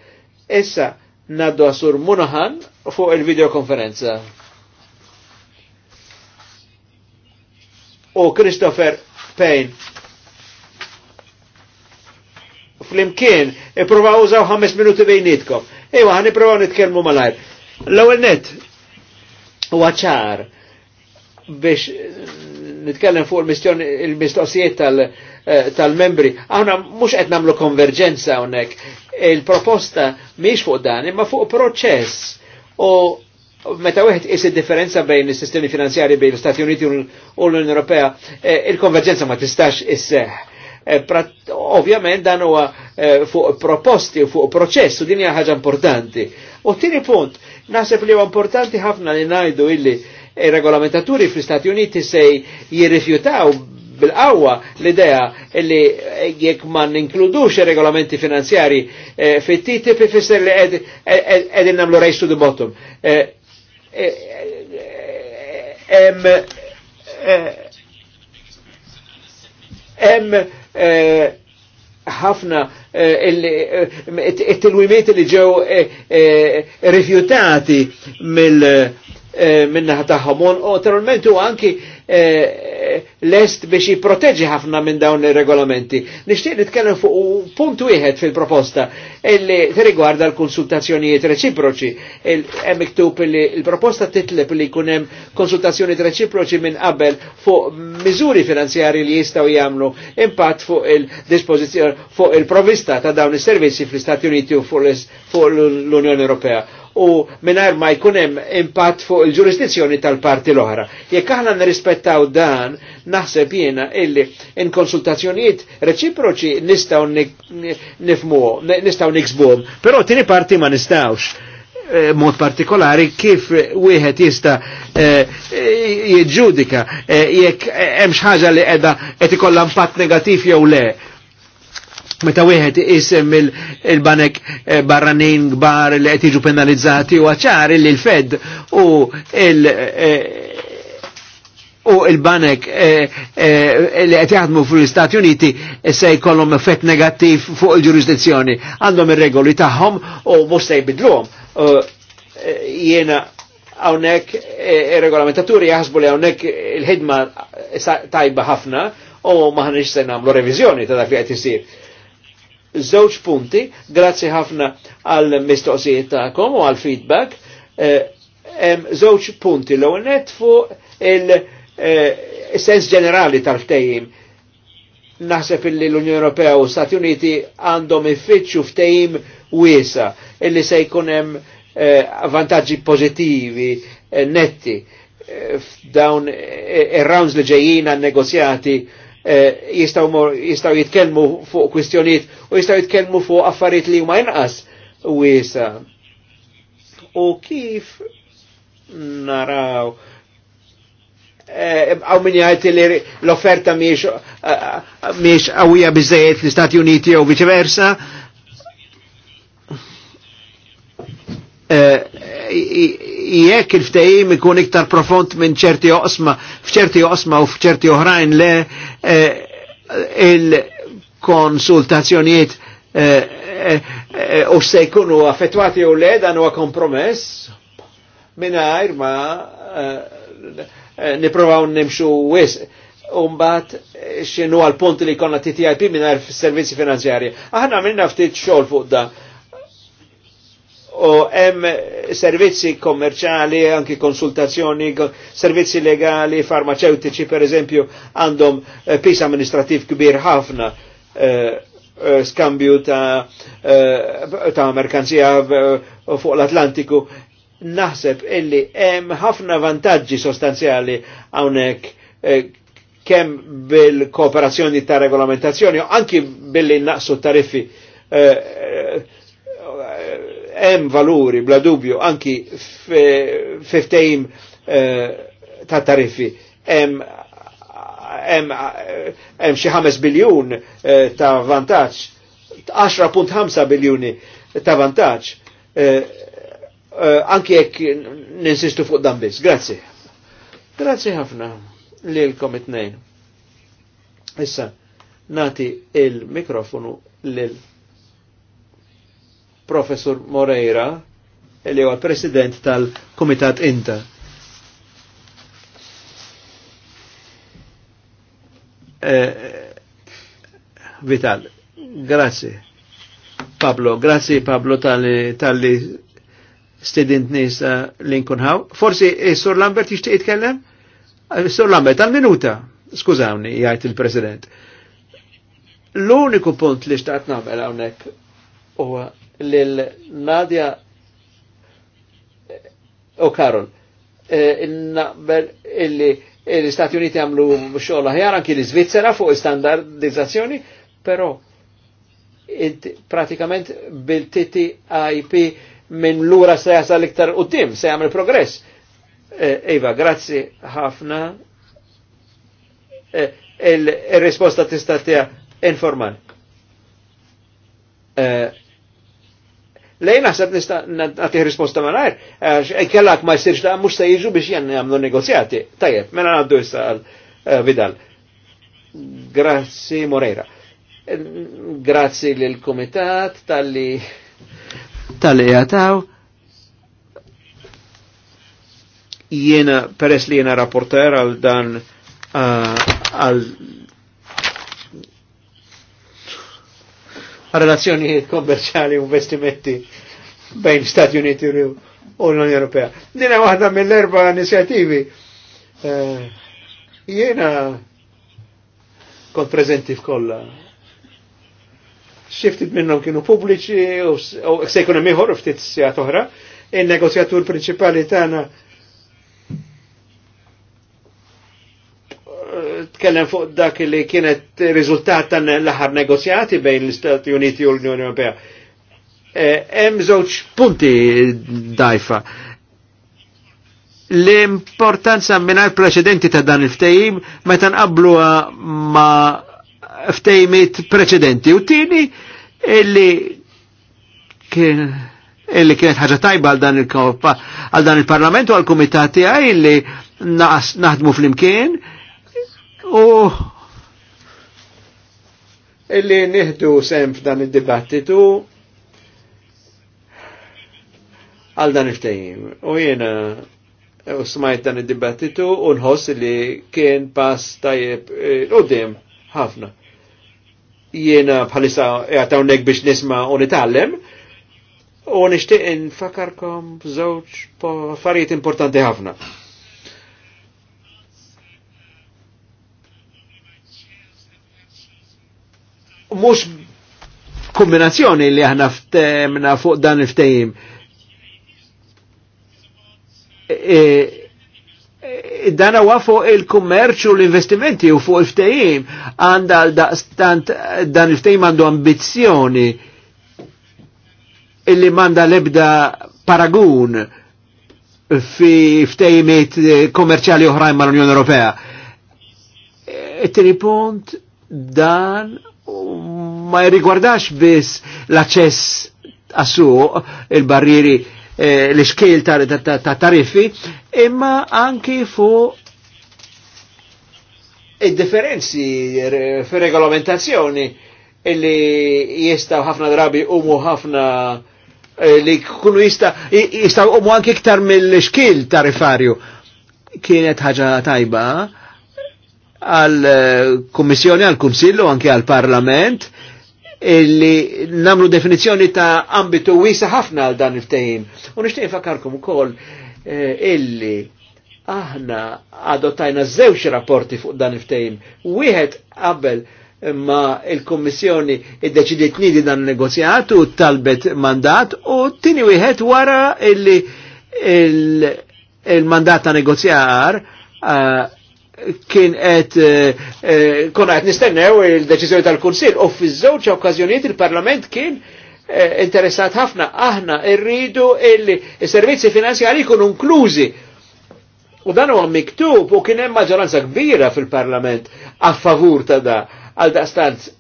Issa naddu għasur Munahan fuq il-videokonferenza. U Christopher Payne fl-imkien, iprovaw użaw ħames minuti bejnietkom. Ewa, ħan iprovaw nitkelmu malajr. L-ewel net, għacħar, biex eh, nitkellem fuq il-mistoqsijiet eh, tal-membri. għana Aħna mhux qed nagħmlu konverġenza hawnhekk. Il-proposta miex fuq dan, imma fuq proċess. U meta wieħed is differenza bejn is-sistemi finanzjari bejn l-Stati Uniti u l-Unjoni Ewropea, eh, il-konverġenza ma tistax isseħħ Eh, ovvjament dan huwa eh, fuq proposti u fuq proċess u din hija ħaġa importanti. U tieni punt, naħseb li huwa importanti ħafna li ngħidu illi regolamentaturi fl istati Uniti se jirrifjutaw bil-qawwa l-idea li jekk ma ninkludux regolamenti finanzjari eh, fit-TTIP ifisser li qegħdin nagħmlu race to the bottom. em, ħafna it-tilwimiet li ġew rifjutati mill- Eh, minnaħ taħħom. U naturalment u anki eh, lest biex jiproteġi ħafna minn dawn il regolamenti Nixtieq nitkellem fuq punt wieħed fil-proposta illi rigwarda l-konsultazzjonijiet reċiproċi. Hemm miktub li l-proposta titleb li jkun hemm konsultazzjonijiet reċiproċi minn qabel fuq miżuri finanzjari li jistgħu jagħmlu impatt fuq il-dispożizzjoni fuq il-provista ta' dawn is-servizzi fl-Istati Uniti u fuq l-Unjoni Ewropea u minar ma jkunem impatt fuq il-ġurisdizzjoni tal-parti l-oħra. Jekk aħna nirrispettaw dan, naħseb jiena illi in konsultazzjonijiet reċiproċi nistaw nifmu, nistaw niksbum, però tini parti ma nistawx eh, mod partikolari kif wieħed jista' eh, jiġġudika eh, jekk hemm xi ħaġa li qiegħda qed ikollha impatt negattiv jew le meta wieħed isem il-banek eh, barranin gbar li qed jiġu penalizzati u għaċar li l-Fed u il- eh, u il-banek eh, li qed jaħdmu fl-Istati Uniti se jkollhom effett negattiv fuq il-ġurisdizzjoni. Għandhom ir-regoli tagħhom u mhux se jbidluhom. Jiena hawnhekk ir-regolamentaturi jaħsbu li hawnhekk il-ħidma tajba ħafna u maħniex se nagħmlu reviżjoni ta' dak li qed isir żewġ punti, grazzi ħafna għal mistoqsijiet tagħkom u għal feedback, eh, hemm żewġ punti l net fuq il-sens eh, ġenerali tal-ftehim. Naħseb illi l-Unjoni Ewropea u Stati Uniti għandhom ifittxu ftehim wiesa illi se jkun hemm eh, vantaġġi pożittivi netti f'dawn ir-rounds li ġejjin għan negozjati Eh, jistaw jitkelmu fuq kwistjoniet u jistaw jitkelmu fuq affarijiet li huma inqas u wiesa. U kif naraw eh, għaw e, min jgħajti li l-offerta miex eh, għawija bizzejiet l-Stati Uniti u viceversa. E, jekk il-ftehim ikun iktar profond minn ċerti oqsma, f'ċerti oqsma u f'ċerti oħrajn le eh, il konsultazzjoniet eh, eh, u se jkunu affettwati u le dan huwa kompromess mingħajr ma niprovaw nimxu wisq umbat xinu għal-punt li konna TTIP minna f-servizzi finanzjari. Aħna minna ftit xol fuq da u hemm servizzi kommerċali, anki konsultazzjoni, servizzi legali, farmaceutici per eżempju, għandhom eh, pis amministrativ kbir ħafna eh, eh skambju ta', eh, ta merkanzija fuq l-Atlantiku. Naħseb illi hemm ħafna vantaġġi sostanzjali hawnhekk kemm bil-kooperazzjoni ta' regolamentazzjoni anki billi naqsu tariffi hemm valuri bla dubju anki fiftejim eh, ta' tariffi hemm xi 5 biljun eh, ta' vantaġġ 10.5 biljuni ta' vantaġġ eh, anki jekk ninsistu fuq dan biss. Grazzi. Grazzi ħafna lilkom it-tnejn. Issa nati il-mikrofonu lil professor Moreira, li huwa president tal-Kumitat Inta. Eh, Vital, grazie. Pablo, grazie Pablo tal-li tal stedint nisa Lincoln House. Forsi, eh, Sor Lambert jishtiq jitkellem? Eh, Sor Lambert, tal-minuta, skużawni, jgħajt il-president. L-uniku punt li xtaqt namel għawnek huwa l Nadia u Karol. E, il Naqbel illi l-Istati Uniti għamlu xoħla ħjar anki l svizzera fuq standardizzazzjoni, pero pratikament bil-TTIP titi minn l-ura se jasal iktar u tim, se jagħmel progress. E, Eva, grazzi ħafna. E, il-risposta tista' tiegħek informal. Eh, Lejna naħseb nista' nagħtih risposta malajr, għax e kellak ma jsirx da mhux se jiġu biex jen jagħmlu negozjati. Tajjeb, mela għaddu issa għal eh, Vidal. Grazzi Moreira. Grazzi lil kumitat tal-li tal-li jataw. Jiena peress li jiena rapporter għal dan eh, għal relazzjonijiet kommerċali u investimenti bejn Stati Uniti u l-Unjoni Ewropea. Dina waħda mill-erba inizjattivi. Uh, eh, Jiena kont prezenti f'kollha. Xiftit minnhom kienu pubbliċi u se jkun hemm ieħor ftit sigħat oħra. Il-negozjatur prinċipali tagħna tkellem fuq dak li kienet riżultat tan l-aħħar negozjati bejn l-Istati Uniti u l-Unjoni Ewropea. E, hemm żewġ punti dajfa. L-importanza mingħajr preċedenti ta' dan il-ftehim meta nqablu ma' ftehimiet preċedenti u tieni illi kien illi kienet ħaġa tajba għal dan il-parlament u għal kumitati għaj illi naħdmu fl-imkien U oh. illi nieħdu sem f'dan id-dibattitu għal dan il-ftejim. U jena eh, u smajt dan id-dibattitu u nħoss li kien pass tajib eh, u dim ħafna. Jena bħalissa jgħatawnek biex nisma u nitallem u nishtiq nfakarkom b'żewġ affarijiet importanti ħafna. mhux kombinazzjoni li aħna ftemna fuq dan il-ftehim. E, e, dan huwa fuq il-kummerċ u l-investimenti u fuq il-ftehim għandha daqstant dan il ftejim għandu ambizzjoni illi manda lebda paragun fi ftejmiet kommerċali oħrajn mal-Unjoni Ewropea. E, tini punt dan ma jirrigwardax biss l-aċċess għas il-barriri eh, l-iskil ta', ta, ta tariffi, imma anki fu il differenzi fi regolamentazzjoni illi jistaw ħafna drabi umu ħafna eh, li kunu jista jistaw umu anki iktar mill-xkil tarifarju. Kienet ħaġa tajba għal eh, kommissjoni għal kumsillu anki għal parlament Illi namlu definizjoni ta' ambitu wisa ħafna għal dan il-ftehim. U nishtiq fakarkom ukoll eh, illi aħna adottajna żewġ rapporti fuq dan il-ftehim. Wieħed qabel ma il-Kommissjoni id-deċidiet nidi dan negozjat u talbet mandat u tini wieħed wara illi il-mandat ta' negozjar eh, kien qed eh, eh, kon qed nistennew il-deċiżjoni tal-Kunsill u fiż-żewġ okkażjonijiet il-Parlament kien eh, interessat ħafna aħna rridu illi s-servizzi finanzjari jkunu inklużi. U dan huwa miktub u kien hemm maġġoranza kbira fil-Parlament a favur ta' da għal daqstanz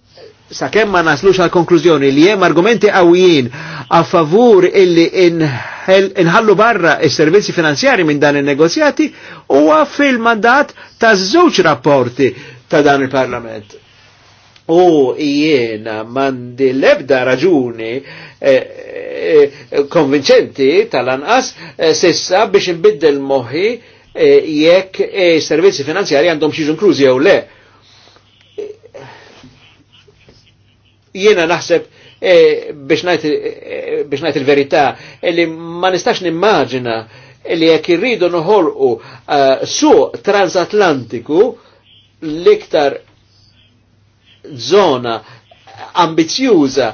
sakemm ma naslux għal konklużjoni li hemm argumenti qawwijin a favur illi inħallu barra is-servizzi finanzjari minn dan in-negozjati huwa fil-mandat ta' żewġ rapporti ta' dan il-Parlament. U jiena mandi lebda raġuni eh, eh, konvinċenti tal-anqas eh, sissa biex nbiddel moħi jekk servizzi finanzjari għandhom xi inklużi jew le Jiena naħseb eh, biex najt eh, il-verità li ma nistax nimmaġina li jekk irridu noħolqu su eh, suq transatlantiku l-iktar zona ambizjuża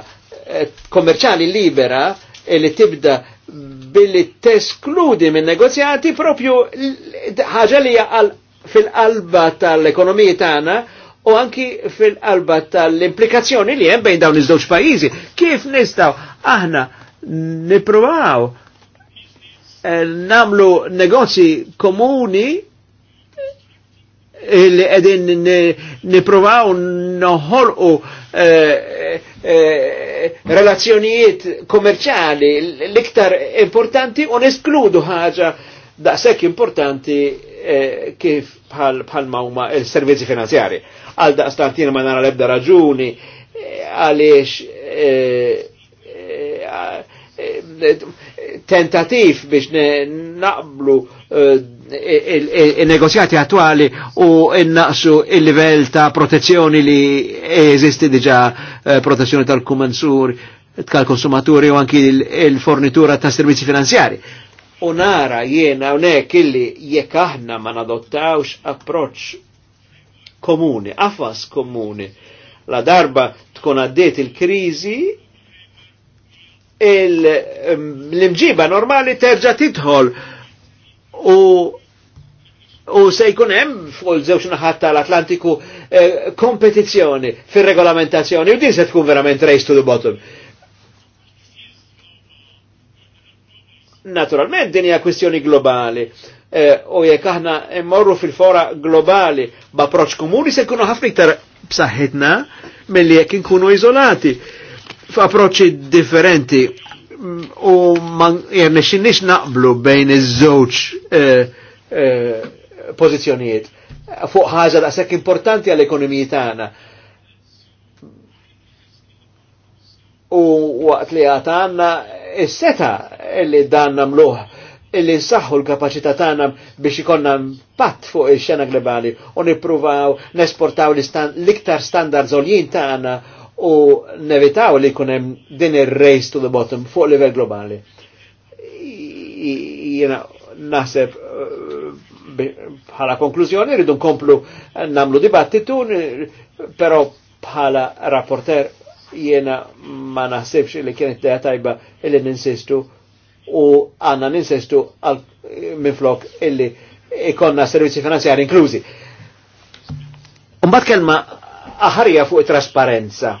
kommerċali libera li tibda billi teskludi minn negozjati propju ħaġa li fil-qalba tal-ekonomija tagħna u anki fil-qalba tal-implikazzjoni li hemm bejn dawn iż-żewġ pajjiżi. Kif nistgħu aħna nippruvaw nagħmlu eh, namlu negozji komuni eh, li qegħdin nippruvaw noħolqu eh, relazzjonijiet kummerċjali l-iktar importanti u neskludu ħaġa daqshekk importanti kif bħal huma il-servizzi finanzjari għal daqstantina ma nara lebda raġuni e, għaliex e, e, tentativ biex naqblu il-negozjati attuali u innaqsu il-livell ta' protezzjoni li eżisti diġa protezzjoni tal-kumensur tal-konsumaturi u anki il-fornitura ta' servizzi finanzjari. U nara jiena unek illi jekk aħna ma nadottawx approċċ komuni, qafas komuni. La darba tkun għaddiet il-kriżi, mm, l-imġiba normali terġa' titħol u u se jkun hemm fuq il-żewġ naħat tal-Atlantiku eh, kompetizzjoni fir-regolamentazzjoni u din se tkun verament race to the bottom. Naturalment din hija kwistjoni globali Eh, u jekk aħna immorru fil-fora globali b'approċċ komuni se jkunu ħafna iktar b'saħħitna milli jekk inkunu iżolati f'approċċi differenti mm, u ma jernexxinniex naqblu bejn iż-żewġ eh, eh, pożizzjonijiet fuq ħaġa daqshekk importanti għall-ekonomiji tagħna. U waqt li għatanna is-seta li dan namluħ illi nsaħħu l-kapacità tagħna biex ikonna pat fuq ix-xena globali u nippruvaw nesportaw l-iktar standards għoljin tagħna u nevitaw li jkun hemm din ir-race to the bottom fuq livell globali. Jiena naħseb eh, bħala konklużjoni rridu nkomplu nagħmlu dibattitu, però bħala rapporter jiena ma naħsibx li kienet tajba illi ninsistu u għanna ninsestu minflok illi ikonna servizzi finanzjari inklużi. Umbat kelma aħarja fuq trasparenza.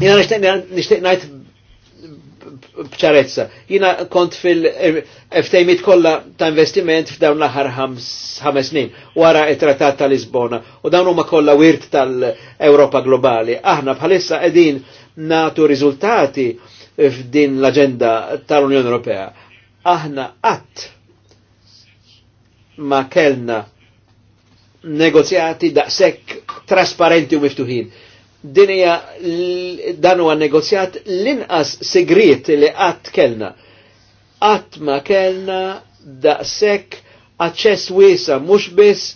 Jina nishtiq najt bċarezza. Jina kont fil-ftejmit kolla ta' investiment f'dawn l-aħħar ħames snin wara il trattat ta' Lisbona u dawn huma kollha wirt tal-Ewropa globali. Aħna bħalissa qegħdin natu riżultati f'din l-agenda tal-Unjoni Ewropea. Aħna qatt ma kellna negozjati daqshekk trasparenti u miftuħin. Din hija dan huwa negozjat l-inqas segret li qatt kellna. Qatt ma kellna daqshekk aċċess wiesa mhux biss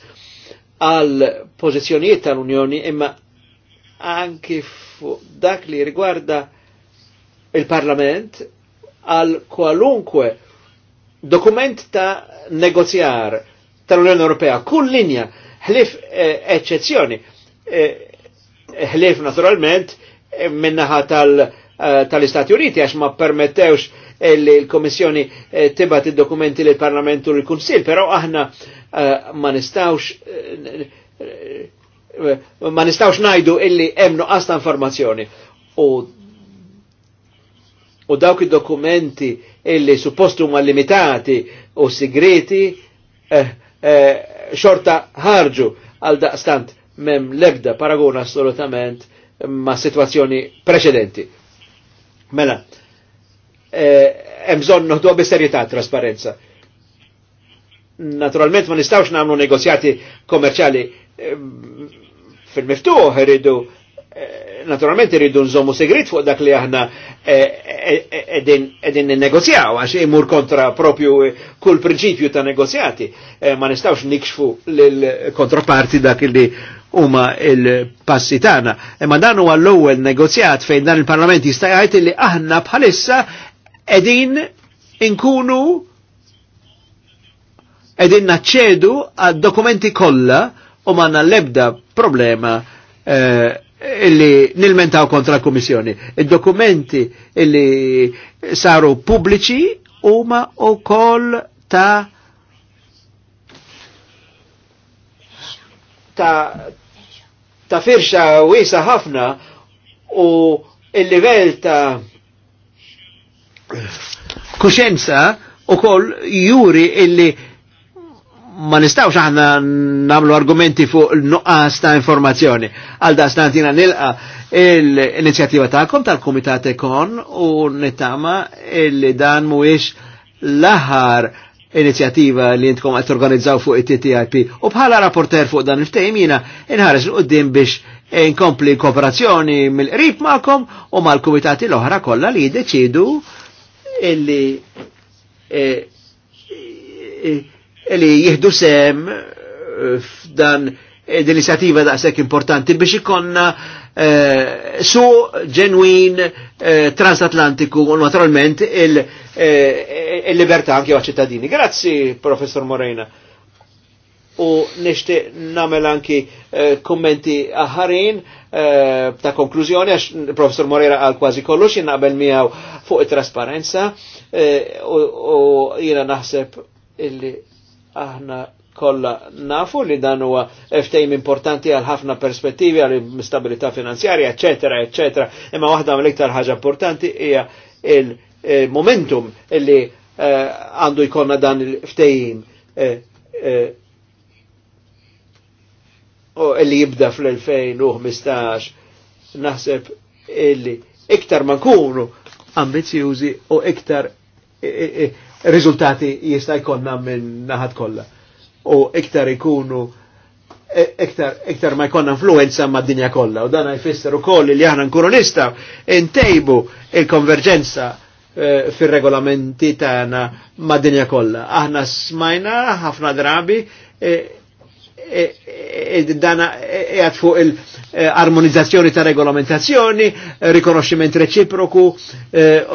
għal pożizzjonijiet tal-Unjoni imma anki fuq dak li rigwarda il-Parlament għal kwalunkwe dokument ta' negozjar tal-Unjoni Ewropea, kull linja, ħlif eccezzjoni, eh, eh, ħlif naturalment eh, minnaħa tal-Istati Uniti għax ma permettewx il-Komissjoni tibat il-dokumenti l parlamentu u l-Kunsil, pero aħna ma nistawx ma nistawx najdu illi hemm għasta ta' informazzjoni. U u dawk id-dokumenti illi suppostu huma limitati u segreti eh, eh, xorta ħarġu għal daqstant mem lebda paragon assolutament ma' situazzjoni preċedenti. Mela, eh, hemm eh, bżonn noħdu b'serjetà trasparenza. Naturalment ma nistawx nagħmlu negozjati kommerċali eh, fil-miftuħ iridu Eh, naturalment irridu nżommu segret fuq dak li aħna eh, eh, edin negozjaw, għax imur kontra propju kull prinċipju ta' negozjati. Ma nistawx nikxfu l-kontraparti dak li huma il-passi tana. Ma dan huwa l-ewwel negozjat fejn dan il-Parlament jista' jgħid li aħna bħalissa qegħdin inkunu edin naċċedu għad dokumenti kollha u ma l-ebda problema eh, illi nilmentaw kontra l-Komissjoni. Il-dokumenti illi saru pubbliċi huma wkoll ta' ta' ta' firxa wisa ħafna u il-livell ta' kuxenza u koll juri illi ma nistawx aħna namlu argumenti fuq nuqqas ta' informazzjoni. Għal da' stantina nilqa l-inizjattiva ta'kom tal-Komitat Ekon u nittama li dan mhuwiex l-aħar inizjattiva li jintkom għat organizzaw fuq it-TTIP. U bħala rapporter fuq dan il-ftejm jina inħares l-qoddim biex inkompli kooperazzjoni mill-qrib ma'kom u mal-komitati l-oħra kollha li jiddeċidu illi eh, eh, li jihdu sem eh, f'dan l-inizjativa eh, daqshekk importanti biex ikonna eh, su ġenwin eh, transatlantiku u naturalment il-libertà eh, il anke għal ċittadini. Grazzi, Professor Morena. U nishti namel anki eh, kommenti aħarin ta' konklużjoni, għax Professor Morera għal kważi kollox, jina naqbel miegħu fuq it-trasparenza u jina naħseb illi aħna kolla nafu li dan huwa ftejm importanti għal ħafna perspettivi għal stabilità finanzjarja, eccetera, eccetera. Imma waħda mill-iktar ħaġa importanti hija il-momentum eh, illi eh, għandu uh, jkollna dan il-ftehim uh, eh, uh, u illi jibda fl-2015 naħseb illi iktar ma nkunu ambizjużi u iktar rizultati jista' jkollna minn naħat kollha. U iktar ikunu e, iktar, iktar ma jkollna influenza ma' dinja kollha u dan jfisser ukoll li aħna nkunu nistgħu intejbu il-konverġenza eh, fir-regolamenti tagħna ma' dinja kollha. Aħna smajna ħafna drabi e, E, e, e, dana jgħat fuq il-armonizzazzjoni ta' regolamentazzjoni, riconoscimento reċiproku,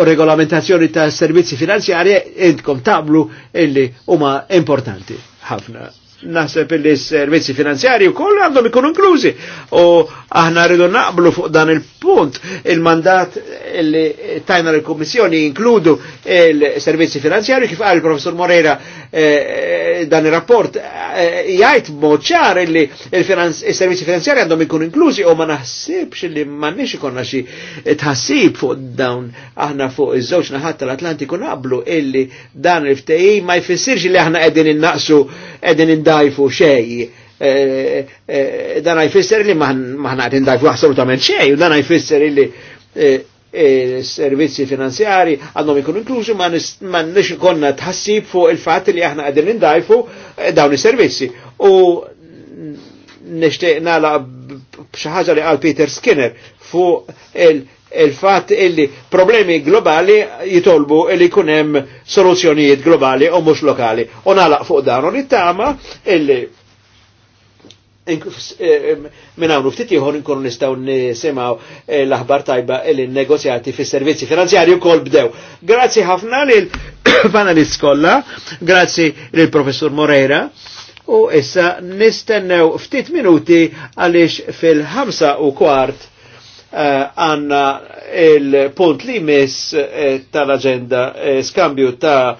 regolamentazzjoni ta' servizzi finanzjarji, idkom tablu illi huma importanti ħafna naħseb li s-servizzi finanzjari u koll għandhom ikunu inklużi. U aħna rridu naqblu fuq dan il-punt il-mandat li tajna l-Kommissjoni inkludu il-servizzi finanzjari kif għal il-Professor Moreira eh, eh, dan il-rapport eh, jgħajt moċar li il-servizzi finanzjari għandhom ikun inklużi u ma naħsibx li mannix ikonna xi tħassib fuq dawn aħna fuq iż-żewġ naħat tal-Atlantiku naqblu illi dan il-ftehim ma jfissirx li aħna qegħdin innaqsu qegħdin indajfu xej. Eh, eh, dan għajfisser li maħna għed indajfu assolutament xej, u dan għajfisser li eh, servizzi finanzjari għandhom ikun inklużi ma nix konna tħassib fuq il-fat li aħna għadin indajfu dawn is-servizzi. U nishtiq nala bxaħġa li għal Peter Skinner fuq il- il-fat illi problemi globali jitolbu illi kunem soluzzjonijiet globali u mux lokali. U nalaq fuq dan u nittama illi eh, minna unu ftit jħor nkunu nistaw nisimaw eh, l-aħbar tajba illi negozjati fis servizzi finanzjari u kol bdew. Grazzi ħafna l-panelist kolla, grazzi l-professur Moreira u issa nistennew ftit minuti għalix fil-ħamsa u kwart Eh, għanna il-punt li mis eh, tal-agenda eh, skambju ta'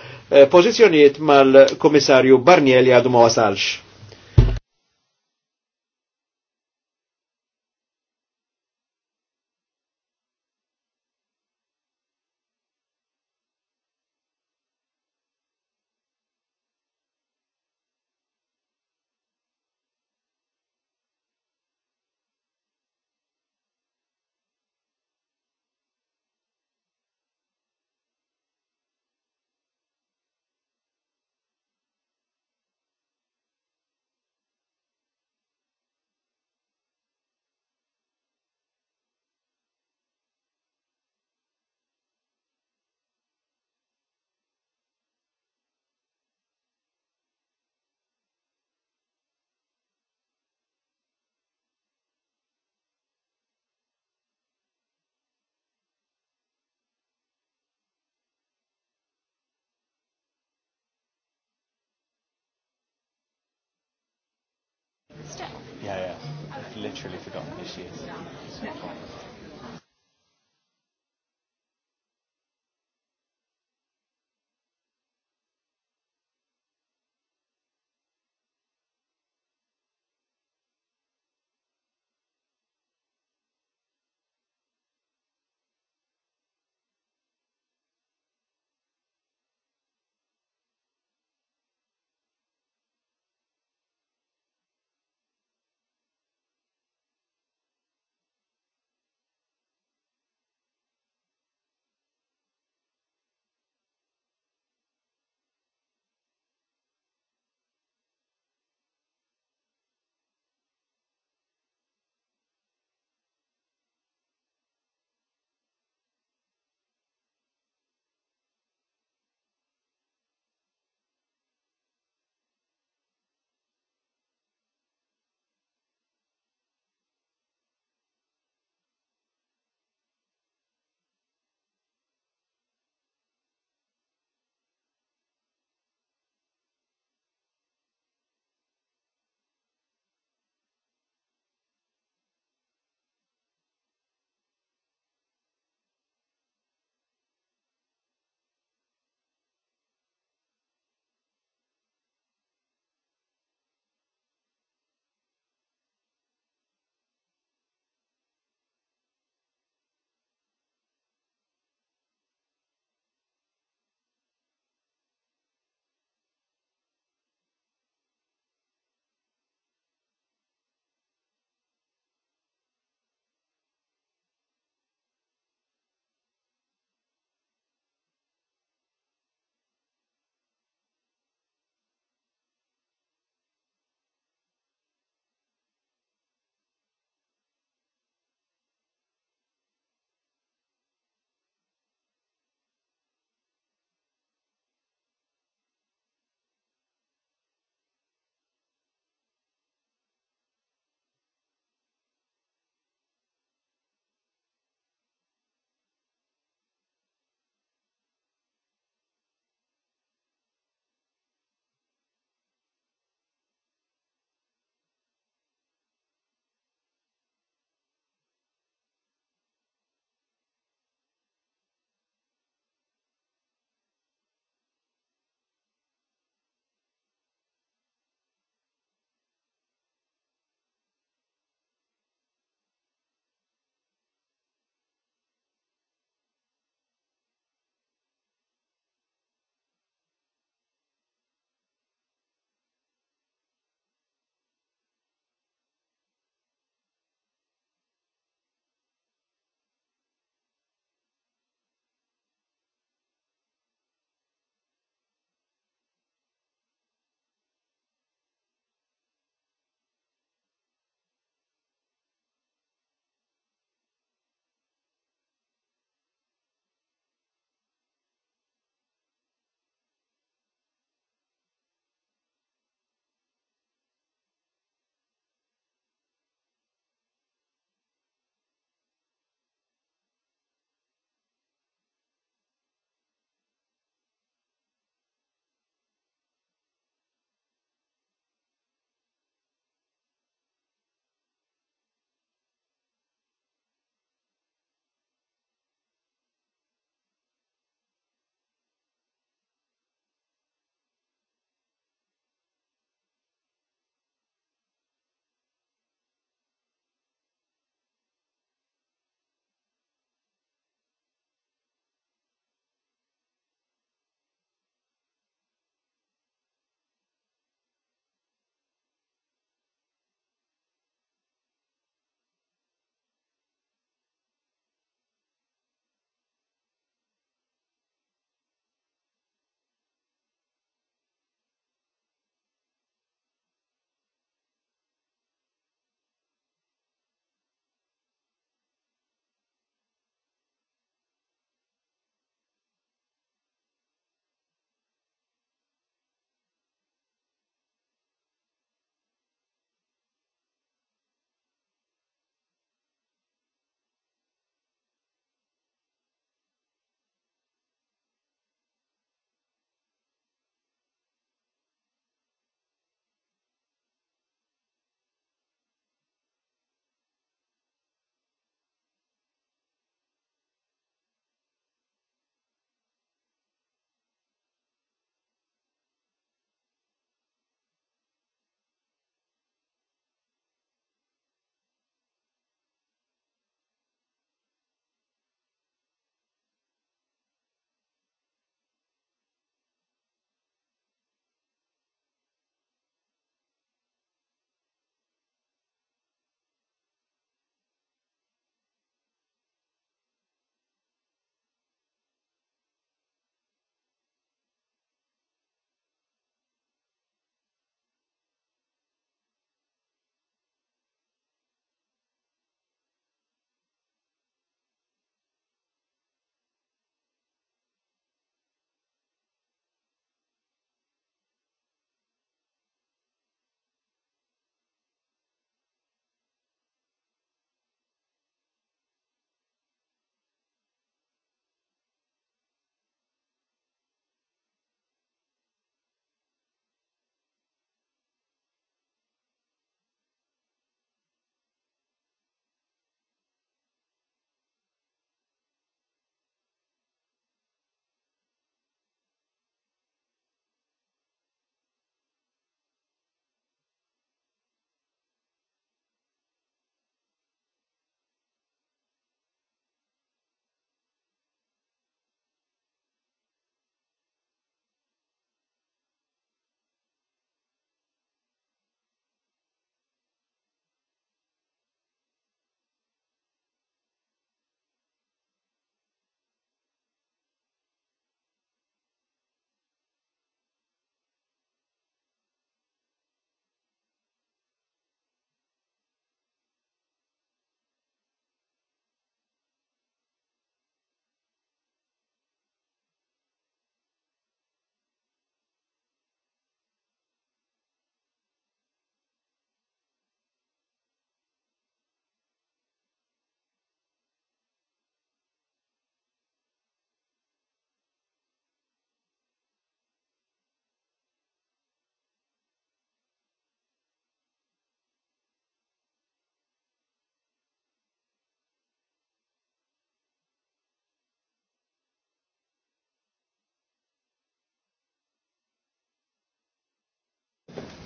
pozizjoniet mal-komissarju Barnieli għadu ma wasalx. literally forgotten this year.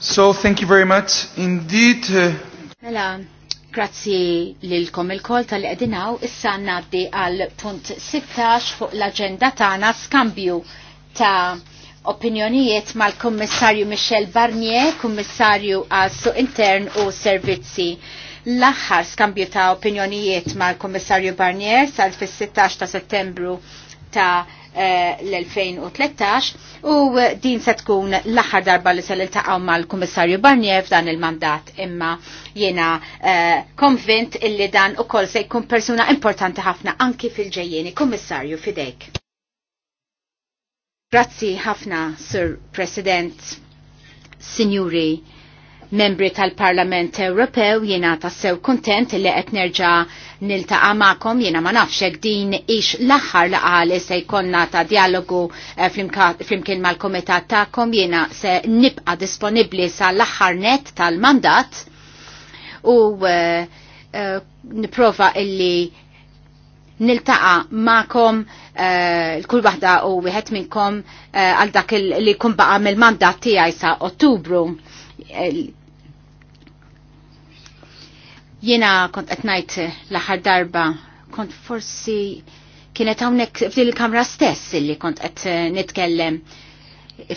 So, thank you very much indeed. Uh, mela, grazzi lilkom il-kol tal-edinaw, issa naddi għal punt 16 fuq l-agenda tagħna skambju ta' opinjonijiet mal-Kummissarju Michel Barnier, Kummissarju għal intern u servizzi. L-aħħar skambju ta' opinjonijiet mal-Kummissarju Barnier sal fis-16 ta' Settembru ta' eh, l-2013 u din se tkun l-aħħar darba li se niltaqgħu mal-Kummissarju Barnier f'dan il-mandat imma jiena eh, konvint illi dan ukoll se jkun persuna importanti ħafna anki fil-ġejjeni Kummissarju fidejk. Grazzi ħafna, Sir President, Signuri, membri tal-Parlament Ewropew jiena tassew kontent li qed nerġa' niltaqa' magħkom jiena ma nafx hekk din ix l-aħħar laqgħa li se jkollna ta' dialogu eh, flimkien mal-kumitat tagħkom jiena se nibqa' disponibbli sal-aħħar net tal-mandat u eh, eh, niprofa illi niltaqa ma'kom l-kull waħda u wieħed minnkom għal dak li kun baqa mill-mandat tiegħi sa' Ottubru Jena kont qed ngħid l-aħħar darba kont forsi kienet hawnhekk fil kamra stess illi kont qed eh, nitkellem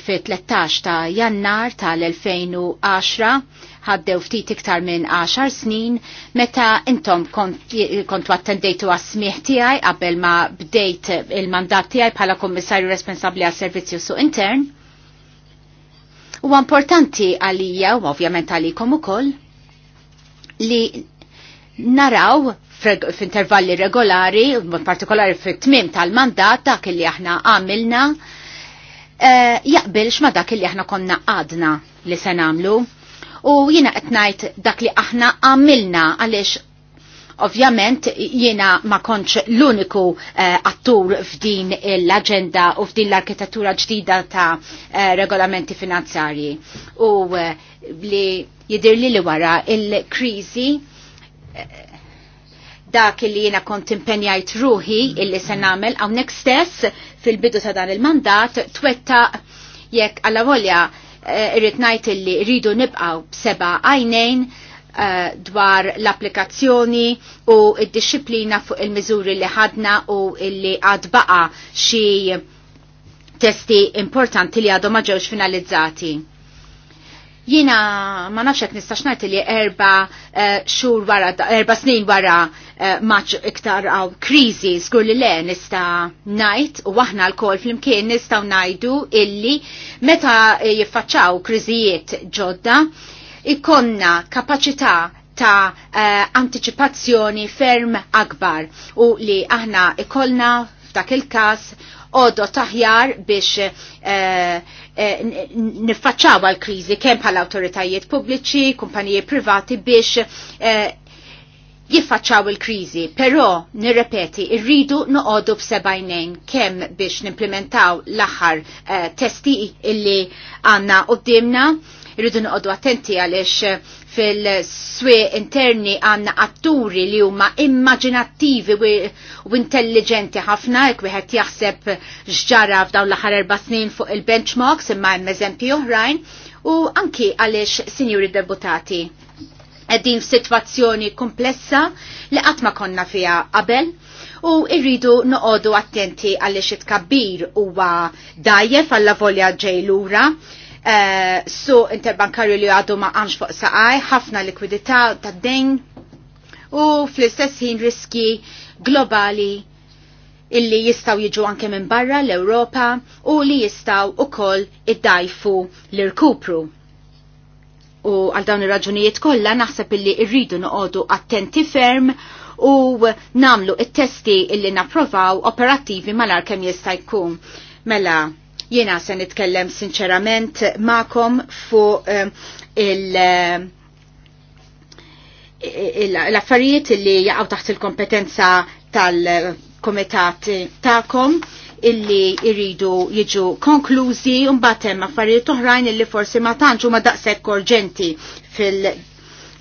fi 13 ta' jannar tal-2010 ħaddew ftit iktar minn 10 snin meta intom eh, kontu attendejtu għas-smieħ tiegħi qabel ma bdejt il-mandat tiegħi bħala kommissarju responsabbli għas servizzju suq intern. Huwa importanti għalija u ovvjament għalikom ukoll li naraw f'intervalli regolari, partikolari fit tal-mandat dak li aħna għamilna, uh, jaqbilx ma dak li aħna konna għadna li se namlu. U jina etnajt dak li aħna għamilna għalix Ovvjament jiena ma konċ l-uniku uh, attur f'din l-agenda u f'din l-arkitettura ġdida ta' uh, regolamenti finanzjarji. U uh, li jidir li li wara il-krizi dak li jiena kont impenjajt ruħi illi se nagħmel hawnhekk stess fil-bidu ta' dan il-mandat twetta jekk għalla volja eh, irrid ngħid illi rridu nibqgħu b'seba' għajnejn eh, dwar l-applikazzjoni u id disciplina fuq il-miżuri li ħadna u illi għad baqa xi testi importanti li għadhom ma ġewx finalizzati Jina ma nafxek nistax ngħid li erba eh, xhur wara, erba snin wara eh, maċ iktar għaw kriżi zgur li le nista ngħid u aħna lkoll flimkien nistgħu ngħidu illi meta jiffaċċaw kriżijiet ġodda ikonna kapaċità ta' uh, eh, anticipazzjoni ferm akbar u li aħna ikolna f'dak il-każ odo taħjar biex uh, Eh, niffaċċaw għal-kriżi kemm bħal awtoritajiet pubbliċi, kumpaniji privati biex eh, jiffaċċaw il-kriżi, però nirrepeti, irridu noqogħdu b'sebajnejn kemm biex nimplementaw l-aħħar eh, testi illi għandna dimna irridu noqogħdu attenti għaliex fil swe interni għanna atturi li huma immaġinattivi u intelligenti ħafna, jek wieħed jaħseb xġara f'dawn l-aħħar erba' snin fuq il-benchmarks imma hemm eżempji oħrajn u anki għaliex sinjuri deputati. Qegħdin f'sitwazzjoni komplessa li qatt ma konna fiha qabel u irridu noqogħdu attenti it-kabbir huwa dajjef avolja ġej ġejlura Eh, su interbankarju li għadu ma għamx fuq saqaj, ħafna likwidità ta' dejn u fl-istess ħin riski globali illi jistaw jiġu anke minn barra l-Europa u li jistaw u koll id-dajfu l-irkupru. U għal dawn ir-raġunijiet kollha naħseb illi rridu noqogħdu attenti ferm u namlu it-testi illi napprovaw operattivi malar kemm jista' jkun. Mela, Jiena se nitkellem sinċerament ma'kom fuq ehm, il- l-affarijiet li jaqgħu taħt il-kompetenza tal-komitat ta'kom illi iridu jiġu konklużi un hemm affarijiet oħrajn illi forsi ma tantx ma daqshekk urġenti fil-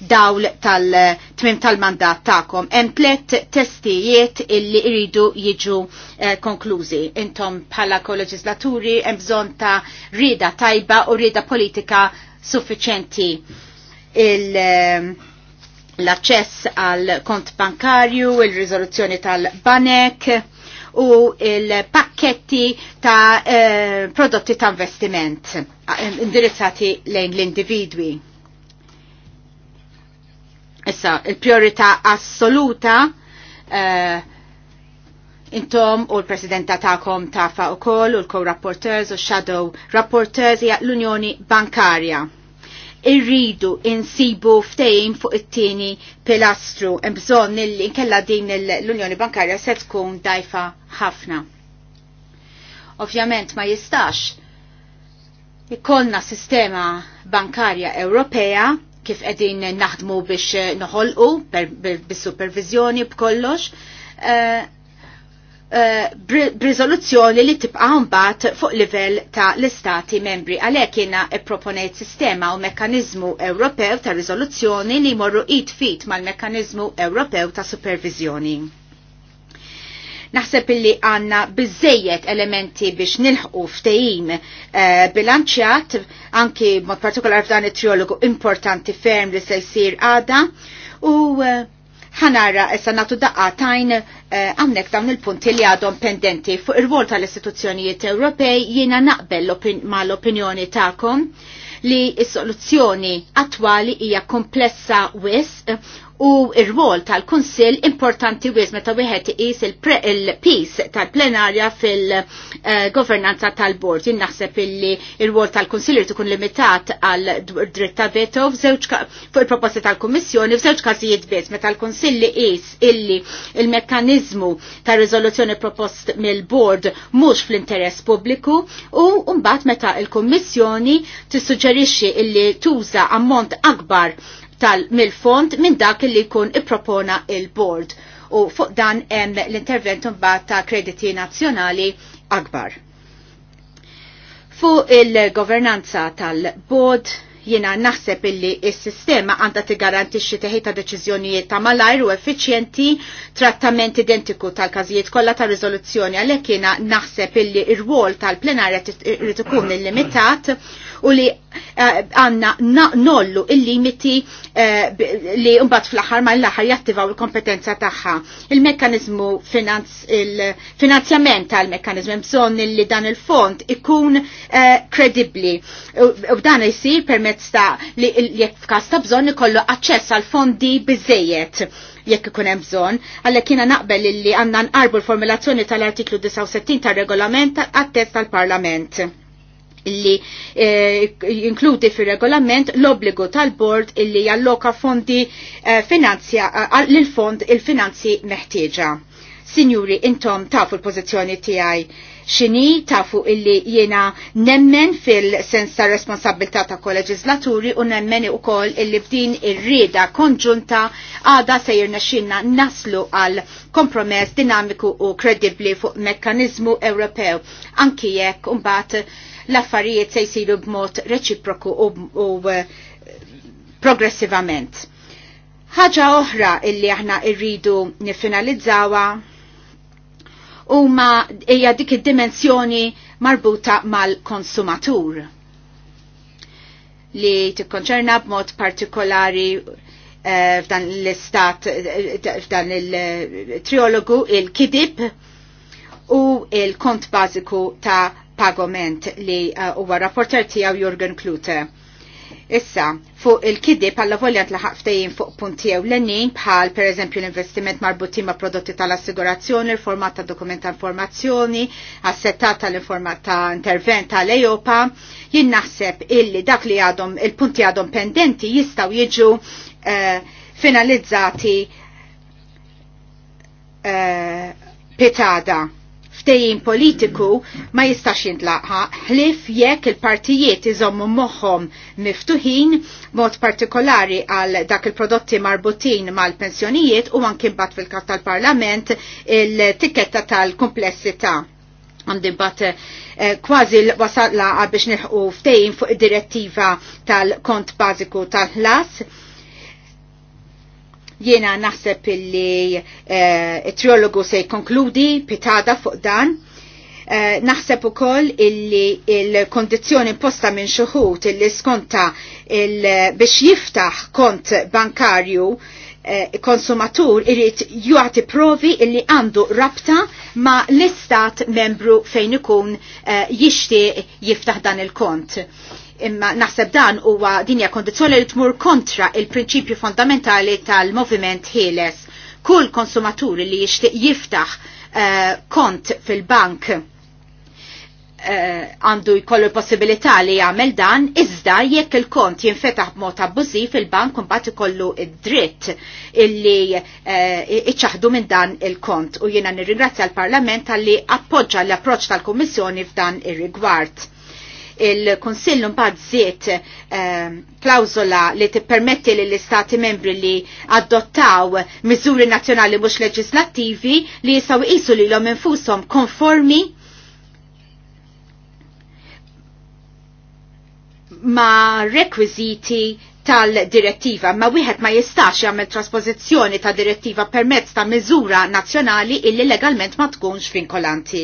dawl tal-tmim tal-mandat ta'kom. Hemm plett testijiet illi iridu jiġu eh, konklużi. Intom bħala koleġislaturi hemm bżonn ta' rida tajba u rida politika suffiċenti. Il- eh, l-access għal kont bankarju, il-rizoluzzjoni tal-banek u il-pakketti ta' eh, prodotti ta' investiment eh, indirizzati lejn l-individwi. Issa, il-priorità assoluta uh, intom u l-presidenta ta'kom tafa u koll u l-co-rapporteurs u shadow rapporteurs hija l-Unjoni Bankarja. Irridu insibu ftejn fuq it-tieni pilastru hemm bżonn nkella din l-Unjoni Bankarja se tkun dajfa ħafna. Ovvjament ma jistax ikollna sistema bankarja Ewropea kif qegħdin naħdmu biex noħolqu bis-supervizjoni b'kollox. Eh, eh, Brizoluzzjoni b'riżoluzzjoni li tibqa' mbagħad fuq livell ta' l-istati membri għalhekk jiena ipproponejt sistema u mekkaniżmu Ewropew ta' riżoluzzjoni li jmorru id fit mal-mekkaniżmu Ewropew ta' supervizjoni. Naħseb illi għanna bizzejiet elementi biex nilħqu ftejim uh, eh, bilanċjat, anki mod partikolar f'dan it-triologu importanti ferm li se jsir għada, u eh, ħanara uh, issa natu daqqa tajn għamnek eh, uh, dawn il-punti li għadhom pendenti fuq ir-rwol tal-istituzzjonijiet Ewropej jiena naqbel mal-opinjoni ta'kom li s-soluzzjoni attwali hija komplessa wisq u r-rwol tal-Kunsill importanti wis meta wieħed iqis il-pis tal-plenarja fil-governanza tal-bord. Jien naħseb illi r-rwol tal-Kunsill irid ikun limitat għal dritt ta' veto fuq il-proposti tal-Kummissjoni f'żewġ każijiet biss meta l-Kunsill iqis illi il-mekkaniżmu ta' riżoluzzjoni propost mill-bord mhux fl-interess pubbliku u mbagħad meta l-Kummissjoni tissuġġerixxi illi tuża ammont akbar mill-fond minn dak li jkun ippropona il-board u fuq dan hemm l-intervent mbagħad ta' krediti nazzjonali akbar. Fuq il-governanza tal-bod jiena naħseb illi il-sistema għanda t-garantixi teħita deċizjonijiet ta' malajr u effiċjenti trattament identiku tal-kazijiet kollha ta' rizoluzzjoni għalhekk naħseb illi ir wol tal-plenarja irid ikun illimitat limitat u li eh, għanna nollu il-limiti eh, li mbagħad fl-aħħar ma l-aħħar jattivaw il-kompetenza tagħha. Il-mekkaniżmu finanzjament tal mekanizmu hemm bżonn li dan il-fond ikun eh, kredibbli. U dan jsir permezz ta' li jekk f'każ ta' bżonn ikollu aċċess għal fondi bizzejiet jekk ikun hemm bżonn, għalhekk jiena naqbel li għandna nqarbu l-formulazzjoni tal-artiklu 69 tar-regolament għat-test tal-Parlament illi jinkludi eh, fir regolament l-obbligu tal-bord illi jalloka fondi eh, finanzja eh, l-fond il-finanzi meħtieġa. Sinjuri, intom tafu l-pozizjoni tiegħi xini tafu illi jiena nemmen fil-sens ta' responsabilità ta' koleġislaturi u nemmen u koll illi b'din ir rida konġunta għada se naxinna naslu għal kompromess dinamiku u kredibli fuq mekkanizmu Ewropew. Anki jekk umbat l-affarijiet se jsiru b'mod reċiproku u progressivament. Ħaġa oħra illi aħna irridu nifinalizzawa huma hija dik id-dimensjoni marbuta mal-konsumatur li tikkonċerna b'mod partikolari eh, f'dan l-istat, f'dan il-triologu, il-kidib u il-kont bażiku ta' pagament li uh, huwa uh, rapporter tiegħu Jurgen Klute. Issa, fuq il-kidi palla volja tlaħaftajin fuq puntijew l-enin bħal per eżempju l-investiment marbuti ma' prodotti tal-assigurazzjoni, l format ta' dokument ta' informazzjoni, assettat tal-informat ta' intervent tal-EOPA, jien naħseb illi dak li għadhom il-punti għadhom pendenti jistaw jiġu uh, finalizzati uh, pitada ftejjin politiku ma jistax jintlaqa ħlif jekk il-partijiet iżommu moħħom miftuħin mod partikolari għal dak il-prodotti marbutin mal-pensjonijiet u anki mbagħad fil-kat tal-Parlament il-tikketta tal kumplessità għandimbat eh, kważi wasatla biex nilħu ftejn fuq id-direttiva tal-kont bażiku tal-ħlas Jiena naħseb illi uh, eh, triologu se jkonkludi pitada fuq dan. Eh, naħseb ukoll illi il-kondizzjoni imposta minn xuħut illi skonta il biex jiftaħ kont bankarju eh, konsumatur irrit juħati provi illi għandu rabta ma l-istat membru fejn ikun uh, jixtieq jiftaħ dan il-kont Imma naħseb dan huwa dinja kondizzjoni li tmur kontra il-prinċipju fondamentali tal-moviment ħieles. Kull konsumatur li jixtieq jiftaħ uh, kont fil-bank eh, għandu uh, jkollu possibilità li jagħmel dan iżda jekk il-kont jinfetaħ b'mod abbużiv il-bank imbagħad ikollu id-dritt illi uh, iċċaħdu minn dan il-kont u jiena nirringrazzja l-Parlament għalli appoġġa l-approċċ tal-Kummissjoni f'dan ir-rigward il-Konsillu mbagħad żiet ehm, klawżola li tippermetti lill istati membri li adottaw miżuri nazzjonali mhux leġislattivi li jistgħu qisu lilhom infushom konformi ma' rekwiziti tal-direttiva, ma wieħed ma jistax jagħmel trasposizzjoni ta' direttiva permezz ta' miżura nazzjonali illi legalment ma tkunx vinkolanti.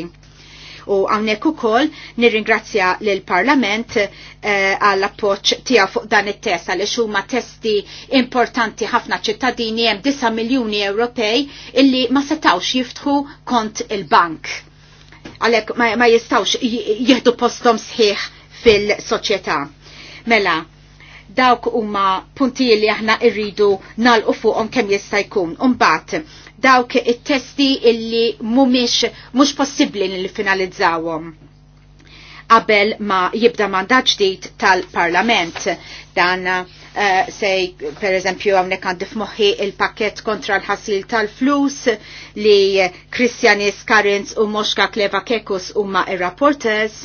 U għawnek u koll nirringrazzja l-Parlament eh, għall appoċ tija fuq dan il-test għal huma testi importanti ħafna ċittadini hemm 9 miljuni Ewropej illi ma setawx jiftħu kont il-bank. Għalek ma jistawx jihdu postom sħiħ fil-soċjetà. Mela, dawk huma punti li aħna irridu nalqu fuqhom kemm jista' jkun. Umbagħad dawk it-testi illi mumiex mhux possibli li finalizzawom. qabel ma jibda mandat ġdid tal-Parlament. Dan uh, eh, sej, per eżempju, għamnek għandif moħi il-pakket kontra l-ħasil tal-flus li Kristjanis Karins u Moshka Kleva Kekus umma ir-rapporters.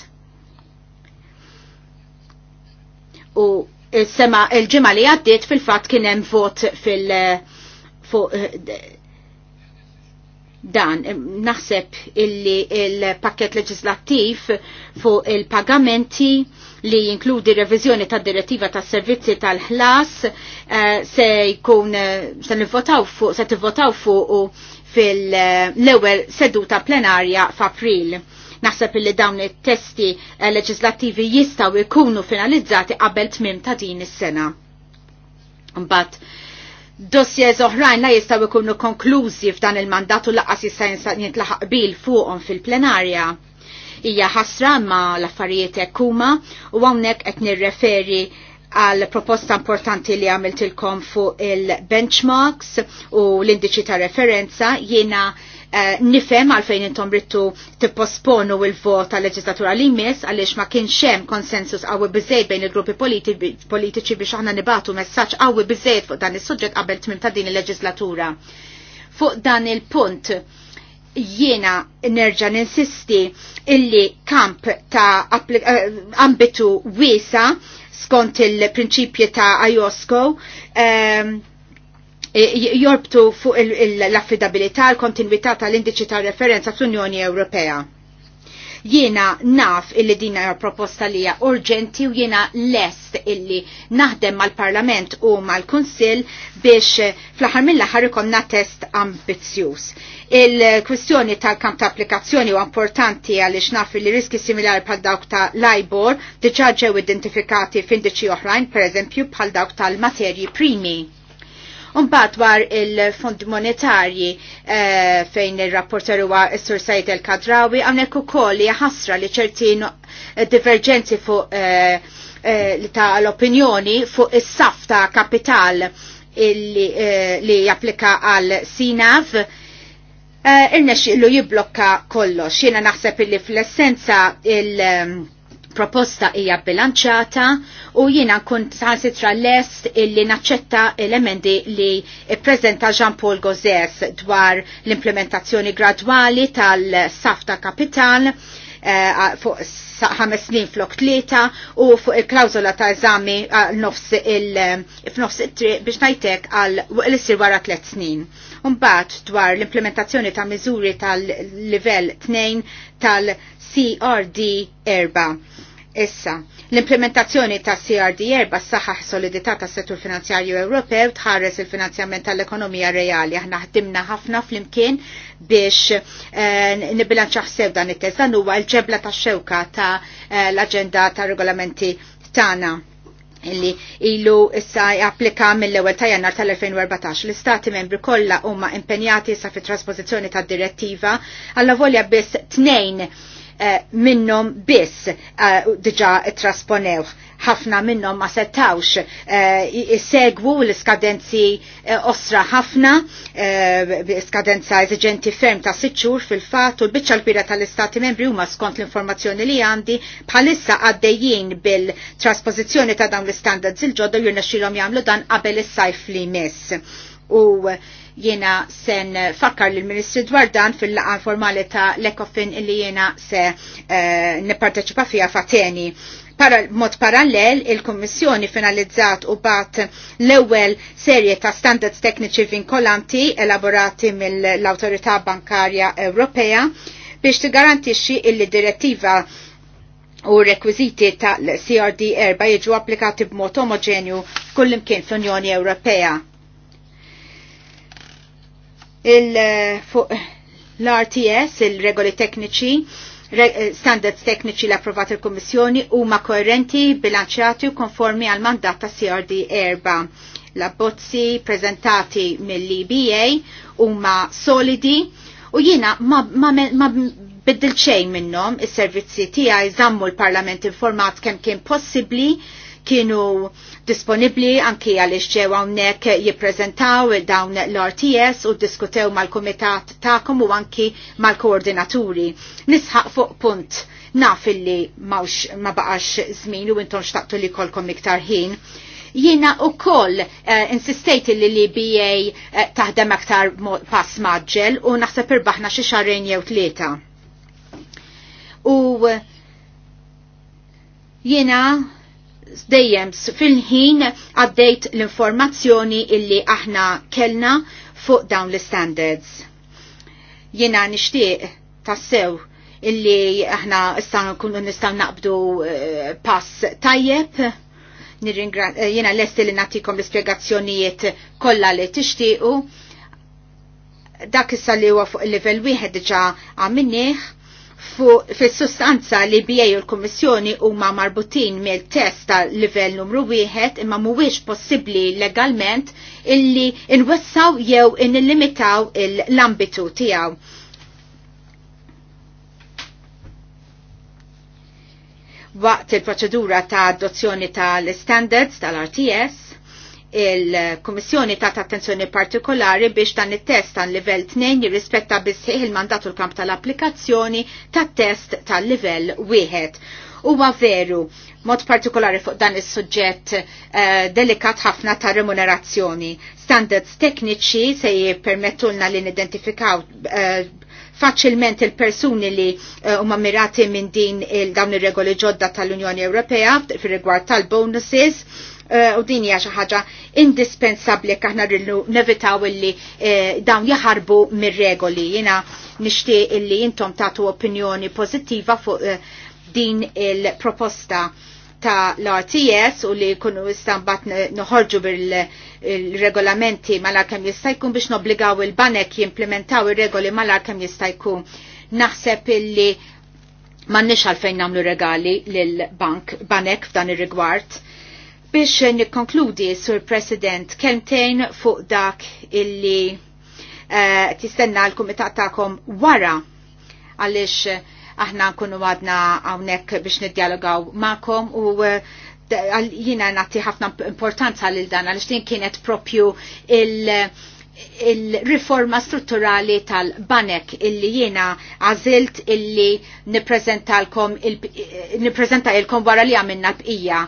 U il-sema il-ġimma li għaddit fil-fat kienem vot fil- eh, eh, dan naħseb illi il-pakket leġislattiv fuq il-pagamenti li jinkludi revizjoni tad direttiva tas servizzi tal-ħlas eh, se jkun eh, se nivvotaw fuq se tivvotaw fuq fil-ewwel seduta plenarja f'April. Naħseb illi dawn it-testi eh, leġislattivi jistgħu jkunu finalizzati qabel tmim ta' din is-sena. Mbagħad dossiers oħrajn la jistaw ikunu konklużi f'dan il-mandat u laqas jista' jintlaħaq bil fuqhom fil-plenarja hija ħasra ma l-affarijiet ekkuma u hawnhekk qed nirreferi għal proposta importanti li għamiltilkom fuq il-benchmarks u l-indiċi ta' referenza jiena Eh, nifem għalfejn intom rittu tipposponu il-vot tal leġislatura li jmiss għaliex ma kienx hemm konsensus qawwi biżejjed bejn il-gruppi politiċi biex aħna nibatu messaġġ qawwi biżejjed fuq dan is-suġġett qabel tmim ta' din il-leġislatura. Fuq dan il-punt jiena nerġa' ninsisti illi kamp ta' eh, ambitu wiesa skont il-prinċipji ta' IOSCO um, ehm, Eh, jorbtu fuq l-affidabilità, l-kontinuità tal-indiċi ta' referenza fl-Unjoni Ewropea. Jiena naf illi dina proposta li urġenti u jiena lest illi naħdem mal-Parlament u mal-Kunsil biex eh, fl-ħar mill-ħar ikonna test ambizjuż. il kwistjoni tal-kamp ta' applikazzjoni u importanti għaliex naf illi riski similari pal dawk ta' LIBOR diġa ġew identifikati f'indiċi oħrajn, per eżempju bħal dawk tal-materji primi Umbat war il-fond monetarji eh, fejn il-rapporter huwa s-sur Said el-Kadrawi għamnek u koll li ħasra li ċerti eh, divergenzi fuq eh, li ta' l-opinjoni fuq is-saf ta' kapital li japplika għal SINAV irnexxiqlu jiblokka kollox. Jiena naħseb illi fl-essenza il- proposta hija bilanċata u jiena kunt l lest illi naċċetta elementi li prezenta Jean-Paul Gozers dwar l-implementazzjoni gradwali tal-safta kapital eh, fuq ħames snin flok tlieta u fuq il-klawzola ta' eżami nofs il-nofs eh, it-triq biex najtek għal l-issir wara tliet snin. Umbat dwar l-implementazzjoni ta' miżuri tal-livell 2 tal-CRD erba' Issa, l-implementazzjoni ta' crdr erba solidità ta' settur finanzjarju Ewropew tħares il-finanzjament tal-ekonomija reali. Aħna ħdimna ħafna fl-imkien biex eh, nibilanċa ħsew dan it-test. Dan huwa l-ġebla ta' xewka ta' eh, l-agenda ta' regolamenti tagħna illi ilu issa japplika mill-ewwel ta' jannar tal-2014. L-istati membri kollha huma impenjati sa fit trasposizzjoni tad-direttiva għalla volja biss tnejn Eh, minnhom biss eh, diġà trasponew Ħafna minnhom ma settawx eh, segwu l-iskadenzi osra ħafna, skadenza eżigenti ferm ta' sitxur fil fat u l bicċa l-bira tal-Istati membri huma skont l-informazzjoni li għandi bħalissa għaddejjin bil-trasposizzjoni ta' dawn l-standards il-ġodda jirnexxilhom jagħmlu dan qabel is-sajf li jmiss. U Jena sen fakkar l-Ministri dwar dan fil-laqa formali ta' l-Ekofin illi jena se eh, nipparteċipa fija fateni. Para, mod parallel, il-Kommissjoni finalizzat u bat l-ewel serje ta' standards tekniċi vinkolanti elaborati mill-Autorità Bankarja Ewropea biex tigarantixxi il-direttiva u rekwiziti tal crd erba' jiġu applikati b'mod omogenju kullimkien fl-Unjoni Ewropea il eh, l-RTS, il-regoli tekniċi, eh, standards tekniċi l-approvat il-Kommissjoni huma koerenti, bilanċjati u konformi għal mandat ta' CRD erba. L-abbozzi prezentati mill-EBA huma solidi u jiena ma, ma, ma biddil xejn minnhom is-servizzi tiegħi żammu l-Parlament informat kemm kien possibbli kienu disponibli anki għalix ġew hawnhekk jippreżentaw dawn l-RTS u diskutew mal-kumitat tagħkom u anki mal-koordinaturi. Nisħaq fuq punt naf illi mawx ma baqax żmien u intom xtaqtu li kolkom iktar ħin. Jiena u koll uh, eh, insistejt li li BA uh, eh, taħdem aktar pass maġġel u naħseb irbaħna xi xarrejn jew tlieta. U eh, jiena dejjem fil-ħin għaddejt l-informazzjoni illi aħna kellna fuq dawn l-standards. Jena nishtiq tassew illi aħna istan kunu nistan naqbdu eh, pass tajjeb. Eh, Jena l-esti li natikom l-spiegazzjonijiet kolla li tishtiqu. Dak issa li huwa fuq il-level wieħed diġà għamminiħ fis sustanza li bijaj u l-Kommissjoni huma marbutin mill test tal livell numru wieħed imma mhuwiex possibbli legalment illi inwessaw jew inlimitaw l-ambitu tiegħu. Waqt il-proċedura ta' adozzjoni tal-standards tal-RTS, Il-Kommissjoni tat attenzjoni partikolari biex dan it-test tan livell 2 jirrispetta bisħiħ il-mandat u l-kamp tal-applikazzjoni tat-test tal-livell 1. Huwa veru, mod partikolari fuq dan is suġġett uh, eh, delikat ħafna ta' remunerazzjoni. Standards tekniċi se jippermettulna li nidentifikaw uh, faċilment il-persuni li eh, huma uh, mirati minn din il-dawn ir-regoli ġodda tal-Unjoni Ewropea fir rigward tal-bonuses Eh, u din hija xi ħaġa indispensabbli jekk aħna rridu nevitaw illi eh, dawn jaħarbu mir-regoli. Jiena nixtieq illi intom tagħtu opinjoni pożittiva fuq eh, din il-proposta ta' l-RTS u li kunu istambat noħorġu bil-regolamenti malar kem jistajkun biex nobligaw il-banek jimplementaw il-regoli malar kem jistajkun. Naħseb illi nix għalfejn namlu regali l-bank banek f'dan ir-rigward Biex nikkonkludi, Sur President, kemtejn fuq dak illi uh, tistenna l-Kumitat ta'kom wara għalix aħna nkunu għadna għawnek biex niddialogaw ma'kom u eh, jina nati ħafna importanza lil dan għalix din kienet propju il- il-riforma strutturali tal-banek illi jiena għazilt illi niprezentalkom il-kom wara li għamilna bqija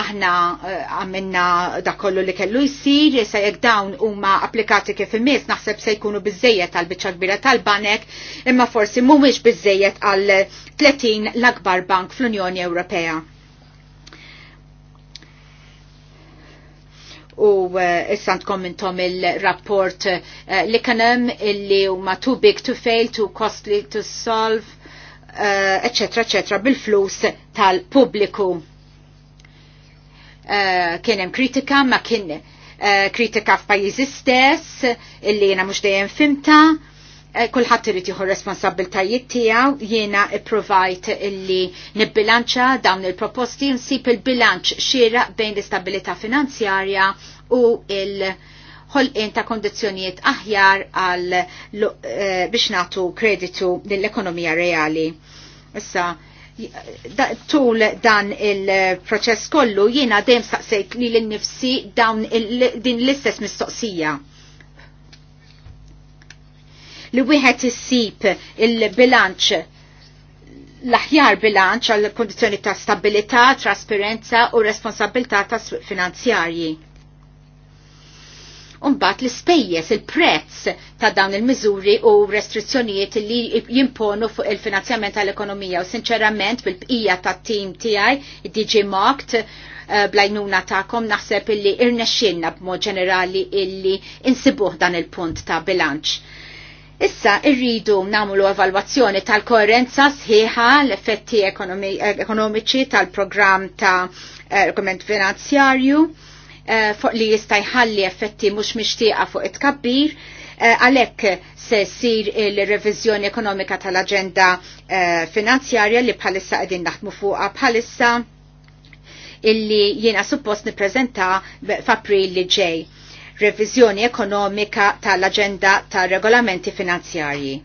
aħna eh, għamilna da kollu li kellu jisir, sa jek dawn huma applikati kif imis, naħseb se jkunu bizzejiet għal biċċa kbira tal-banek, imma forsi mumiex bizzejiet għal 30 l-akbar bank fl-Unjoni Ewropea. u eh, issa ntkom intom il-rapport eh, li kanem illi huma too big to fail, too costly to solve, eccetera, eccetera, bil-flus tal-pubbliku Eh, kienem kritika ma kien eh, kritika f'pajjiżi stess illi jena mhux dejjem fimta eh, kulħadd irid jieħu responsabbiltajiet tiegħu jiena ipprovajt illi nibbilanċa dawn il-proposti nsib il-bilanċ xieraq bejn l-istabilità finanzjarja u il- ħolqin ta' kondizjonijiet aħjar għal biex natu kreditu lill-ekonomija reali. Issa, tul dan il-proċess kollu jiena dem staqsejt li l-nifsi dawn din l-istess mistoqsija li wieħed issib il-bilanċ l-aħjar bilanċ għal kondizjoni ta' stabilità, trasparenza u responsabilità ta' finanzjarji. Umbat l-spejjes, il-prezz ta' dawn il-miżuri u restrizzjonijiet li jimponu fuq il-finanzjament tal-ekonomija u sinċerament bil-bqija ta' tim tiegħi DJ Markt eh, blajnuna ta'kom naħseb illi irnexxinna b'mod ġenerali illi insibuh dan il-punt ta' bilanċ. Issa irridu namlu evalwazzjoni tal-koerenza sħiħa l-effetti eh, ekonomiċi tal-programm ta' rekoment eh, finanzjarju Eh, fuq li jista' jħalli effetti mhux mixtieqa fuq it-kabbir, eh, għalek se sir il-revizjoni ekonomika tal-agenda eh, finanzjarja li bħalissa għedin naħdmu fuqa bħalissa illi jiena suppost niprezenta f'April li ġej. Revizjoni ekonomika tal-agenda tal-regolamenti finanzjarji.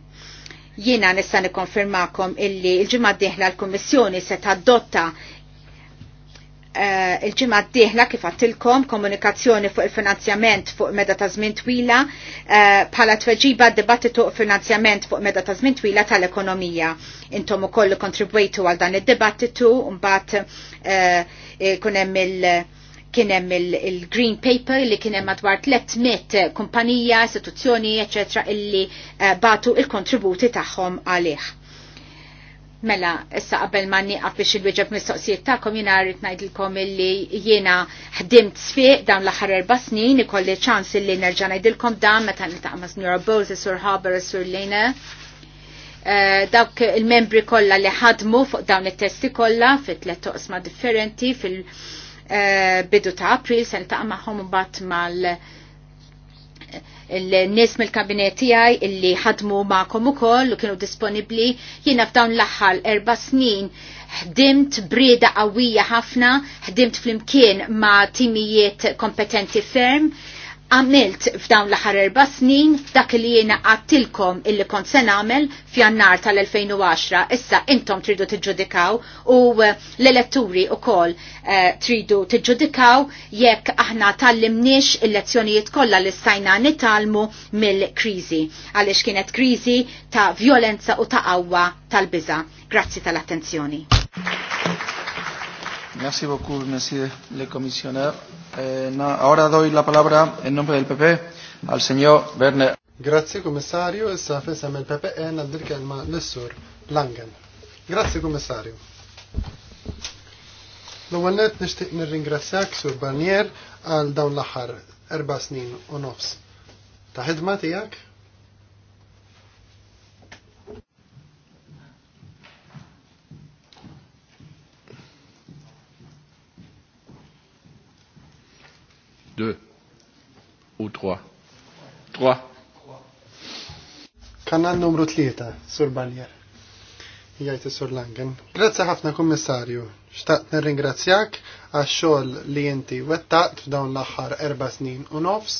Jiena nista' nikkonfermakom illi l-ġimgħa d-dieħla l-Kummissjoni se tadotta Eh, il-ġimgħa d-dieħla kif għattilkom komunikazzjoni fuq il-finanzjament fuq meda ta' żmien twila eh, bħala tweġiba d-dibattitu fuq finanzjament fuq meda ta' żmien twila tal-ekonomija. Intom ukoll kontribwejtu għal dan id-dibattitu mbagħad uh, hemm il- kien hemm il-Green Paper li kien hemm madwar 300 kumpanija, istituzzjoni, eċetera, illi batu il-kontributi tagħhom għalih Mela, issa qabel ma nieqaf biex il-wieġeb mistoqsijiet tagħkom jiena rrid ngħidilkom illi jiena ħdimt sfiq dawn l-aħħar erba' snin, ikolli ċans illi nerġa' ngħidilkom dan meta niltaq ma' Sinjora Bowles, Sur Haber, Sur Lena. Eh, dawk il-membri kollha li ħadmu fuq dawn it-testi kollha fit tliet toqsma differenti fil-bidu eh, ta' April se niltaqa' magħhom imbagħad mal- il-nies mill-kabinet tiegħi illi ħadmu magħkom ukoll u kienu disponibbli jiena f'dawn l-aħħar erba' snin ħdimt brieda qawwija ħafna, ħdimt flimkien ma' timijiet kompetenti ferm, għamilt f'dawn l-aħħar erba' snin dak li jena għattilkom illi kont se nagħmel f'jannar tal-2010 issa intom tridu tiġġudikaw u eh, l-eletturi wkoll eh, tridu tiġġudikaw jekk aħna tallimniex il-lezzjonijiet kollha li stajna nitalmu mill-kriżi għaliex kienet kriżi ta' violenza u ta' qawwa tal-biża. Grazzi tal-attenzjoni. Merci beaucoup, monsieur le commissionnaire. Eh, no, ahora doy la palabra en nombre del PP al señor Werner. Grazie Commissario, sa issa fissam il-PPE naddir kelma l-Sur Langen. Grazie Commissario. L-ewwel net nixtieq nirringrazzjak Sur Barnier għal dawn l-aħħar erba' snin u nofs. Ta' ħidma tiegħek? Deux u trois. Trois. Kanal numru tlieta, Sur Balier. Jajt Sur Langen. Grazzi ħafna kummissarju. Xtaqt nirringrazzjak għax xogħol li inti wettaqt f'dawn l-aħħar erba' snin u nofs.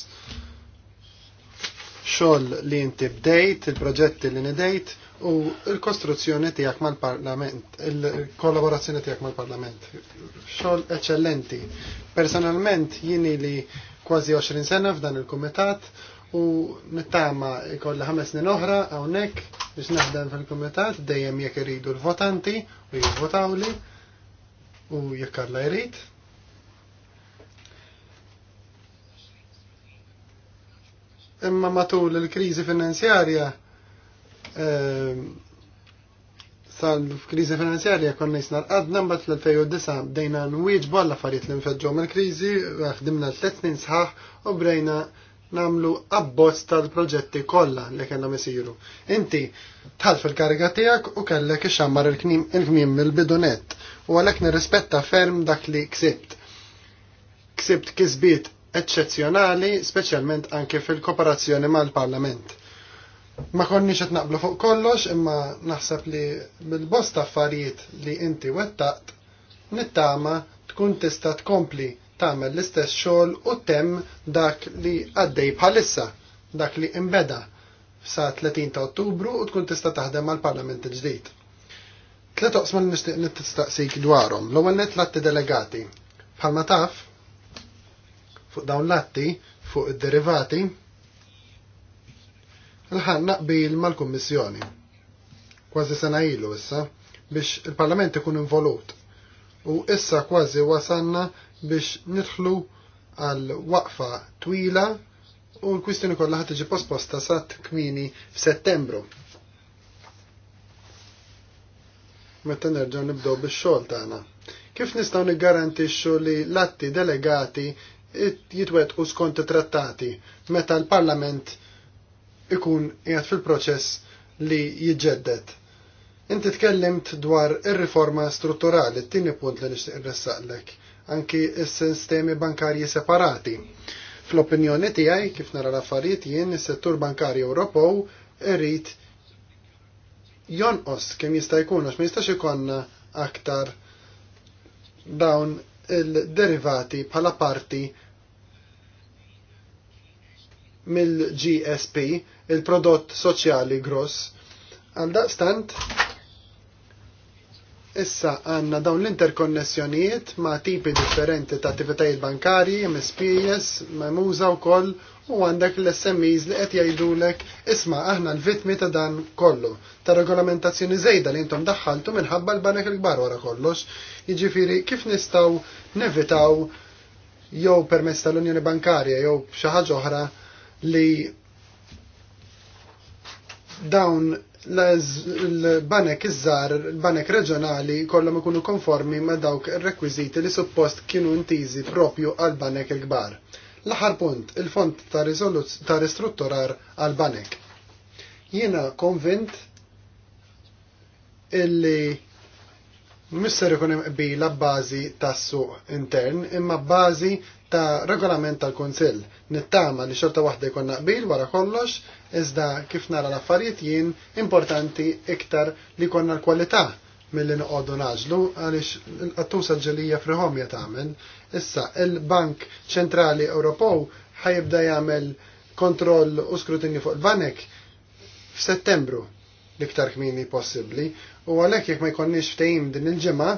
Xogħol li inti bdejt, il-proġetti li nidejt u il-kostruzzjoni tiegħek mal-Parlament, il-kollaborazzjoni tiegħek mal-Parlament. Xogħol eċċellenti. Personalment jieni li kważi 20 sena f'dan il-kumitat u nittama ikolla ħames snin oħra hawnhekk biex naħdem fil-kumitat dejjem jekk iridu l-votanti u jivvotawli u jekk karla jrid. Imma matul il-kriżi finanzjarja Ehm, sal-krizi finanzjarja konna jisnar għadna mbat 2009 bdejna nwieġbu għall affarijiet li nfedġu mill-krizi, ħdimna tliet snin sħaħ u brejna namlu abbozz tal-proġetti kollha li kellhom isiru. Inti tħalf fil-kariga tiegħek u kellek ixxammar il-kmim mill-bidunet u għalhekk nirrispetta ferm dak li ksibt. Ksibt kisbiet eċċezzjonali, speċjalment anke fil-kooperazzjoni mal-Parlament Ma konniex qed naqblu fuq kollox, imma naħseb li bil-bosta affarijiet li inti wettaqt nittama tkun tista' tkompli tagħmel l-istess xogħol u temm dak li għaddej bħalissa, dak li imbeda sa 30 ta' Ottubru u tkun tista' taħdem mal parlament il-ġdid. Tlet oqsma nixtieq nittistaqsik dwarhom. L-ewwel net latti delegati. Bħalma taf fuq dawn latti fuq id-derivati l-ħan naqbil mal-Kommissjoni. Kważi sena ilu issa biex il-Parlament ikun involut. U issa kważi wasanna biex nidħlu għal waqfa twila u l-kwistjoni kollha ħad tiġi posposta sat kmini f'Settembru. Meta nerġgħu nibdew bix-xogħol tagħna. Kif nistgħu niggarantixxu li l-atti delegati jitwetqu skont trattati meta l-Parlament ikun qiegħed fil-proċess li jġeddet. Inti tkellimt dwar ir-riforma strutturali, t-tieni punt li nixtieq irressaqlek, anki s-sistemi bankarji separati. Fl-opinjoni tiegħi kif nara l-affarijiet jien is-settur bankarji Ewropew irrit jonqos kemm jista' jkun għax ma jistax ikonna aktar dawn il-derivati bħala parti mill-GSP, il-prodott soċjali gross. Għaldaqstant, issa għanna dawn l-interkonnessjonijiet ma' tipi differenti ta' attivitajiet bankari, MSPs, Memuza u koll, u għandek l-SMEs li qed jgħidulek isma' aħna l-vitmi ta' dan kollu, ta' regolamentazzjoni żejda li intom daħħaltu minħabba l-banek il gbar wara kollox, jiġifieri kif nistgħu nevitaw jew permezz tal-Unjoni Bankarja jew xi ħaġa oħra li dawn l-banek iż-żar, l-banek reġjonali kollhom ikunu konformi ma' dawk ir-rekwiżiti li suppost kienu intiżi propju għal banek il-kbar. L-aħħar punt, il-fond ta' ta' ristrutturar għal banek. Jiena konvint illi misser ikun hemm qbila b'bażi tas-suq intern imma b'bażi ta' regolament tal-Kunsill. Nittama li xorta waħda jkollna qbil wara kollox, iżda kif nara l-affarijiet jien importanti iktar li konna l-kwalità mill-li noqogħdu naġlu għaliex l-qattusa ġelija friħom jagħmel. Issa il-Bank Ċentrali Ewropew ħajibda jagħmel kontroll u skrutinju fuq il-banek f'Settembru l-iktar kmini possibbli u għalhekk jekk ma jkollniex ftehim din il-ġimgħa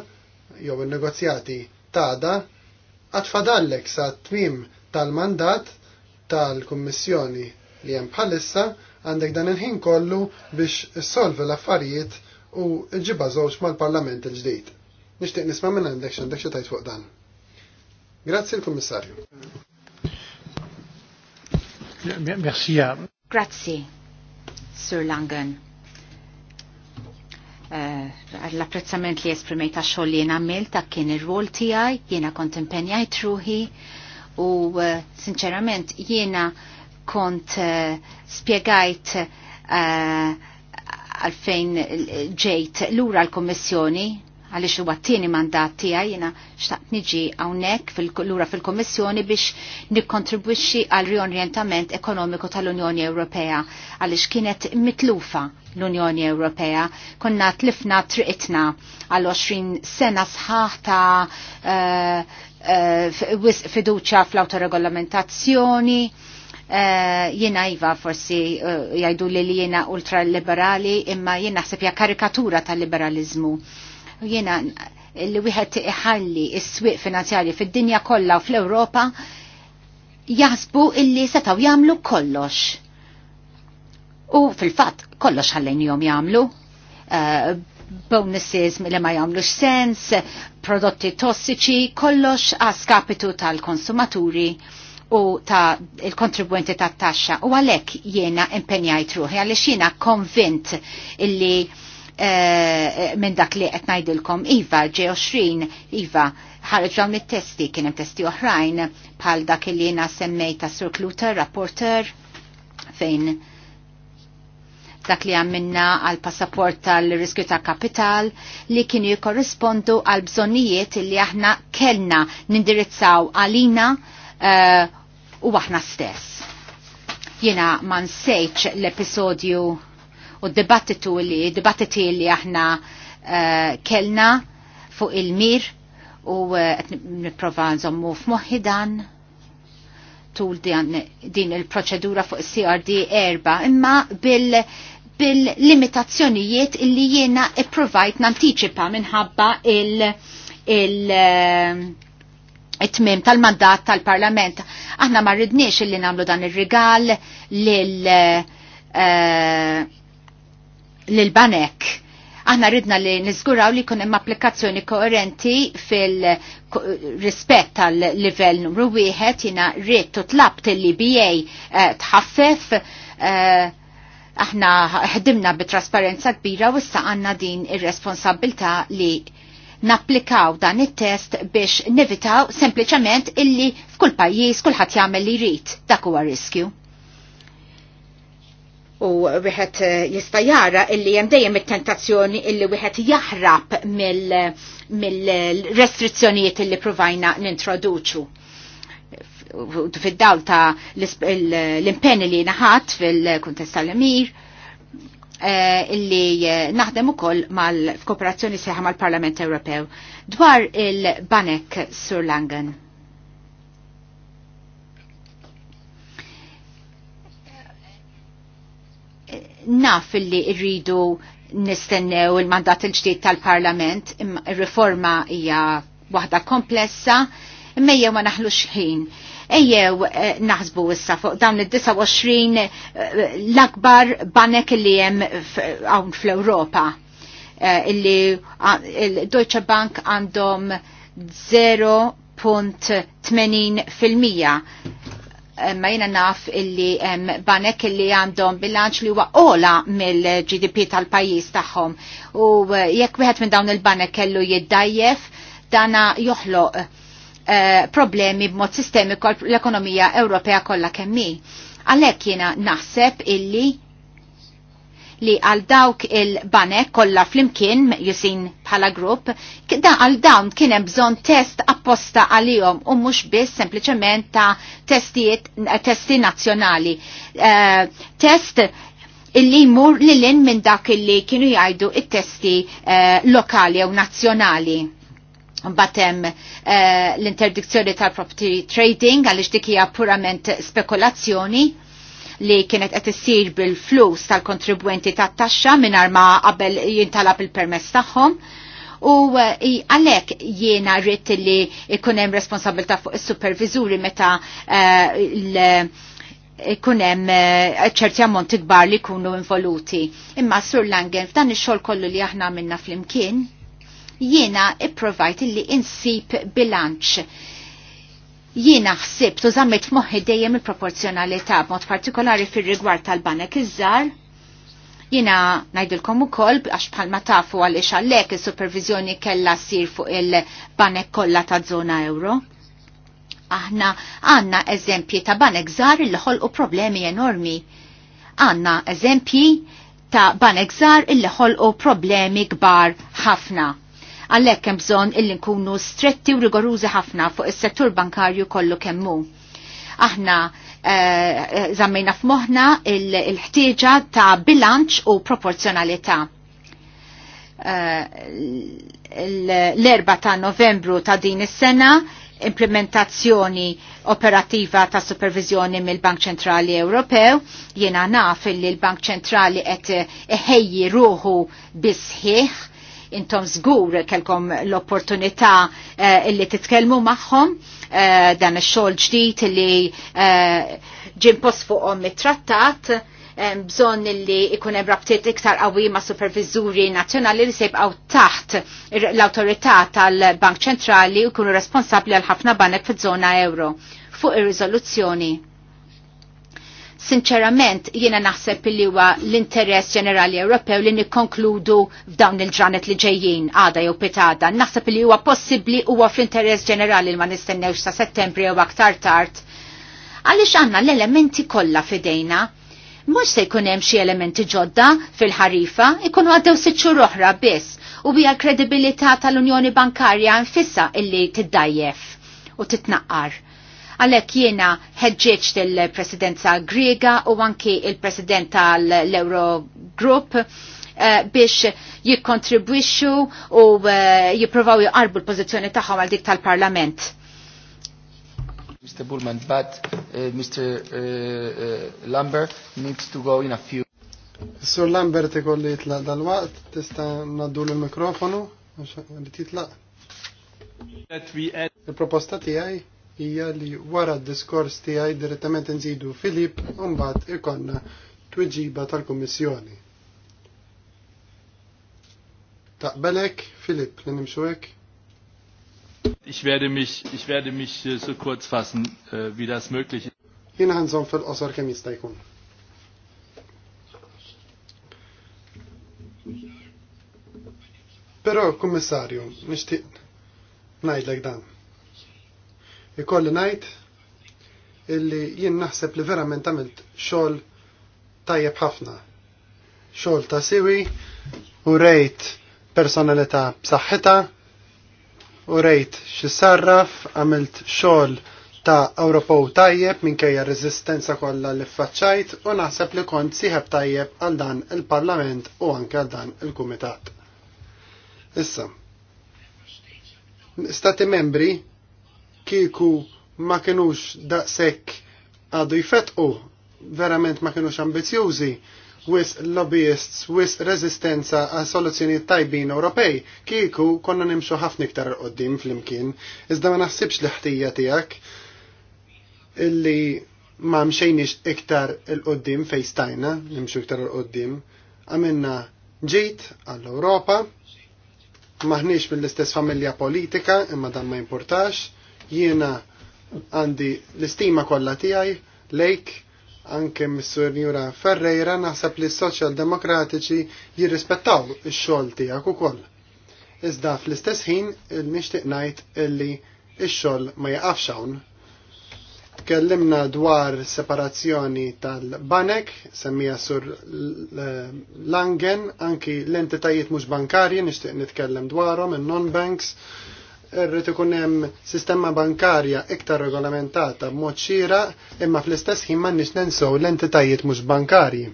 jew in-negozjati tada għad fadallek sa tmim tal-mandat tal-Kummissjoni li hemm bħalissa għandek dan il-ħin kollu biex solvi l-affarijiet u ġibba żewġ mal-Parlament il-ġdid. Nixtieq nisma' minn għandek x'għandek xi tajt fuq dan. Grazzi l-Kummissarju. Merci. Grazzi, Sir Langen. Eh, l-apprezzament li esprimejt ta' xoll li jena għamil ta' kien ir-rol tijaj, jiena kont impenjajt ruħi u eh, sinċerament jiena kont eh, spiegajt għalfejn ġejt l-ura l-Kommissjoni għalix u għattini mandat tijaj jiena xtaqt niġi għawnek l-ura fil kommissjoni biex nikkontribwixxi għal riorjentament ekonomiku tal-Unjoni Ewropea għalix kienet mitlufa l-Unjoni Ewropea. Konna tlifna triqitna għal 20 sena sħaħ ta' uh, uh, fiduċa fl-autoregolamentazzjoni. Uh, iva, jiva forsi uh, jajdu li li jena ultraliberali imma jiena sepja karikatura tal-liberalizmu. Jiena li wieħed iħalli s-swieq finanzjarji fid-dinja kollha u fl-Ewropa jaħsbu illi setaw jagħmlu kollox U fil-fat, kollox ħallin jom jamlu. Uh, bonuses li ma jamlux sens, prodotti tossiċi, kollox għaskapitu tal-konsumaturi u ta' il kontribuenti ta' taxxa. U għalek jena impenjajt ruħi, għalix jena konvint illi uh, minn dak li qed ngħidilkom iva G20 iva ħareġ dawn it-testi kien hemm testi oħrajn bħal dak li jiena semmejta ta' Sur Kluter, rapporter fejn dak li għamminna għal passaport tal-riskju ta' kapital li kienu jikorrispondu għal bżonnijiet li aħna kellna nindirizzaw għalina uh, u aħna stess. Jena man sejċ l-episodju u d-dibattitu li, dibattiti li aħna uh, kellna fuq il-mir u uh, niprofa nżommu f'moħħi dan tul din il-proċedura fuq CRD erba' imma bil- bil-limitazzjonijiet illi jiena i-provajt nantiċipa minħabba il- il- eh, it-tmim tal-mandat tal-parlament. Aħna ma rridniex illi namlu dan il-rigal lil-banek. Eh, Aħna ridna li niżguraw li jkun hemm applikazzjoni koerenti fil-rispett tal-livell numru wieħed jiena rrid tutlabt tal ba eh, tħaffef eh, aħna ħdimna bit-trasparenza kbira u issa għandna din ir-responsabilità li napplikaw dan it-test biex nevitaw sempliċament illi f'kull pajjiż kulħadd jagħmel li jrid dak huwa riskju u wieħed eh, jista' jara illi hemm dejjem it-tentazzjoni illi wieħed jaħrab mill-restrizzjonijiet mill illi provajna nintroduċu fid-dawl ta' l-impenni li naħat fil-kuntest tal-Emir eh, illi eh, naħdem ukoll mal-kooperazzjoni seħħa mal-Parlament Ewropew dwar il-Banek Sur Langen naf li rridu nistennew il-mandat il-ġdid tal-Parlament, il-reforma hija waħda komplessa, imma jew ma naħlux ħin. Ejjew eh, naħsbu issa fuq dawn id-29 eh, l-akbar banek li hemm hawn fl-Ewropa eh, illi ah, il-Deutsche Bank għandhom 0.80% ma jina naf illi banek illi għandhom bilanċ li huwa ola mill-GDP tal-pajis tagħhom. U eh, jekk wieħed minn dawn il-banek kellu jiddajjef, dana joħloq eh, problemi b'mod sistemiku l-ekonomija Ewropea kollha kemm hi. Għalhekk jiena naħseb illi li għal dawk il-banek kollha flimkien jisin bħala grupp, da għal dawn kien hemm bżonn test apposta għalihom u mhux biss sempliċement ta' testijiet testi nazzjonali. Uh, test illi jmur in minn dak illi kienu jgħidu it-testi uh, lokali u nazzjonali. Batem uh, eh, l-interdizzjoni tal-property trading għaliex dik hija purament spekulazzjoni li kienet qed issir bil-flus tal-kontribwenti tat-taxxa mingħajr ma qabel jintalab il-permess tagħhom. U e, għalek jiena rrit li ikunem responsabilta fuq il-supervizuri meta e, ikun ikunem e, ċerti ammonti kbar li kunu involuti. Imma Sur Langen, f'dan ix-xogħol kollu li aħna minna fl-imkien, jiena ipprovajt li insib bilanċ jiena ħsibt tu żammet f'moħħi dejjem il-proporzjonalità b'mod partikolari fir-rigward tal-banek iż-żgħar. Jiena ngħidilkom ukoll għax bħalma tafu għaliex għalhekk is-supervizjoni kellha ssir fuq il-banek kollha taż-żona euro. Aħna għandna eżempji ta' banek żgħar li ħolqu problemi enormi. Għandna eżempji ta' banek żgħar illi ħolqu problemi kbar ħafna Għalhekk hemm bżonn illi nkunu stretti u rigorużi ħafna fuq is-settur bankarju kollu kemm hu. Aħna zammejna eh, eh, f'moħħna il-ħtieġa ta' bilanċ u proporzjonalità. Eh, l-erba ta' novembru ta' din is-sena implementazzjoni operativa ta' supervizjoni mill-Bank Ċentrali Ewropew. Jiena naf li l-Bank Ċentrali qed iħejji ruħu bisħiħ intom zgur kelkom l-opportunità eh, illi titkellmu magħhom eh, dan ix-xogħol ġdid illi eh, ġim post fuqhom mit-trattat bżon illi ikun hemm rabtiet iktar qawwi ma' supervizuri nazzjonali li sebqgħu taħt l-awtorità tal-Bank Ċentrali jkunu responsabbli għal ħafna banek fiż-żona euro fuq ir-riżoluzzjoni. Sinċerament, jiena naħseb li huwa l-interess ġenerali Ewropew li nikkonkludu f'dawn il-ġranet li ġejjin għada jew pitada. Naħseb li huwa possibbli huwa fl-interess ġenerali li ma nistennewx sa' settembri jew aktar tard. Għaliex għandna l-elementi kollha fidejna mux se jkun hemm xi elementi ġodda fil-ħarifa, ikunu għaddew siċċur oħra biss u bija l-kredibilità tal-Unjoni Bankarja nfissa illi tiddajjef u titnaqqar. Għalek jena ħedġieċ il-presidenza Griega u anki il-president tal-Eurogroup eh, biex jikkontribwixxu u eh, jipprovaw jqarbu l-pożizzjoni tagħhom għal dik tal-Parlament. Mr. Bullman, but uh, eh, Mr. Uh, uh, Lambert needs to go in a few. Sir Lambert I ikolli jitlaq dal-waqt, tista naddu l-mikrofonu, għax jitlaq. Il-proposta tijaj hija li wara d-diskors tiegħi direttament nżidu Filip u mbagħad ikonna tweġiba tal-Kummissjoni. Taqbelek, Filip, li nimxu hekk? Ich werde mich, ich werde mich äh, so kurz fassen, äh, wie das möglich ist. Jien ħanżon fil-qosor kemm jista' jkun. Però, kummissarju, nixtieq ngħidlek dan. Ikolli ngħid illi jien naħseb li verament għamilt xogħol tajjeb ħafna. Xogħol ta' siwi u rejt personalità b'saħħitha u rejt sarraf, għamilt xogħol ta' Ewropew tajjeb minkejja r-reżistenza kollha li ffaċċajt u naħseb li kont sieħeb tajjeb għal dan il-Parlament u anke għal dan il-Kumitat. Issa, stati membri kieku ma kienux daqshekk għadu jfetqu verament ma kienux ambizjużi wis lobbyists, wis rezistenza għal soluzzjoni tajbin Ewropej, kieku konna nimxu ħafna iktar qoddim flimkien, iżda ma naħsibx l ħtija tiegħek illi ma mxejniex iktar il-qoddim fejstajna, nimxu iktar il-qoddim, għamilna ġit għall-Europa, maħniex mill-istess familja politika, imma dan ma importax, Jiena għandi l-istima kollha tiegħi lejk anke Missur Jura Ferreira naħseb li s-Soċjal Demokratiċi jirrispettaw ix-xogħol tiegħek ukoll. Iżda fl-istess ħin nixtieq ngħid illi ix-xogħol ma jaqafx hawn tkellimna dwar separazzjoni tal-banek, semmija sur Langen, anki l-entitajiet mhux bankarji nixtieq nitkellem dwarhom, in non-banks, rrit ikun hemm sistema bankarja iktar regolamentata b'mod xira imma fl-istess ħin m'għandniex nensew l-entitajiet mhux bankarji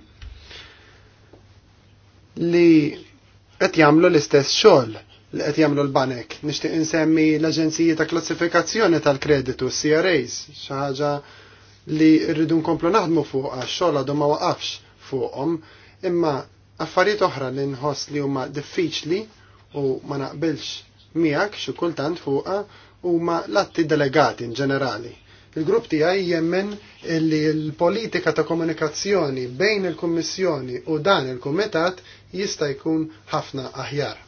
li qed jagħmlu l-istess xogħol li qed jagħmlu l-banek. Nixtieq insemmi l-Aġenziji ta' Klassifikazzjoni tal-Kreditu, CRAs, xi ħaġa li rridu nkomplu naħdmu fuq għax xogħol għadhom ma waqafx fuqhom, imma affarijiet oħra li nħoss li huma diffiċli u ma naqbilx miegħek xi kultant fuqha huma l-atti delegati in ġenerali. Il-grupp tiegħi jemmen li l-politika ta' komunikazzjoni bejn il-Kummissjoni u dan il-Kumitat jista' jkun ħafna aħjar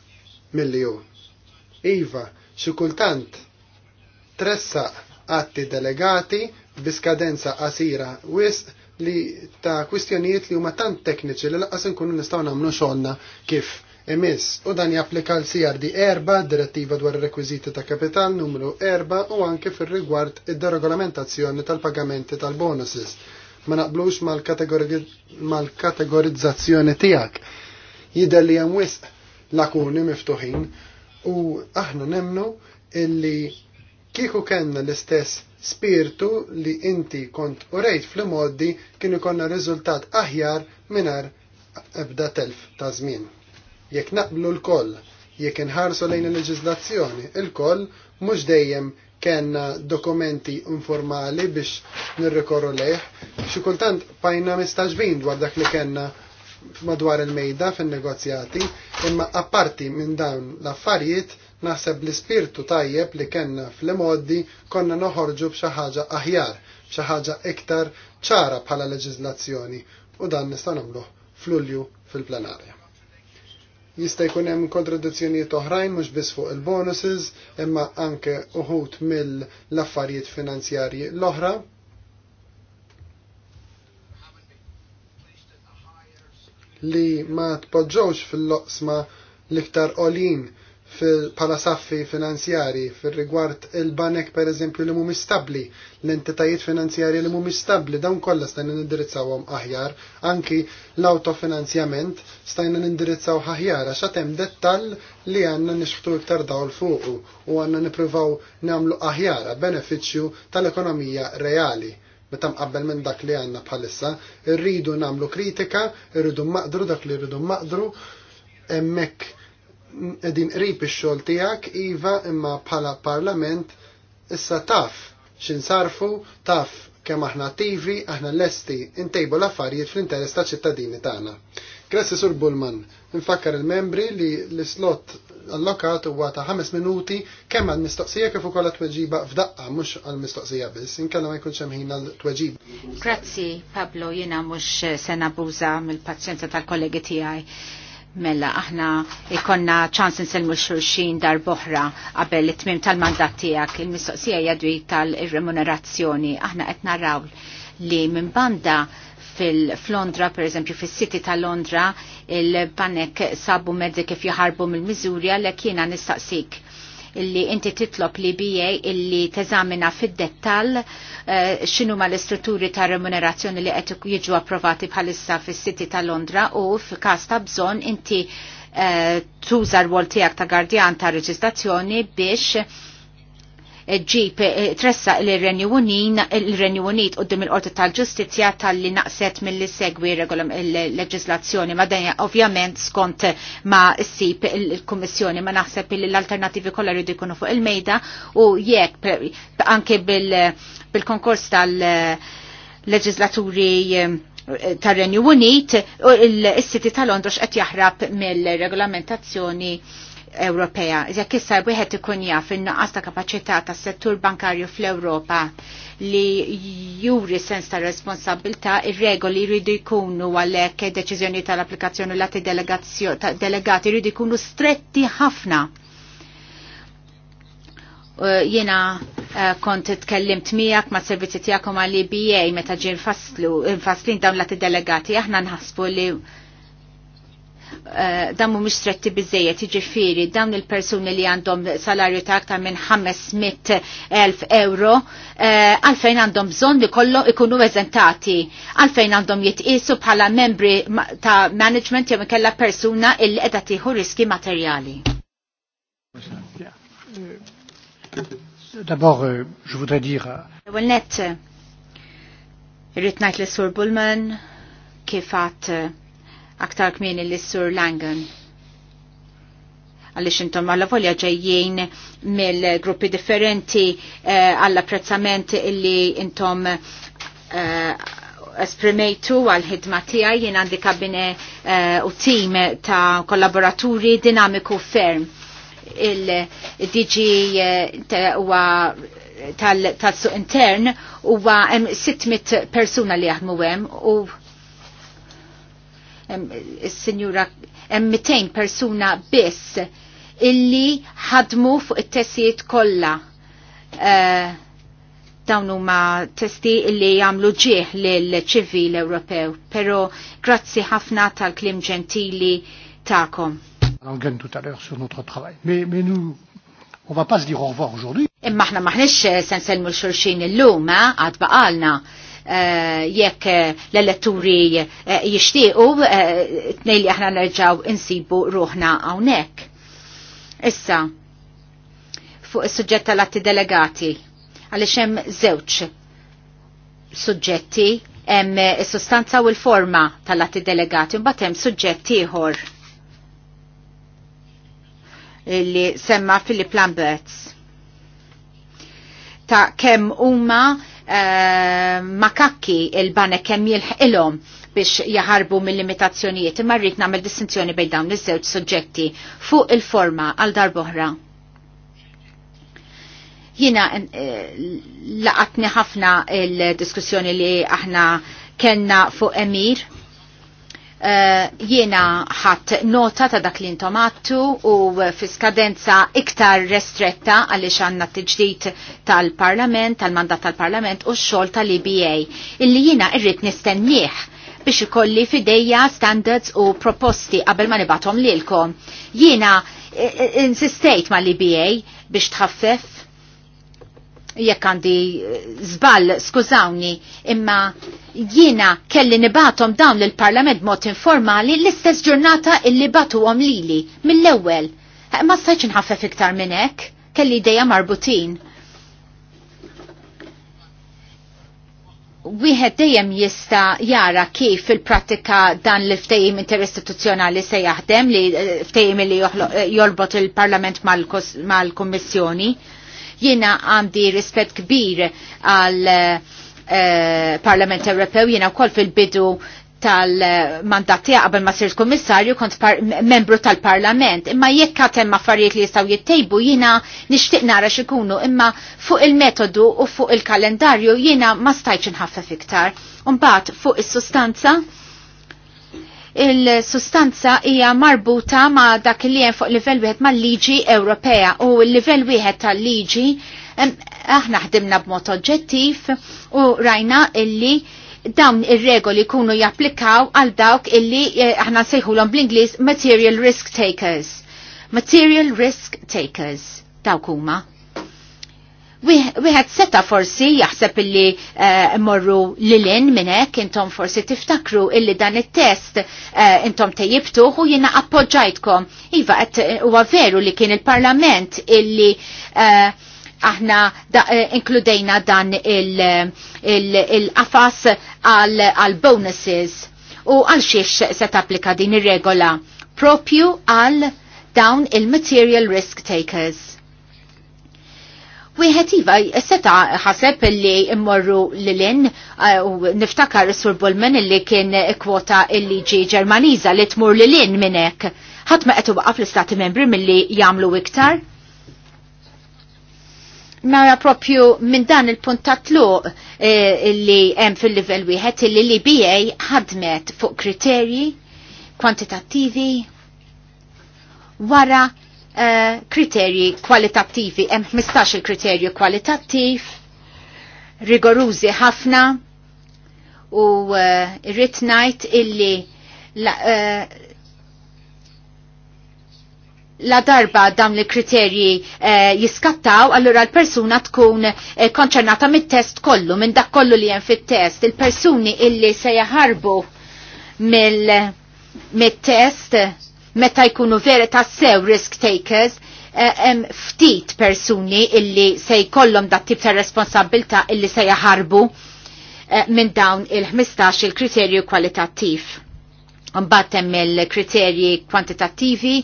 milli hu. Iva, xi kultant tressa' atti delegati biskadenza qasira wisq li ta' kwistjonijiet li huma tant tekniċi li laqas nkunu nistgħu nagħmlu xogħolna kif emiss u dan japplika l CRD 4, direttiva dwar rekwiziti ta' kapital numru 4 u anke fir rigward id-deregolamentazzjoni tal-pagamenti tal-bonuses. Ma naqblux mal-kategorizzazzjoni mal tijak. Jider li jem wisq lakuni miftuħin u aħna nemnu illi kieku kenna l-istess spirtu li inti kont urejt fl-moddi kienu konna rizultat aħjar minar ebda telf ta' zmin. Jekk naqblu l-koll, jekk inħarsu lejn il-leġizlazzjoni, il-koll mhux dejjem kenna dokumenti informali biex nirrikorru lejh, xi kultant pajna mistaġbin dwar dak li kenna madwar il-mejda fin-negozjati, imma apparti minn dawn l-affarijiet naħseb l spirtu tajjeb li kenna fl-imoddi konna noħorġu b'xi ħaġa aħjar, b'xi ħaġa iktar ċara bħala leġiżlazzjoni u dan nista' nagħmluh fl-ulju fil-plenarja jista' jkun hemm kontradizzjonijiet oħrajn mhux biss fuq il-bonuses, imma anke uħut mill-affarijiet finanzjarji l-oħra. li ma tpoġġowx fil-loqsma l-iktar olin fil-pala saffi finanzjari fil-rigward il-banek per eżempju li mhumiex stabbli, l-entitajiet finanzjari li mhumiex stabbli dawn kollha stajna nindirizzawhom aħjar, anki l-autofinanzjament stajna nindirizzaw aħjar għax hemm dettall li għandna nixħtu iktar dawl fuqu u għandna nippruvaw nagħmlu aħjar benefiċċju tal-ekonomija reali meta qabbel minn dak li għanna bħalissa, rridu namlu kritika, rridu maqdru dak li rridu maqdru, emmek edin qrib ix-xogħol tiegħek iva imma bħala parlament issa taf x'in sarfu, taf kemm aħna attivi, aħna lesti intejbu l-affarijiet fl-interess ta' ċittadini tagħna. Grazzi Sur Bullman, nfakkar il-membri li l-slot allokat huwa ta' 5 minuti kemm għal mistoqsija kif ukoll tweġiba f'daqqa mhux għal mistoqsija biss, inkella ma jkunx hemm ħin għal tweġiba. Grazzi Pablo, jiena mhux se nabuża mill pazjenza tal-kollegi tiegħi mella aħna ikonna ċans nselmu xurxin dar boħra qabel it-tmim tal-mandat tiegħek il-mistoqsija jadwi tal-remunerazzjoni. Aħna qed naraw li minn banda fil-Londra, per eżempju, fil-City ta' Londra, il-banek sabu mezzi kif jaħarbu mill-Mizuri għalek jiena nistaqsik illi inti titlob li BA illi teżamina fid-dettall uh, ma l-istrutturi ta' remunerazzjoni li qed jiġu approvati bħalissa fis siti ta' Londra u f'każ ta' bżonn inti uh, tuża l-wol tiegħek ta' gardjan ta' reġistrazzjoni biex ġib eh, tressa il-Renju Unit dim il-Qorti tal-Ġustizzja tal-li naqset mill-li segwi il-leġislazzjoni ma dejja ovvjament skont ma ssib il-Kummissjoni ma naħseb li l-alternativi kollha jridu jkunu fuq il-mejda u jekk anke bil-konkors tal-leġislaturi eh, tar-Renju Unit, il siti tal Londra x'qed jaħrab mill-regolamentazzjoni Ewropea. Jekk issa wieħed ikun jaf in-nuqqas ta' kapaċità tas-settur bankarju fl-Ewropa li juri sens ta' responsabilità, ir-regoli jridu jkunu għalhekk deċiżjoni tal-applikazzjoni ta' delegati jridu jkunu stretti ħafna. Uh, jiena jena uh, kont tkellimt miegħek ma' servizzi tiegħek ma' l-IBA meta ġie nfaslin dawn lati delegati aħna nħasbu li Eh, dan mhumiex stretti bizzejet, ġifiri, dawn il-persuni li għandhom salarju ta' aktar minn 500.000 euro, eh, għalfejn għandhom bżon li kollu ikunu eżentati, għalfejn għandhom jitqisu bħala membri ta' management jew kella persuna il qeda tieħu riski materjali. D'abord, euh, je voudrais dire... Għalnet, euh, rritnajt l-Sur Bullman, kifat aktar kmieni l sur Langan. Għalli intom għalla volja ġejjien mill-gruppi differenti eh, għall-apprezzament illi intom eh, esprimejtu għal-ħidma tiegħi jien għandi kabine eh, u tim ta' kollaboraturi dinamiku ferm. Il-DG huwa tal-suq intern huwa 600 persuna li jaħdmu hemm u il-Sinjura, hemm 200 persuna biss illi ħadmu fuq it-testijiet kollha. Eh, dawn huma testi illi jagħmlu ġieħ lill-ċivil Ewropew, però grazzi ħafna tal-klim ġentili tagħkom. tal on va pas dire au revoir aujourd'hui. Imma aħna maħniex eh, se nsellmu l-xurxin illum, eh, għad baqalna. Eh, jekk eh, l-elettori eh, jishtiqu, t-nejli aħna nerġaw insibu ruħna għawnek. Issa, fuq il-sujġet tal-atti delegati, għalix hemm żewġ suġġetti, hemm s sustanza u l-forma tal-atti delegati, mbagħad hemm suġġetti ieħor li semma Philip Lamberts ta' kemm huma Eh, makakki il-banek kemm jilħilom biex jaħarbu mill-limitazzjonijiet imma rrid nagħmel distinzjoni bejn dawn iż-żewġ suġġetti fuq il-forma għal darb'oħra. Jiena eh, laqatni ħafna il-diskussjoni li aħna kellna fuq Emir Eh, jiena ħadd nota ta' dak li intomattu u fi skadenza iktar restretta għaliex għandna t-ġdid tal-Parlament, tal-mandat tal-Parlament u x-xogħol tal-EBA illi jiena irrid nistennieh biex ikolli fidejja standards u proposti qabel ma nibatom lilkom. Jiena eh, eh, insistejt mal-EBA biex tħaffef jekk għandi zbal, skużawni, imma jiena kelli nibatom dawn l-parlament mod informali l-istess ġurnata illi batu għom lili, mill-ewel. Ma staċin ħaffef iktar minnek, kelli ideja marbutin. Wieħed dejjem jista' jara kif il prattika dan l ftejim interistituzzjonali se jaħdem li eh, ftejim li jolbot eh, il-Parlament mal-Kummissjoni. mal kummissjoni Jiena għandi rispett kbir għal eh, Parlament Ewropew, jiena wkoll fil-bidu tal-mandat għabel qabel ma sirt kummissarju kont membru tal-Parlament. Imma jekk għatem affarijiet li jistgħu jittejbu jiena nixtieq nara x'ikunu, imma fuq il-metodu u fuq il-kalendarju jiena ma stajtx inħaffef iktar. Imbagħad fuq is-sustanza il-sustanza hija marbuta ma' dak li hemm fuq livell wieħed mal-liġi Ewropea u l-livell wieħed tal-liġi aħna ħdimna b'mod oġġettiv u rajna illi dawn ir-regoli kunu japplikaw għal dawk illi eh, aħna sejħulhom bl-Ingliż material risk takers. Material risk takers dawk huma. Wieħed seta forsi jaħseb illi eh, morru lilin minn hekk intom forsi tiftakru illi dan it-test eh, intom tejjibtuh u jina appoġġajtkom. Iva qed eh, huwa veru li kien il-Parlament illi aħna inkludejna dan il-qafas għal-bonuses u għal xiex se tapplika din ir-regola propju għal dawn il-material risk takers Wieħed iva seta ħaseb li mmorru lilin eh, u niftakar is-Sur Bullman illi kien kwota il-liġi Ġermaniża li tmur lilin minn hekk. Ħadd ma qed baqa' fl-istati membri milli jagħmlu iktar nara propju minn dan il-punt ta' tluq eh, li hemm fil-livell wieħed li li BA ħadmet fuq kriterji kwantitattivi wara Eh, kriterji kwalitattivi, hemm 15 il-kriterju kwalitattiv, rigorużi ħafna u eh, irrid ngħid illi la, eh, darba dawn li kriterji jiskattaw, allura l-persuna tkun konċernata mit-test kollu, minn dak kollu li hemm fit-test. Il-persuni illi se jaħarbu mill-test meta jkunu veri sew risk takers, eh, hemm ftit persuni illi se jkollhom dat tip ta' responsabilta illi se jaħarbu eh, minn dawn il-15 il-kriterju kwalitattiv. Mbagħad hemm il-kriterji kwantitattivi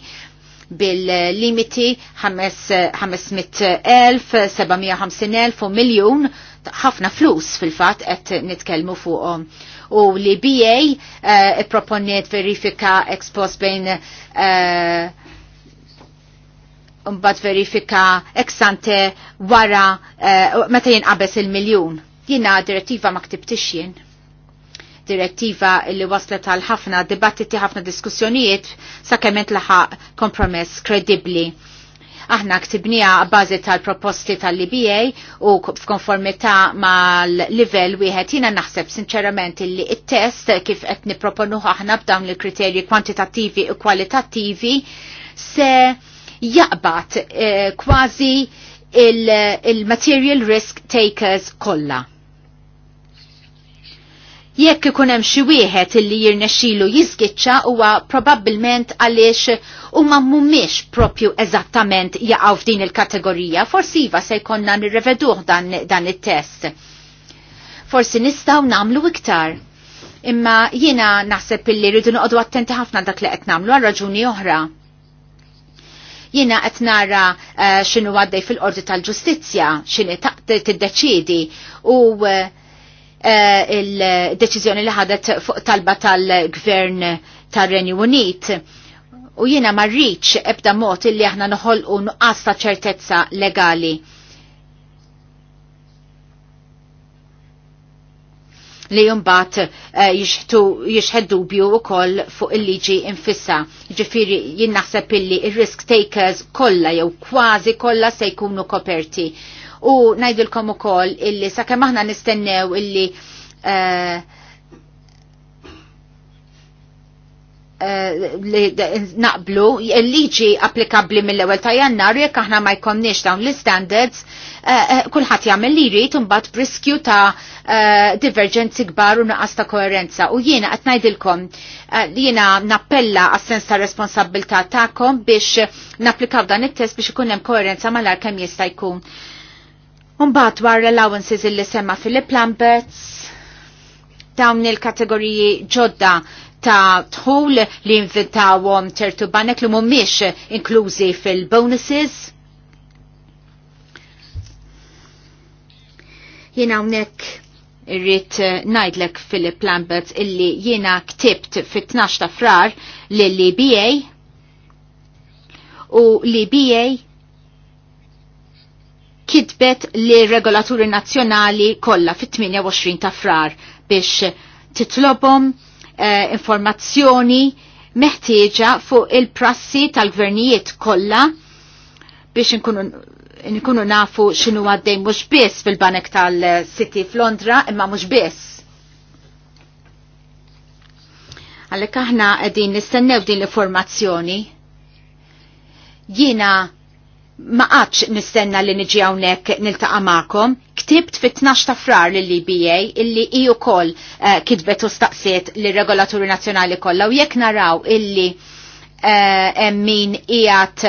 bil-limiti 500.000, 750.000 eh, u miljon ħafna flus fil-fat qed nitkellmu fuqhom. Um u li BA uh, eh, proponiet verifika ekspos bejn uh, mbagħad verifika eksante wara uh, meta jinqabes il-miljun. Jiena direttiva ma ktibtix jien. Direttiva li waslet għal ħafna dibattiti ħafna diskussjonijiet sakemm laħa kompromess kredibbli Aħna ktibnija bażi tal-proposti tal-LBA u f'konformità mal-livell wieħed jiena naħseb sinċerament li it-test kif qed nipproponuh aħna b'dawn il-kriterji kwantitattivi u kwalitattivi se jaqbad eh, kważi il-material risk takers kollha Jekk ikun hemm xi wieħed illi jirnexxielu jiżgiċċa huwa probabbilment għaliex huma mhumiex propju eżattament jaqgħu f'din il-kategorija, forsi iva se jkollna nirreveduh dan, dan it-test. Forsi nistgħu nagħmlu iktar. Imma jiena naħseb illi rridu noqogħdu attenti ħafna dak li qed nagħmlu għal raġuni oħra. Jiena qed nara x'inhu għaddej fil-qorti tal-ġustizzja, x'inhi tiddeċiedi u uh, Eh, il-deċiżjoni li ħadet fuq talba tal-gvern tar-Renju Unit. U jiena ma rridx ebda mod illi aħna noħolqu nuqqas ta' ċertezza legali. li jumbat eh, jixħed dubju u koll fuq il-liġi infissa. Ġifiri jinnaħseb illi il-risk takers kolla jew kważi kolla se jkunu koperti u najdilkom ukoll illi sakemm aħna nistennew illi eh, eh, li naqblu liġi applikabli mill-ewel ta' jannar jekk aħna ma jkomniex dawn l-standards eh, kulħadd jagħmel li jrid imbagħad briskju ta' divergenzi kbar u naqas ta' koerenza. U jiena qed ngħidilkom li jiena nappella għas-sens ta' responsabilità tagħkom biex napplikaw dan it-test biex ikun hemm koerenza mal kemm jista' jkun. Umbat war allowances illi semma Philip Lamberts, dawn il-kategoriji ġodda ta' tħul li invitawhom tertu banek li mhumiex inklużi fil-bonuses. Jien hawnhekk irrit najdlek Philip Lambert illi jiena ktibt fit-12 ta' frar lill l-BA kitbet li regolaturi nazzjonali kollha fit-28 ta' frar biex titlobhom eh, informazzjoni meħtieġa fuq il-prassi tal-gvernijiet kollha biex nkunu nkunu nafu xinu għaddej mux biss fil-banek tal-City f'Londra imma mux biss. Għallek aħna għedin nistennew din l-informazzjoni. Jina ma qatx nistenna li niġi hawnhekk niltaqa' magħkom, ktibt fit-12 ta' frar lil LBA illi hi wkoll eh, kitbet u staqsiet lir regolaturi nazzjonali kollha u jekk naraw illi eh, hemm min qiegħed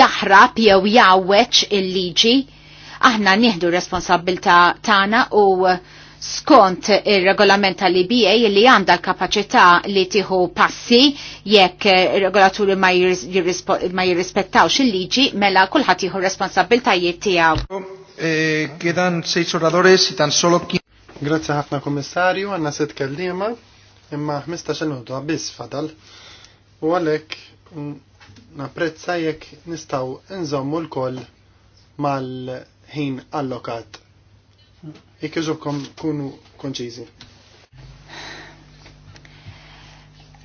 jaħrab jew jawweġ il-liġi, aħna nieħdu r-responsabbilta tagħna u uh, skont il-regolament tal-IBA li għanda l-kapacità li tiħu passi jekk regolaturi ma, jirrispettawx il-liġi mela kullħat tiħu responsabiltajiet tiegħu. Kedan eh, sejt oradores si tan solo Grazie ħafna kommissarju, għanna set kellima, imma 15 minuta biss fadal. U għalek napprezza jekk nistaw nżommu l-koll mal-ħin allokat ikkeġobkom kunu konċizi.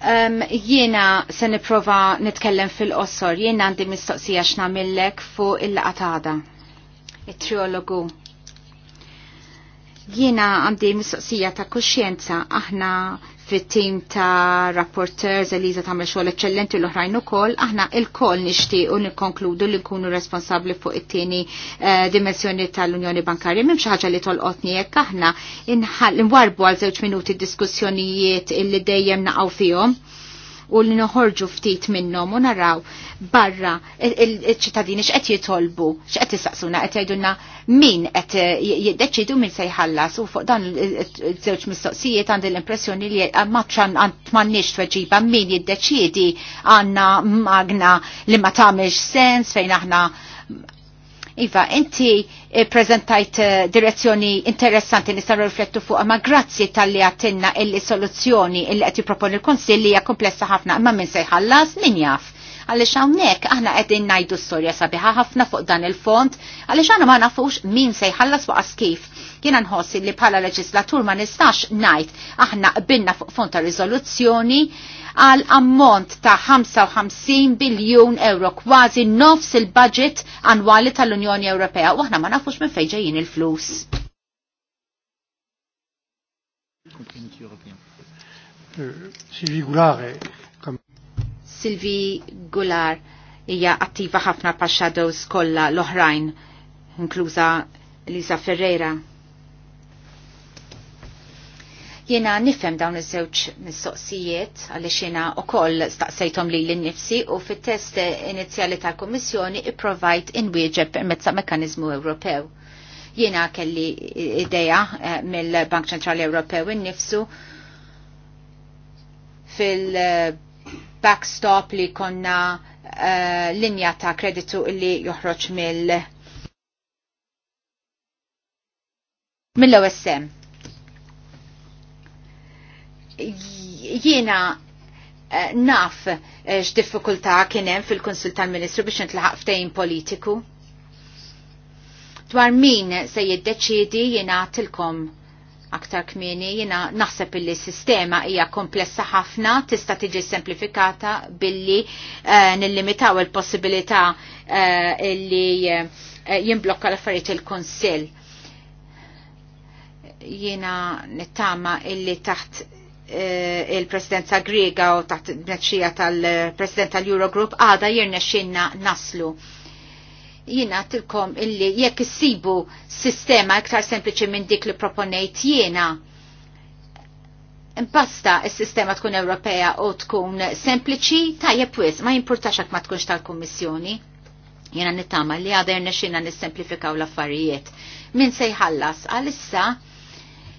Um, jiena se niprofa nitkellem fil qosor jiena għandi mistoqsija x'namillek fuq il-qatada, it-triologu. jiena għandi mistoqsija ta' kuxjenza, aħna fit-tim ta' rapporters Eliza tagħmel xogħol eċċellenti l-oħrajn ukoll, aħna l-koll nixtiequ nikkonkludu li nkunu responsabbli fuq it-tieni eh, dimensjoni tal-Unjoni Bankarja. M'hemm xi ħaġa li tolqotni hekk aħna inwarbu għal żewġ minuti diskussjonijiet illi dejjem naqgħu fihom u li noħorġu ftit minnhom u naraw barra il-ċittadini x'qed jitolbu, x'qed jistaqsuna qed jgħidulna min qed jiddeċidu min se jħallas u fuq dan żewġ mistoqsijiet għandi l-impressjoni li maċċan m'għandniex tweġiba min jiddeċiedi għandna magna li ma tagħmilx sens fejn aħna Iva, inti eh, prezentajt eh, direzzjoni interessanti nistaw riflettu fuq, ma grazzi tal-li għatinna il-soluzzjoni il-li għati proponi l-Konsil li hija komplessa ħafna, ma minn sejħallas, min jaf Għalli xawnek, aħna għedin najdu storja sabiħa ħafna fuq dan il-font, għalli xawna ma nafux min se jħallas askif. kif. Jena nħossi li bħala leġislatur ma nistax najt aħna qbinna fuq font ta' rizoluzzjoni, għal ammont ta' 55 biljun euro, kważi nofs il-budget annwali tal-Unjoni Ewropea. U aħna ma nafux minn fejġejjin il-flus. Silvi Gular eh, Silvi Gular hija attiva ħafna pa' shadows kollha l-oħrajn, inkluża Lisa Ferreira. Jena nifem dawn iż-żewġ mistoqsijiet għaliex jiena wkoll staqsejthom li l-nifsi u fit-test inizjali tal-Kummissjoni ipprovajt inwieġeb permezz ta' mekkaniżmu Ewropew. Jiena kelli ideja eh, mill-Bank Ċentrali Ewropew innifsu fil-backstop li konna eh, linja ta' kreditu li joħroġ mill- mill-OSM jiena eh, naf eh, x'diffikultà kien hemm fil konsult tal-Ministru biex nitlaħaq ftehim politiku. Dwar min se jiddeċiedi jiena tilkom aktar kmieni jiena naħseb illi sistema hija komplessa ħafna tista' tiġi semplifikata billi eh, nillimitaw il-possibilità uh, illi jimblokka l-affarijiet il-Kunsill. Jiena nittama illi taħt Eh, il-presidenza grega u taħt neċċija tal-president tal-Eurogroup għada xinna naslu jina tilkom illi jekk issibu sistema iktar sempliċi minn dik li proponejt jiena. Basta il-sistema tkun Ewropea u tkun sempliċi tajjeb jepwis, ma jimportaxak ma tkunx tal-Kummissjoni. Jena nittama li għada jirnexina nissemplifikaw l-affarijiet. Min se jħallas għalissa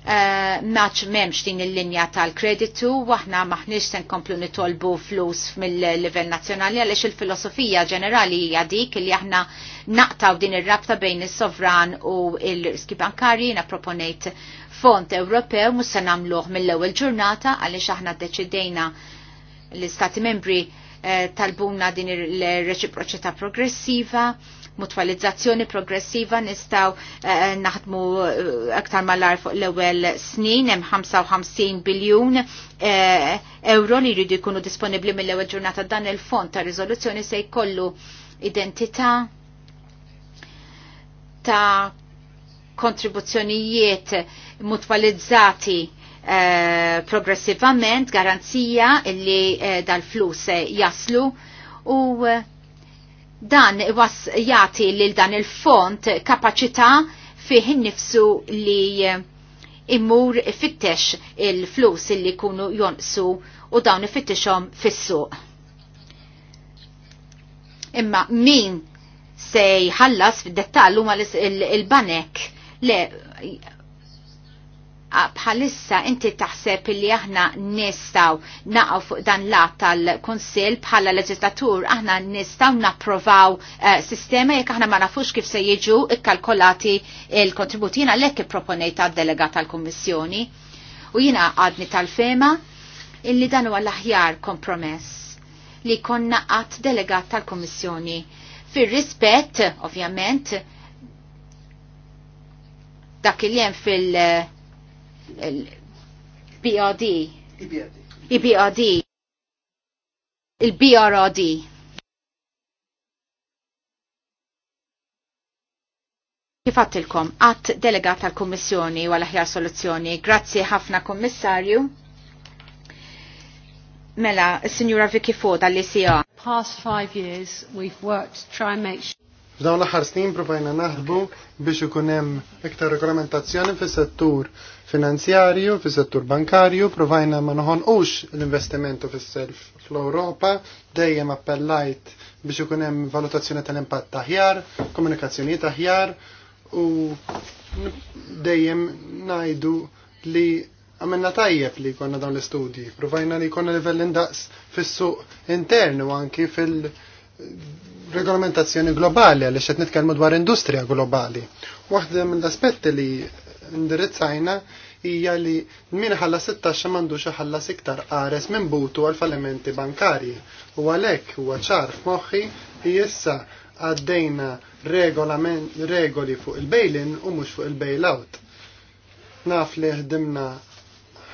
Eh, maċ memx din il-linja tal-kreditu, waħna maħnix sen komplu nitolbu flus mill-level nazjonali, għalix il-filosofija ġenerali hija dik li aħna naqtaw din ir-rabta bejn is-sovran u il-riski bankari, na proponejt font Ewropew musa se nagħmluh mill-ewwel ġurnata għaliex aħna deċidejna l istati membri eh, talbuna din il-reċiproċità progressiva mutualizzazzjoni progressiva nistaw eh, naħdmu eh, aktar mal-ar fuq l-ewel snin, hemm 55 biljun eh, euro li jridu jkunu disponibli mill-ewel ġurnata dan il-fond ta' riżoluzzjoni se jkollu identità ta' kontribuzzjonijiet mutualizzati eh, progressivament, garanzija li eh, dal-flus jaslu u eh, Dan was jati lil dan il-font kapacità fih nifsu li immur fittex il-flus li kunu jonqsu u dawn ifittexhom fis-suq. Imma min se jħallas fid-dettall huma il-banek le bħalissa inti taħseb li aħna nistaw naqaw fuq dan la tal-Konsil bħala leġislatur aħna nistaw napprovaw uh, sistema jekk aħna ma nafux kif se jiġu ikkalkolati il-kontributina l-ekki proponejta delega tal-Kommissjoni. U jina għadni tal-fema illi dan huwa l-aħjar kompromess li konna għat delegat tal-Kommissjoni. Fir-rispett, ovvjament, dak il-jem fil- uh, il-BRD. Il-BRD. Il-BRD. Kifattilkom, għat delegat tal-Kommissjoni u għal-ħjar soluzzjoni. Grazzi ħafna Kommissarju. Mela, Signora Vicky Foda li ica Past five years we've worked to try and make sure F'dawn l-aħħar snin provajna naħdbu biex ikun hemm iktar regolamentazzjoni fis-settur finanzjarju, fis settur bankarju, provajna ma noħonqux l-investimentu fis-self fl-Ewropa, dejjem appellajt biex ikun hemm valutazzjoni tal-impatt taħjar, komunikazzjoni taħjar u dejjem ngħidu li għamilna tajjeb li konna dawn l-istudji, provajna li konna livell indaqs fis-suq internu anki fil- regolamentazzjoni globali għaliex qed nitkellmu dwar industrija globali. Waħda mill-aspetti li indirizzajna hija li min ħalla 16 m'għandux ħallas iktar qares minn butu għal falimenti bankarji. U għalhekk huwa ċar f'moħħi li issa għaddejna regoli fuq il-bail-in u mhux fuq il-bail-out. Naf li ħdimna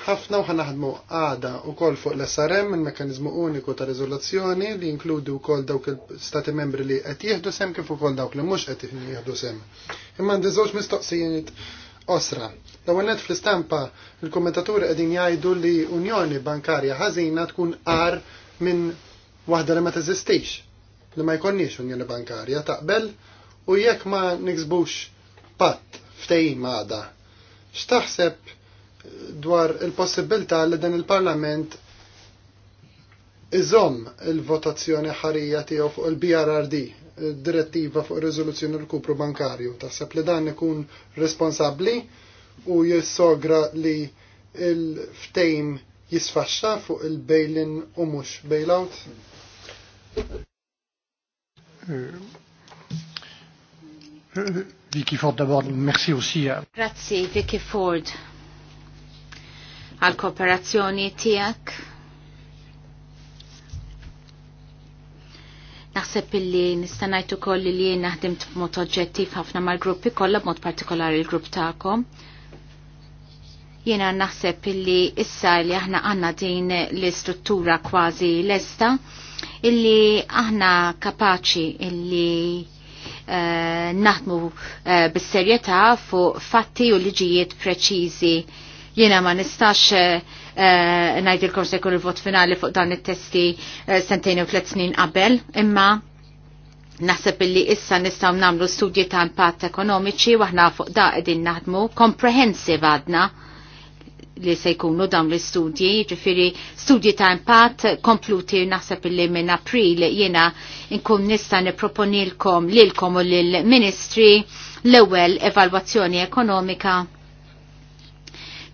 ħafna u ħanaħdmu għada u koll fuq l-SRM, il-mekanizmu uniku ta' rizoluzzjoni li inkludi u koll dawk il-stati membri li għet jihdu sem kif u koll dawk li mux għet jihdu sem. Imman dizzoċ mistoqsijiet osra. L-ewwel fl-istampa il kommentatur qegħdin jgħidu li Unjoni Bankarja ħażina tkun ar minn waħda li ma teżistix li ma jkonniex Unjoni Bankarja taqbel u jekk ma niksbux patt ftehim ma' għada. X'taħseb dwar il possibilta li dan il-Parlament iżomm il-votazzjoni ħarija tiegħu fuq il-BRRD direttiva fuq riżoluzzjoni l-kupru bankarju. Taħseb li dan ikun responsabbli u jissogra li il-ftejm jisfaxxa fuq il-bail-in u mhux bail-out? Euh, Vicky Ford d'abord, merci aussi. Grazie Vicky Ford għal kooperazzjoni tiegħek Naħseb illi nistanajt ukoll li jien naħdimt b'mod oġġettiv ħafna mal-gruppi kollha b'mod partikolari l-grupp tagħkom. Jiena naħseb illi issa li aħna għandna din l-istruttura kważi lesta illi aħna kapaċi illi uh, naħdmu uh, bis-serjetà fuq fatti u liġijiet preċiżi. Jiena ma nistax uh, Eh, ngħidilkom se jkun il-vot finali fuq dan it-testi eh, sentejn u tliet snin qabel, imma Naħseb illi issa nistgħu nagħmlu studji ta' impatt ekonomiċi waħna fuq da qegħdin naħdmu komprehensiv għadna li se jkunu dawn l-istudji, ġifiri studji ta' impatt kompluti naħseb li minn april jena nkun nista' niproponilkom lilkom u lill-ministri l-ewwel evalwazzjoni ekonomika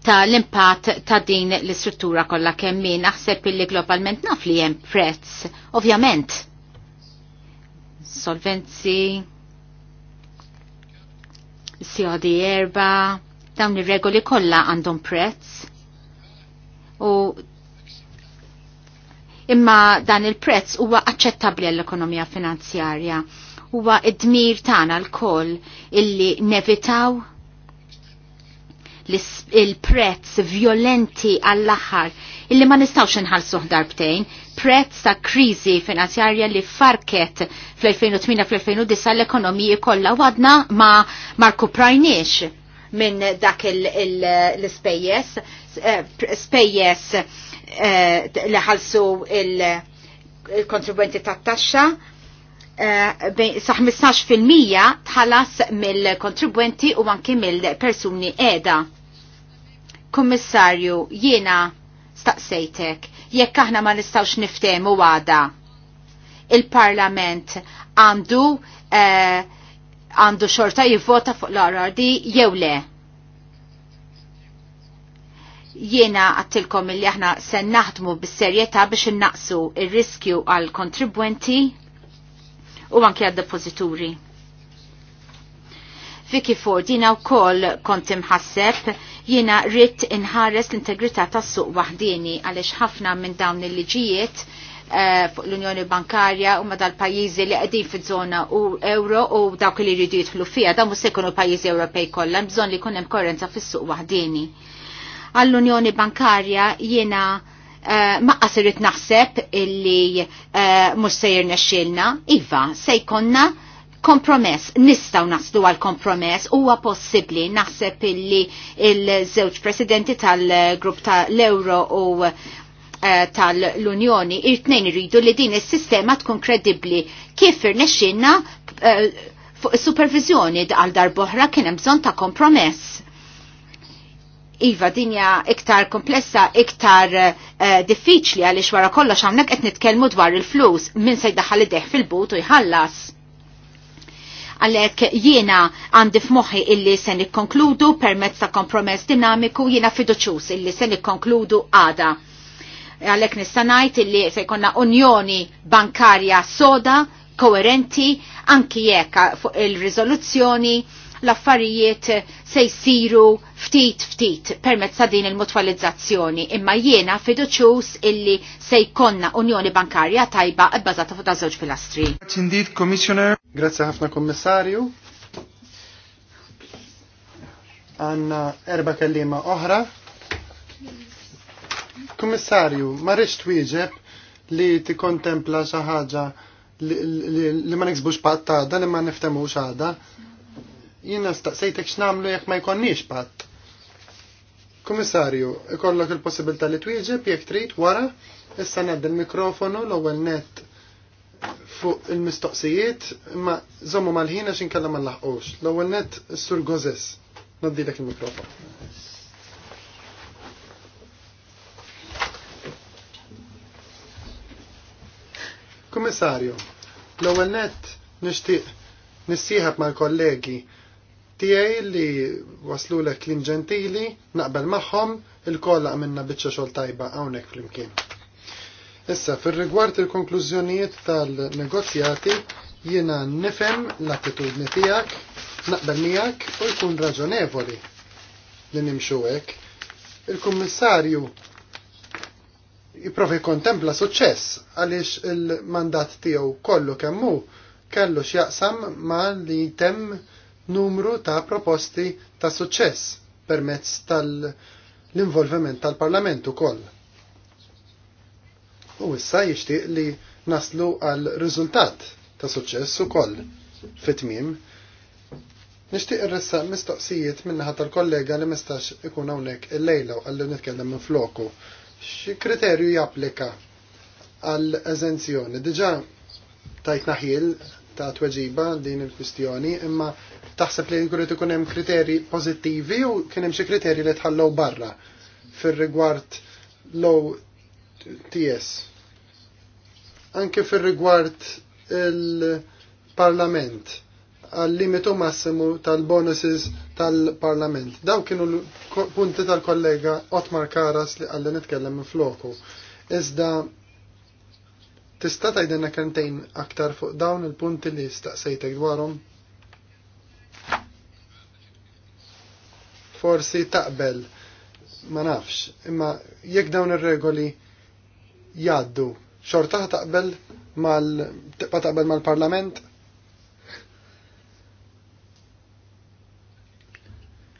ta' l impat ta' din l-istruttura kollha kemm min naħseb illi globalment naf li hemm prezz, ovvjament. Solvenzi, COD erba, dawn ir-regoli kollha għandhom prezz. U imma dan il-prezz huwa aċċettabbli għall-ekonomija finanzjarja. Huwa id-dmir tagħna l-koll illi nevitaw il-prezz violenti għall-aħħar illi ma nistawx nħalsu darbtejn, prezz ta' kriżi finanzjarja li farket fl-2008 fl-2009 l-ekonomiji kollha wadna ma marku prajniex minn dak l-spejjes, eh, spejjes eh, li ħalsu il-kontribwenti tat-taxxa, eh, sa' 15% tħallas mill-kontribwenti u anke mill-persuni edha. Kummissarju, jiena staqsejtek, jekk aħna ma nistawx niftemu għada. Il-Parlament għandu eh, għandu xorta jivvota fuq l arardi jew le. Jiena għattilkom li aħna sen naħdmu bis-serjetà biex innaqsu il riskju għal kontribwenti u anke għad-depożituri. Vicky Ford, jina u kol kontim ħasseb, jina rrit inħares l-integrità tas suq wahdini għalix ħafna minn dawn il-liġijiet eh, fuq l-Unjoni Bankarja u madal pajjiżi li qegħdin fiż-żona u euro u dawk li jridu jitħlu fiha dawn mhux se jkunu pajjiżi Ewropej kollha bżonn li jkun hemm korrenza fis-suq wahdini. Għall-Unjoni Bankarja jiena eh, ma' irrid naħseb illi eh, mhux se nexxilna, iva se jkollna kompromess, nistaw naslu għal kompromess, huwa possibli naħseb illi il-żewġ presidenti tal-grupp tal-Euro u eh, tal-Unjoni, ir-tnejn iridu li din is-sistema tkun kredibbli kif irnexxinna eh, fuq supervizjoni għal darboħra kien hemm bżonn ta' kompromess. Iva, dinja iktar komplessa, iktar uh, diffiċli għaliex wara kollox hawnhekk qed nitkellmu dwar il-flus, min se jdaħħal id fil-but u jħallas Għalek jiena għandi f'moħħi illi se nikkonkludu permezz ta' kompromess dinamiku jiena fiduċus illi se nikkonkludu għada. Għalek nistanajt illi se jkonna unjoni bankarja soda, koerenti, anki jekk fuq il-rizoluzzjoni l-affarijiet se jsiru ftit ftit permezz ta' din il-mutwalizzazzjoni imma jiena fiduċus illi se jkonna Unjoni Bankarja tajba bbażata fuq żewġ pilastri. Indeed, Commissioner. Grazzi ħafna Kommissarju. Għanna erba kellima oħra. Kommissarju, ma rridx twieġeb li tikkontempla xi ħaġa li ma niksbux patta, dan ma niftemux għada Jina staqsejtek x'namlu jekk ma jkonniex pat. Komissarju, ikollok il-possibilità li twieġeb jekk trid wara, issa ngħaddi l-mikrofonu l-ewwel net fuq il-mistoqsijiet ma żommu mal-ħin għax inkella ma laħqux L-ewwel net sur Gozes. Noddilek il-mikrofon. Komissarju, l-ewwel net nixtieq nissieħab mal-kollegi tiegħi li waslulek klim ġentili, naqbel magħhom, il-kolla minna biċċa xogħol tajba hawnhekk flimkien. Issa, fil-rigward il-konklużjonijiet tal-negozjati, jiena nifem l-attitudni tijak, naqbel miegħek u jkun raġonevoli li nimxu hekk. Il-kummissarju jiprofi kontempla suċċess għaliex il-mandat tiegħu kollu kemmu kellu x'jaqsam ma li jtem numru ta' proposti ta' suċċess permezz tal-involviment tal-Parlament ukoll. U issa jixtieq li naslu għal riżultat ta' suċċess ukoll fit-tmiem. Nixtieq irressa mistoqsijiet minnaħat tal-kollega li mistax ikun hawnhekk illejla u għallu nitkellem minn floku. X'i kriterju japplika għall eżenzjoni? Diġà tajt naħil ta' tweġiba din il-kwistjoni, imma taħseb li jkunu ikun hemm kriterji pożittivi u kien hemm xi kriterji li tħallew barra fir-rigward low TS. Anke fir-rigward il-Parlament għal-limitu massimu tal-bonuses tal-Parlament. Daw kienu l-punti tal-kollega Otmar Karas li għallin nitkellem minn floku. Iżda Tista' tgħidilna kantejn aktar fuq dawn il-punti li staqsejtek dwarhom? Forsi taqbel, ma nafx, imma jekk dawn ir-regoli jgħaddu, xorta taqbel mal taqbel mal-Parlament?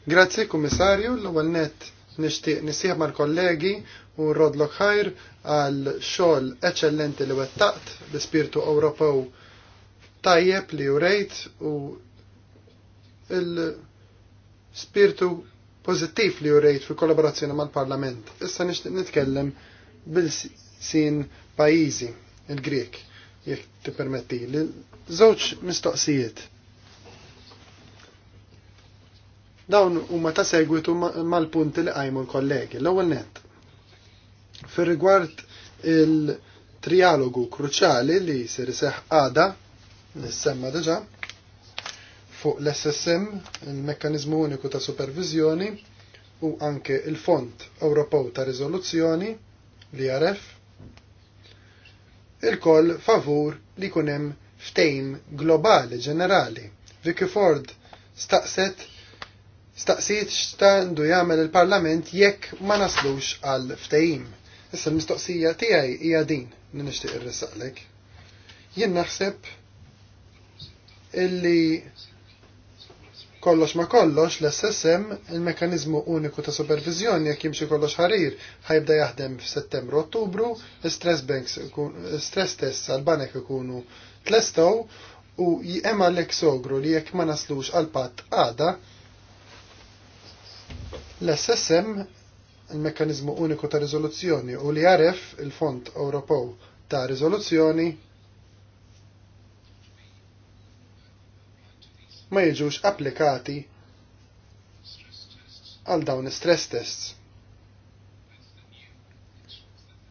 Grazzi kummissarju, l-ewwel nett nixtieq nisieħ mal-kollegi u Rodlok Ħajr għal xogħol eċċellenti li wettaqt l-ispirtu Ewropew tajjeb li urejt u l-spirtu pożittiv li urejt fil kollaborazzjoni mal-Parlament. Issa nixtieq nitkellem bil-sin pajjiżi il-Grek, jekk tippermetti li żewġ mistoqsijiet. Dawn huma ta' segwitu mal-punti li qajmu l-kollegi. L-ewwel nett Fir rigward il-trialogu kruċali li ser seħ għada, nissemma deġa, fuq l-SSM, il-Mekkanizmu Uniku ta' Supervizjoni, u anke il-Fond Ewropew ta' Riżoluzzjoni, li jaref, il-koll favur li kunem ftejm globali ġenerali. Vicky Ford staqset staqsit xtandu jagħmel il-Parlament jekk ma naslux għal ftehim. Issa l-mistoqsija tiegħi hija din li nixtieq irrisaqlek. Jien naħseb illi kollox ma kollox l-SSM il-mekanizmu uniku ta' supervizjoni jekk jimxi kollox ħarir ħajbda jaħdem f'Settembru Ottubru, stress banks stress test għal-banek ikunu tlestow, u jema għalhekk sogru li jekk ma naslux għal-pat għada l-SSM il-mekkanizmu uniku ta' rizoluzzjoni u li jaref il-Fond Ewropew ta' rizoluzzjoni ma jiġux applikati għal dawn stress tests.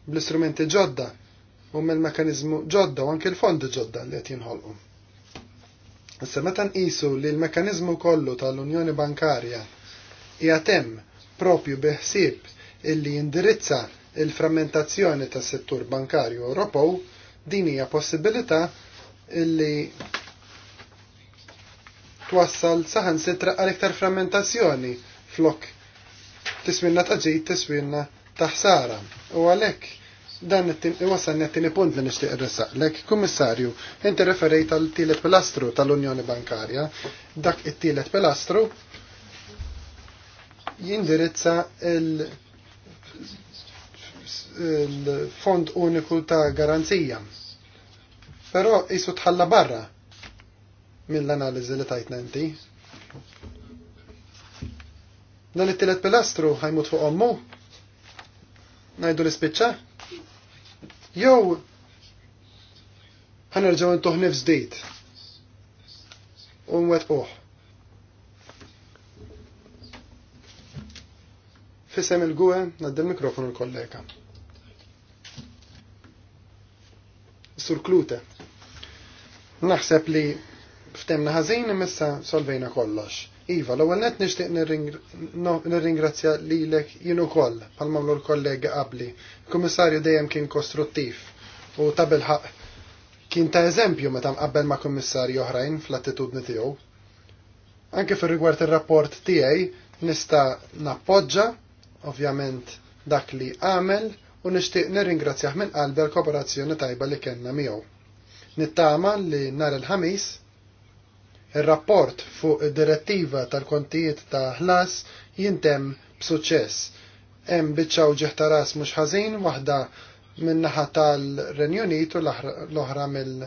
Bl-istrumenti ġodda u mill-mekanizmu ġodda u anke l-fondi ġodda li qed jinħolqu. Issa meta nqisu li l-mekanizmu kollu tal-Unjoni Bankarja hija temm propju biħsieb illi jindirizza il-frammentazzjoni tas settur bankarju Ewropew din hija possibilità illi twassal saħan sitra għal iktar frammentazzjoni flok tiswinna ta' ġid tiswinna ta' ħsara. U għalhekk dan iwasalni għattini punt li nishtiq lek, Kummissarju, inti referejt għal tielet pilastru tal-Unjoni Bankarja, dak it-tielet pilastru jindirizza il-Fond Uniku ta' Garanzija. Però jisu tħalla barra mill-analizi li tajtna inti. Dan it-tielet pilastru ħajmut fuq ommu? Najdu l-ispiċċa? Jew ħanerġgħu n-tuħnif zdejt. U wet uħ. Fisem il-gwe, nadda mikrofonu l-kollega. Sur Klute. Naħseb li ftemna ħażin imessa solvejna kollox. Iva, l-ewwel net nixtieq nirringrazzja lilek jien ukoll pal mamlu l-kollega qabli. Il-Kummissarju dejjem kien kostruttiv u tabel bilħaq kien ta' eżempju meta mqabbel ma' kummissarju oħrajn fl-attitudni tiegħu. Anke fir rigward ir-rapport tiegħi nista' nappoġġa ovvjament dak li għamel u nixtieq nirringrazzjah minn qalbi l-kooperazzjoni tajba li kellna miegħu. Nittama li nhar il-ħamis ir-rapport fuq id-direttiva tal-kontijiet ta' ħlas jintem b'suċċess. Hemm biċċaw ġeħta ras mhux ħażin waħda min-naħa tal-Renjunit u l-oħra mill-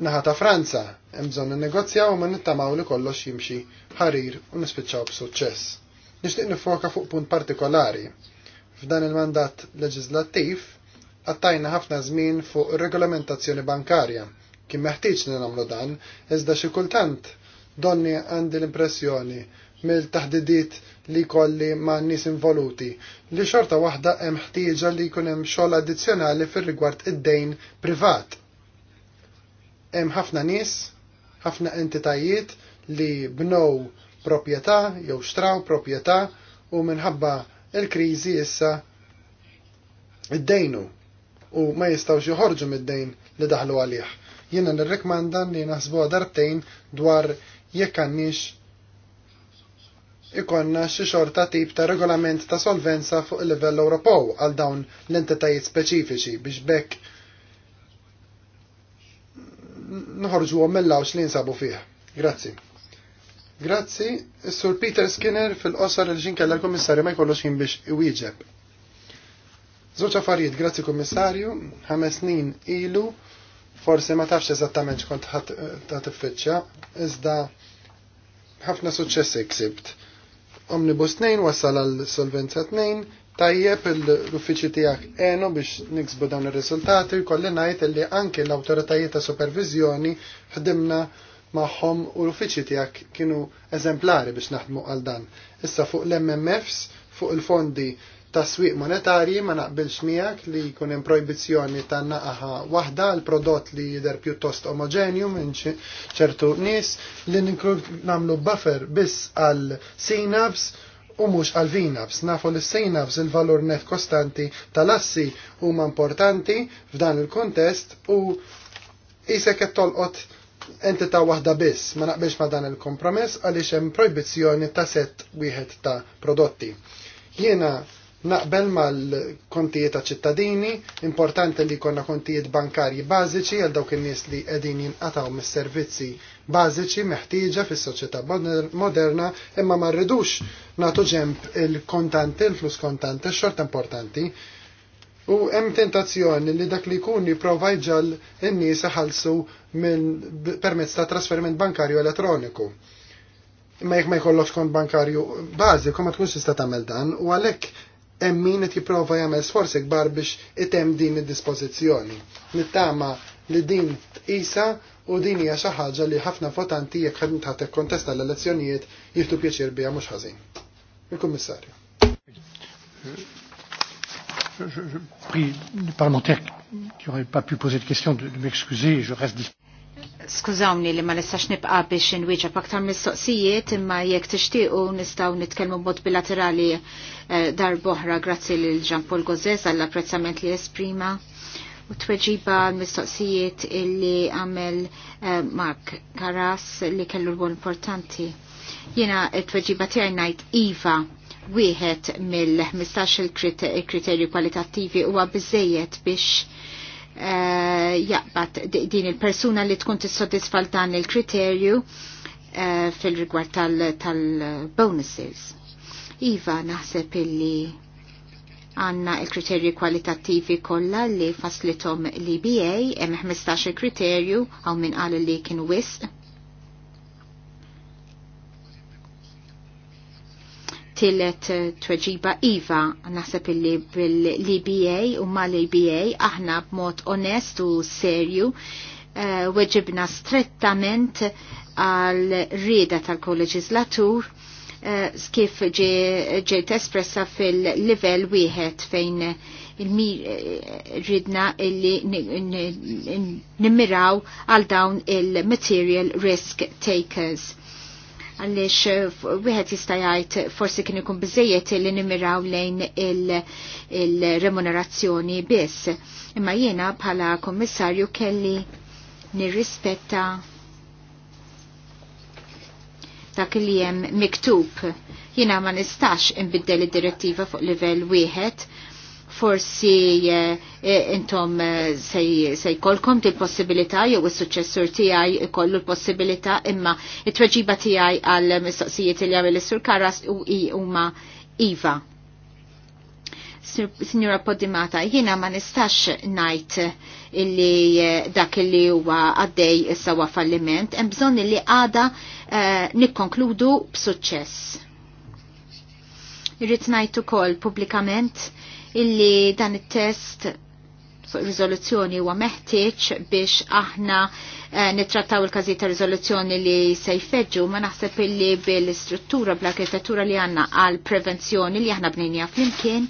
naħa ta' Franza, hemm bżonn u ma nittamaw li kollox jimxi ħarir u nispiċċaw b'suċċess. Nixtieq nifoka fuq punt partikolari. F'dan il-mandat leġislattiv għattajna ħafna żmien fuq regolamentazzjoni bankarja. Kien meħtieġ li nagħmlu dan, iżda xi kultant donni għandi l-impressjoni mill-taħdidiet li kolli ma' nis involuti. Li xorta waħda hemm ħtieġa li jkun hemm xogħol addizzjonali fir-rigward id-dejn privat. Hemm ħafna nies, ħafna entitajiet li bnow proprjetà jew straw proprjetà u minħabba il-kriżi issa id-dejnu u ma jistawx joħorġu mid-dejn li daħlu għalih. Jiena nirrekmanda li naħsbu għadartejn dwar jekk għandniex ikonna xi xorta tip ta' regolament ta' solvenza fuq il-livell Ewropew għal dawn l-entitajiet speċifiċi biex bekk nħorġu għom mill-lawx li nsabu fih. Grazzi. Grazzi, Sur Peter Skinner fil-qosar il-ġin kalla l kommissarju ma jkollux jien biex iwieġeb. Zoċ affarijiet, grazzi kommissarju, ħames snin ilu, forsi ma tafx eżattament xkont ta' tiffiċċja, iżda ħafna suċċessi ksibt. Omnibus 2 wassal għal Solvenza 2, tajjeb l-uffiċi tijak eno biex niksbu dawn ir-riżultati kolli najt li anke l-autoritajiet ta' supervizjoni ħdimna maħħom u l uffiċi tijak kienu eżemplari biex naħdmu għal dan. Issa fuq l-MMFs, fuq il-fondi ta' swieq monetarji ma naqbilx miegħek li jkun hemm projbizzjoni ta' naqaħa waħda l prodott li jidher pjuttost omogenju minn ċertu nies li nagħmlu buffer biss għal sinabs u mhux għal vinabs. Nafu li sinabs il-valur net kostanti tal-assi huma importanti f'dan il-kontest u jisek qed tolqot Entita' waħda biss, ma naqbilx ma dan il-kompromess għaliex hemm proibizzjoni ta' set wieħed ta' prodotti. Jiena naqbel mal-kontijiet ta' ċittadini, importanti li konna kontijiet bankarji bażiċi għal dawk in-nies li qegħdin jinqataw mis-servizzi bażiċi meħtieġa fis-soċjetà moderna imma ma rridux nagħtu ġemp il-kontanti, il-flus kontanti, il flus kontanti xort xorta importanti U hemm tentazzjoni li dak li jkun jipprova jġal in-nies iħallsu minn permezz ta' trasferiment bankarju elettroniku. Imma jekk ma jkollok kont bankarju bażiku ma tkunx tista' tagħmel dan u għalhekk hemm min qed jipprova jagħmel sforzi kbar biex item din id-dispożizzjoni. Nittama li din tqisa u din hija xi ħaġa li ħafna votanti jekk ħadmet ħatek kontesta l-elezzjonijiet jiftu pjaċir biha mhux ħażin. Il-Kummissarju je, je, je prie qui pas pu poser de de, de m'excuser je reste Skużawni li ma nistax nibqa' biex nwieġa aktar mistoqsijiet imma jekk tixtiequ nistgħu nitkellmu b'mod bilaterali eh, dar boħra grazzi lil Paul Gozes għall apprezzament li esprima u tweġiba l-mistoqsijiet illi għamel eh, Mark Karas li kellu l rwol importanti. Jiena t eh, tweġiba tiegħi ngħid Iva wieħed mill-15 il-kriterju kwalitattivi huwa biżejjed biex uh, jaqbad din il-persuna li tkun tissodisfa dan il-kriterju uh, fil-rigward tal-bonuses. Tal iva naħseb illi għanna il-kriterji kwalitattivi kollha li faslitom li BA hemm 15 kriterju għaw min qal li kien wisq tillet eh, tweġiba IVA naħseb illi bil-LBA u mal-LBA aħna b'mod onest u serju uh, weġibna strettament għal rieda tal-koleġislatur uh, eh, ġiet espressa fil-level wieħed fejn ridna illi nimmiraw għal dawn il-material risk takers għaliex eh, wieħed jista' jgħid forsi kien ikun biżejjed li nimiraw lejn il-remunerazzjoni il biss. Imma jiena bħala kommissarju kelli nirrispetta dak li hemm miktub. Jiena ma nistax inbiddel id-direttiva fuq livell wieħed forsi eh, eh, intom eh, se jkollkom til possibilità jew is-suċessur tiegħi ikollu l-possibilità imma it-tweġiba tiegħi għal mistoqsijiet li għamil is-sur Karas u huma Iva. Signora Poddimata, jiena ma nistax najt illi dak illi huwa għaddej is-sewwa falliment, hemm bżonn illi għada nikkonkludu b'suċċess. Irrid ngħid ukoll pubblikament illi dan it-test fuq rizoluzzjoni huwa meħtieġ biex aħna eh, nittrattaw il-każi ta' rizoluzzjoni li se jfeġġu ma naħseb illi bil-istruttura bl-arkitettura li għandna għal prevenzjoni li aħna bnejnija flimkien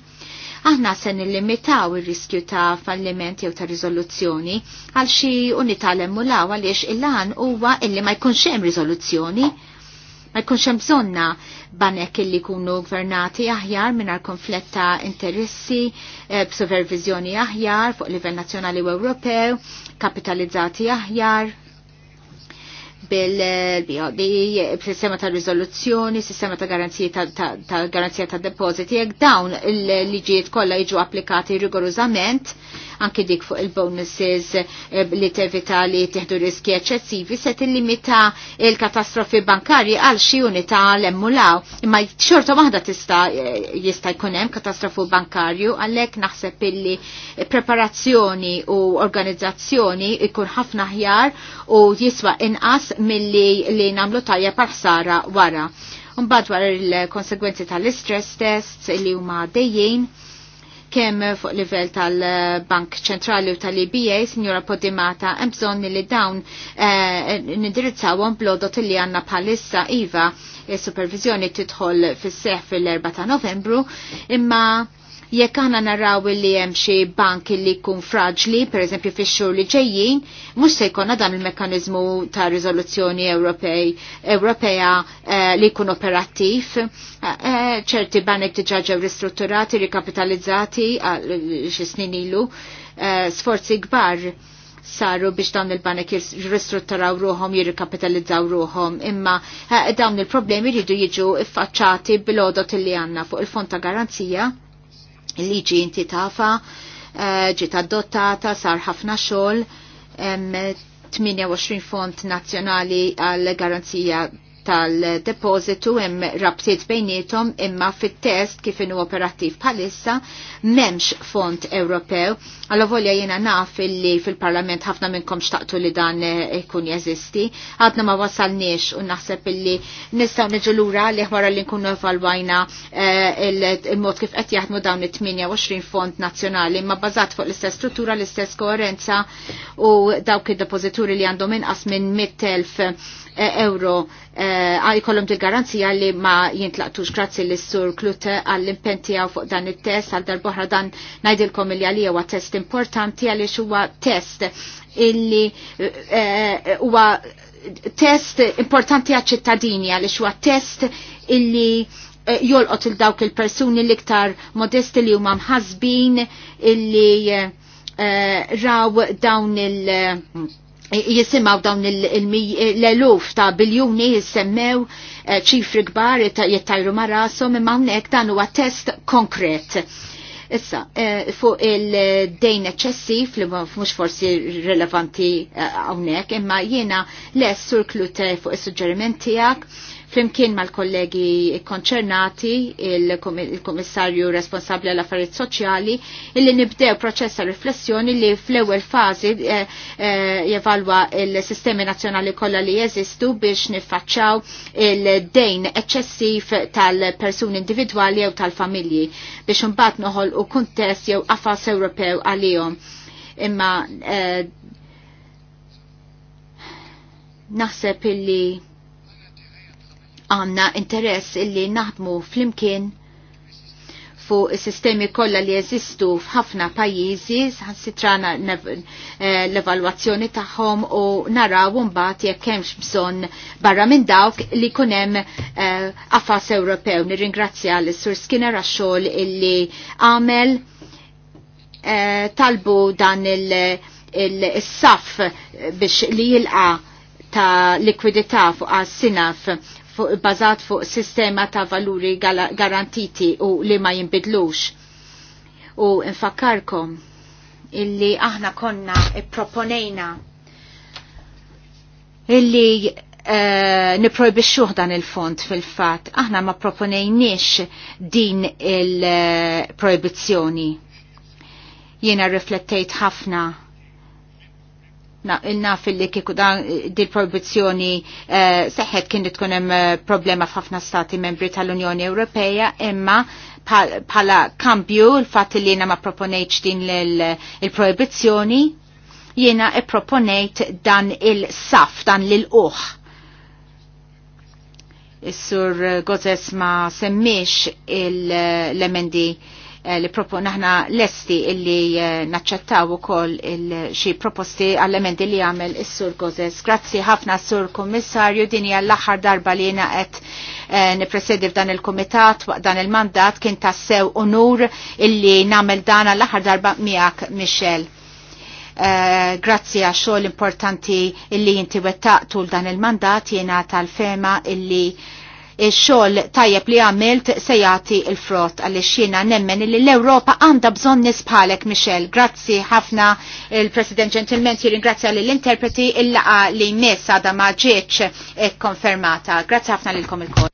aħna se nillimitaw ir-riskju ta' falliment jew ta' riżoluzzjoni għal xi unità l għaliex il-lan huwa illi ma jkunx hemm riżoluzzjoni ma jkunx hemm bżonna banek illi jkunu gvernati aħjar mingħajr konflett ta' interessi eh, b'supervizjoni aħjar fuq livell nazzjonali u Ewropew, kapitalizzati aħjar, bil-BOD, sistema ta' rizoluzzjoni, sistema ta' garanzija ta', depositi, jek dawn il-liġijiet kollha jiġu applikati rigorużament, anki dik fuq il-bonuses eh, li tevita li tieħdu riski eċċessivi, se tillimita il-katastrofi bankarji għal xi unità l-emmulaw. Imma xorta waħda tista' eh, jista' jkun hemm katastrofu bankarju għalhekk naħseb illi preparazzjoni u organizzazzjoni jkun ħafna ħjar u jiswa inqas milli li namlu tajja parsara wara. Mbagħad wara l-konsegwenzi tal-istress tests li huma dejjin kemm fuq livell tal-Bank Ċentrali u tal iba Sinjora Podimata, hemm bżonn li dawn eh, nindirizzawhom blodot li għandna bħalissa iva s supervizjoni tidħol fis-seħ fil-4 ta' Novembru, imma Jekk aħna narraw li hemm xi bank li jkun fraġli, pereżempju fix-xhur li ġejjin, mhux se jkollna dan il-mekkaniżmu ta' riżoluzzjoni Ewropej Ewropea eh, li jkun operattiv. Eh, eh, ċerti banek diġà ġew ristrutturati, rikapitalizzati għal xi snin ilu, sforzi kbar saru biex dawn il-banek jirristrutturaw ruħom, jirrikapitalizzaw ruħom, imma dawn il-problemi rridu jiġu iffaċċati bil-odot li għanna fuq il-fond ta' garanzija Il-liġi inti tafa eh, ġiet adottata sar ħafna xogħol 28 fond nazzjonali għal garanzija tal-depositu hemm rabtiet bejnietom imma fit-test kif inhu operattiv bħalissa m'hemmx font Ewropew. Alla volja jiena naf li fil-Parlament ħafna minnkom xtaqtu li dan ikun jeżisti. Għadna ma wasalniex u naħseb illi nistgħu niġu lura li wara li nkunu evalwajna eh, il-mod kif qed jaħdmu dawn it-28 font nazzjonali imma bbażat fuq l-istess struttura, l-istess koerenza u dawk id-depożituri li għandhom inqas minn 100,000 E, euro e, għajkollom dil-garanzija li ma jintlaqtux grazzi li sur klute għall-impenti għaw fuq dan il-test għal darboħra dan najdilkom il għalija huwa test importanti għalli huwa test illi e, huwa test importanti għal ċittadini għalli huwa test illi jolqot il-dawk il-persuni l-iktar modesti li huma mħazbin illi raw dawn il- jisimaw dawn l-eluf ta' biljoni jissemmew eh, ċifri gbar jittajru marasom imma hawnhekk dan huwa test konkret. Issa, eh, fuq il-dejn eċessif li mhux forsi rilevanti eh, hawnhekk, imma jiena l sur klute fuq is suġġerimenti tiegħek Flimkien mal-kollegi konċernati, il-Komissarju responsabli għal affarijiet soċjali, illi nibdew proċess ta' riflessjoni li fl-ewwel fażi eh, eh, jevalwa il-sistemi nazzjonali kollha li jeżistu biex niffaċċaw il-dejn eċċessiv tal-persuni individwali jew tal-familji biex imbagħad noħolqu kuntest jew affas Ewropew għalihom. Imma eh, naħseb illi għamna interess illi naħdmu fl-imkien fu sistemi kollha li jeżistu f'ħafna pajjiżi, sitrana eh, l-evalwazzjoni tagħhom u naraw mbagħad jekk hemmx bżonn barra minn dawk li jkun hemm eh, affas Ewropew. Nirringrazzja l sur Skinner għax-xogħol illi għamel eh, talbu dan il-saf biex li jilqa' ta' likwidità fuq għas-sinaf bazat fuq sistema ta' valuri garantiti u li ma jimbidlux. U nfakkarkom illi aħna konna proponejna illi Uh, niprojbixxuh dan il-font fil-fat. Aħna ma proponejniex din il-proibizzjoni. Eh, Jiena riflettejt ħafna Na, fil li kiku dan di proibizjoni eh, seħet kien li tkun hemm eh, problema f'ħafna stati membri tal-Unjoni Ewropea imma bħala kambju l fat li jiena ma proponejx din il jena jiena proponejt dan il-saf, dan l-uħ. Is-sur Gozes ma semmix l-emendi Eh, li propo naħna lesti illi eh, naċċettaw ukoll xi proposti għall-emendi li għamil is-Sur Gozes. Grazzi ħafna Sur Kommissarju din hija l-aħħar darba li jena għet eh, nipresedi f'dan il-komitat waqt dan il-mandat kien tassew unur illi nagħmel dan l-aħħar darba miegħek Michel. grazzi għax xogħol importanti illi wettaq tul dan il-mandat jena tal-fema illi xogħol tajjeb li għamilt sejati il frott għaliex jiena nemmen li l europa għanda bżon nisbħalek Michel. Grazzi ħafna il-President Gentilment jirringrazzja lill interpreti il-laqa li jmiss għadha maġieċ e eh, konfermata. Grazzi ħafna l-kom il-kol.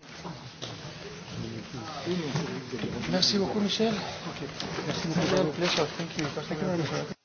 Merci beaucoup Michel. Okay. Merci beaucoup. Pleasure. Thank you. Thank you very much.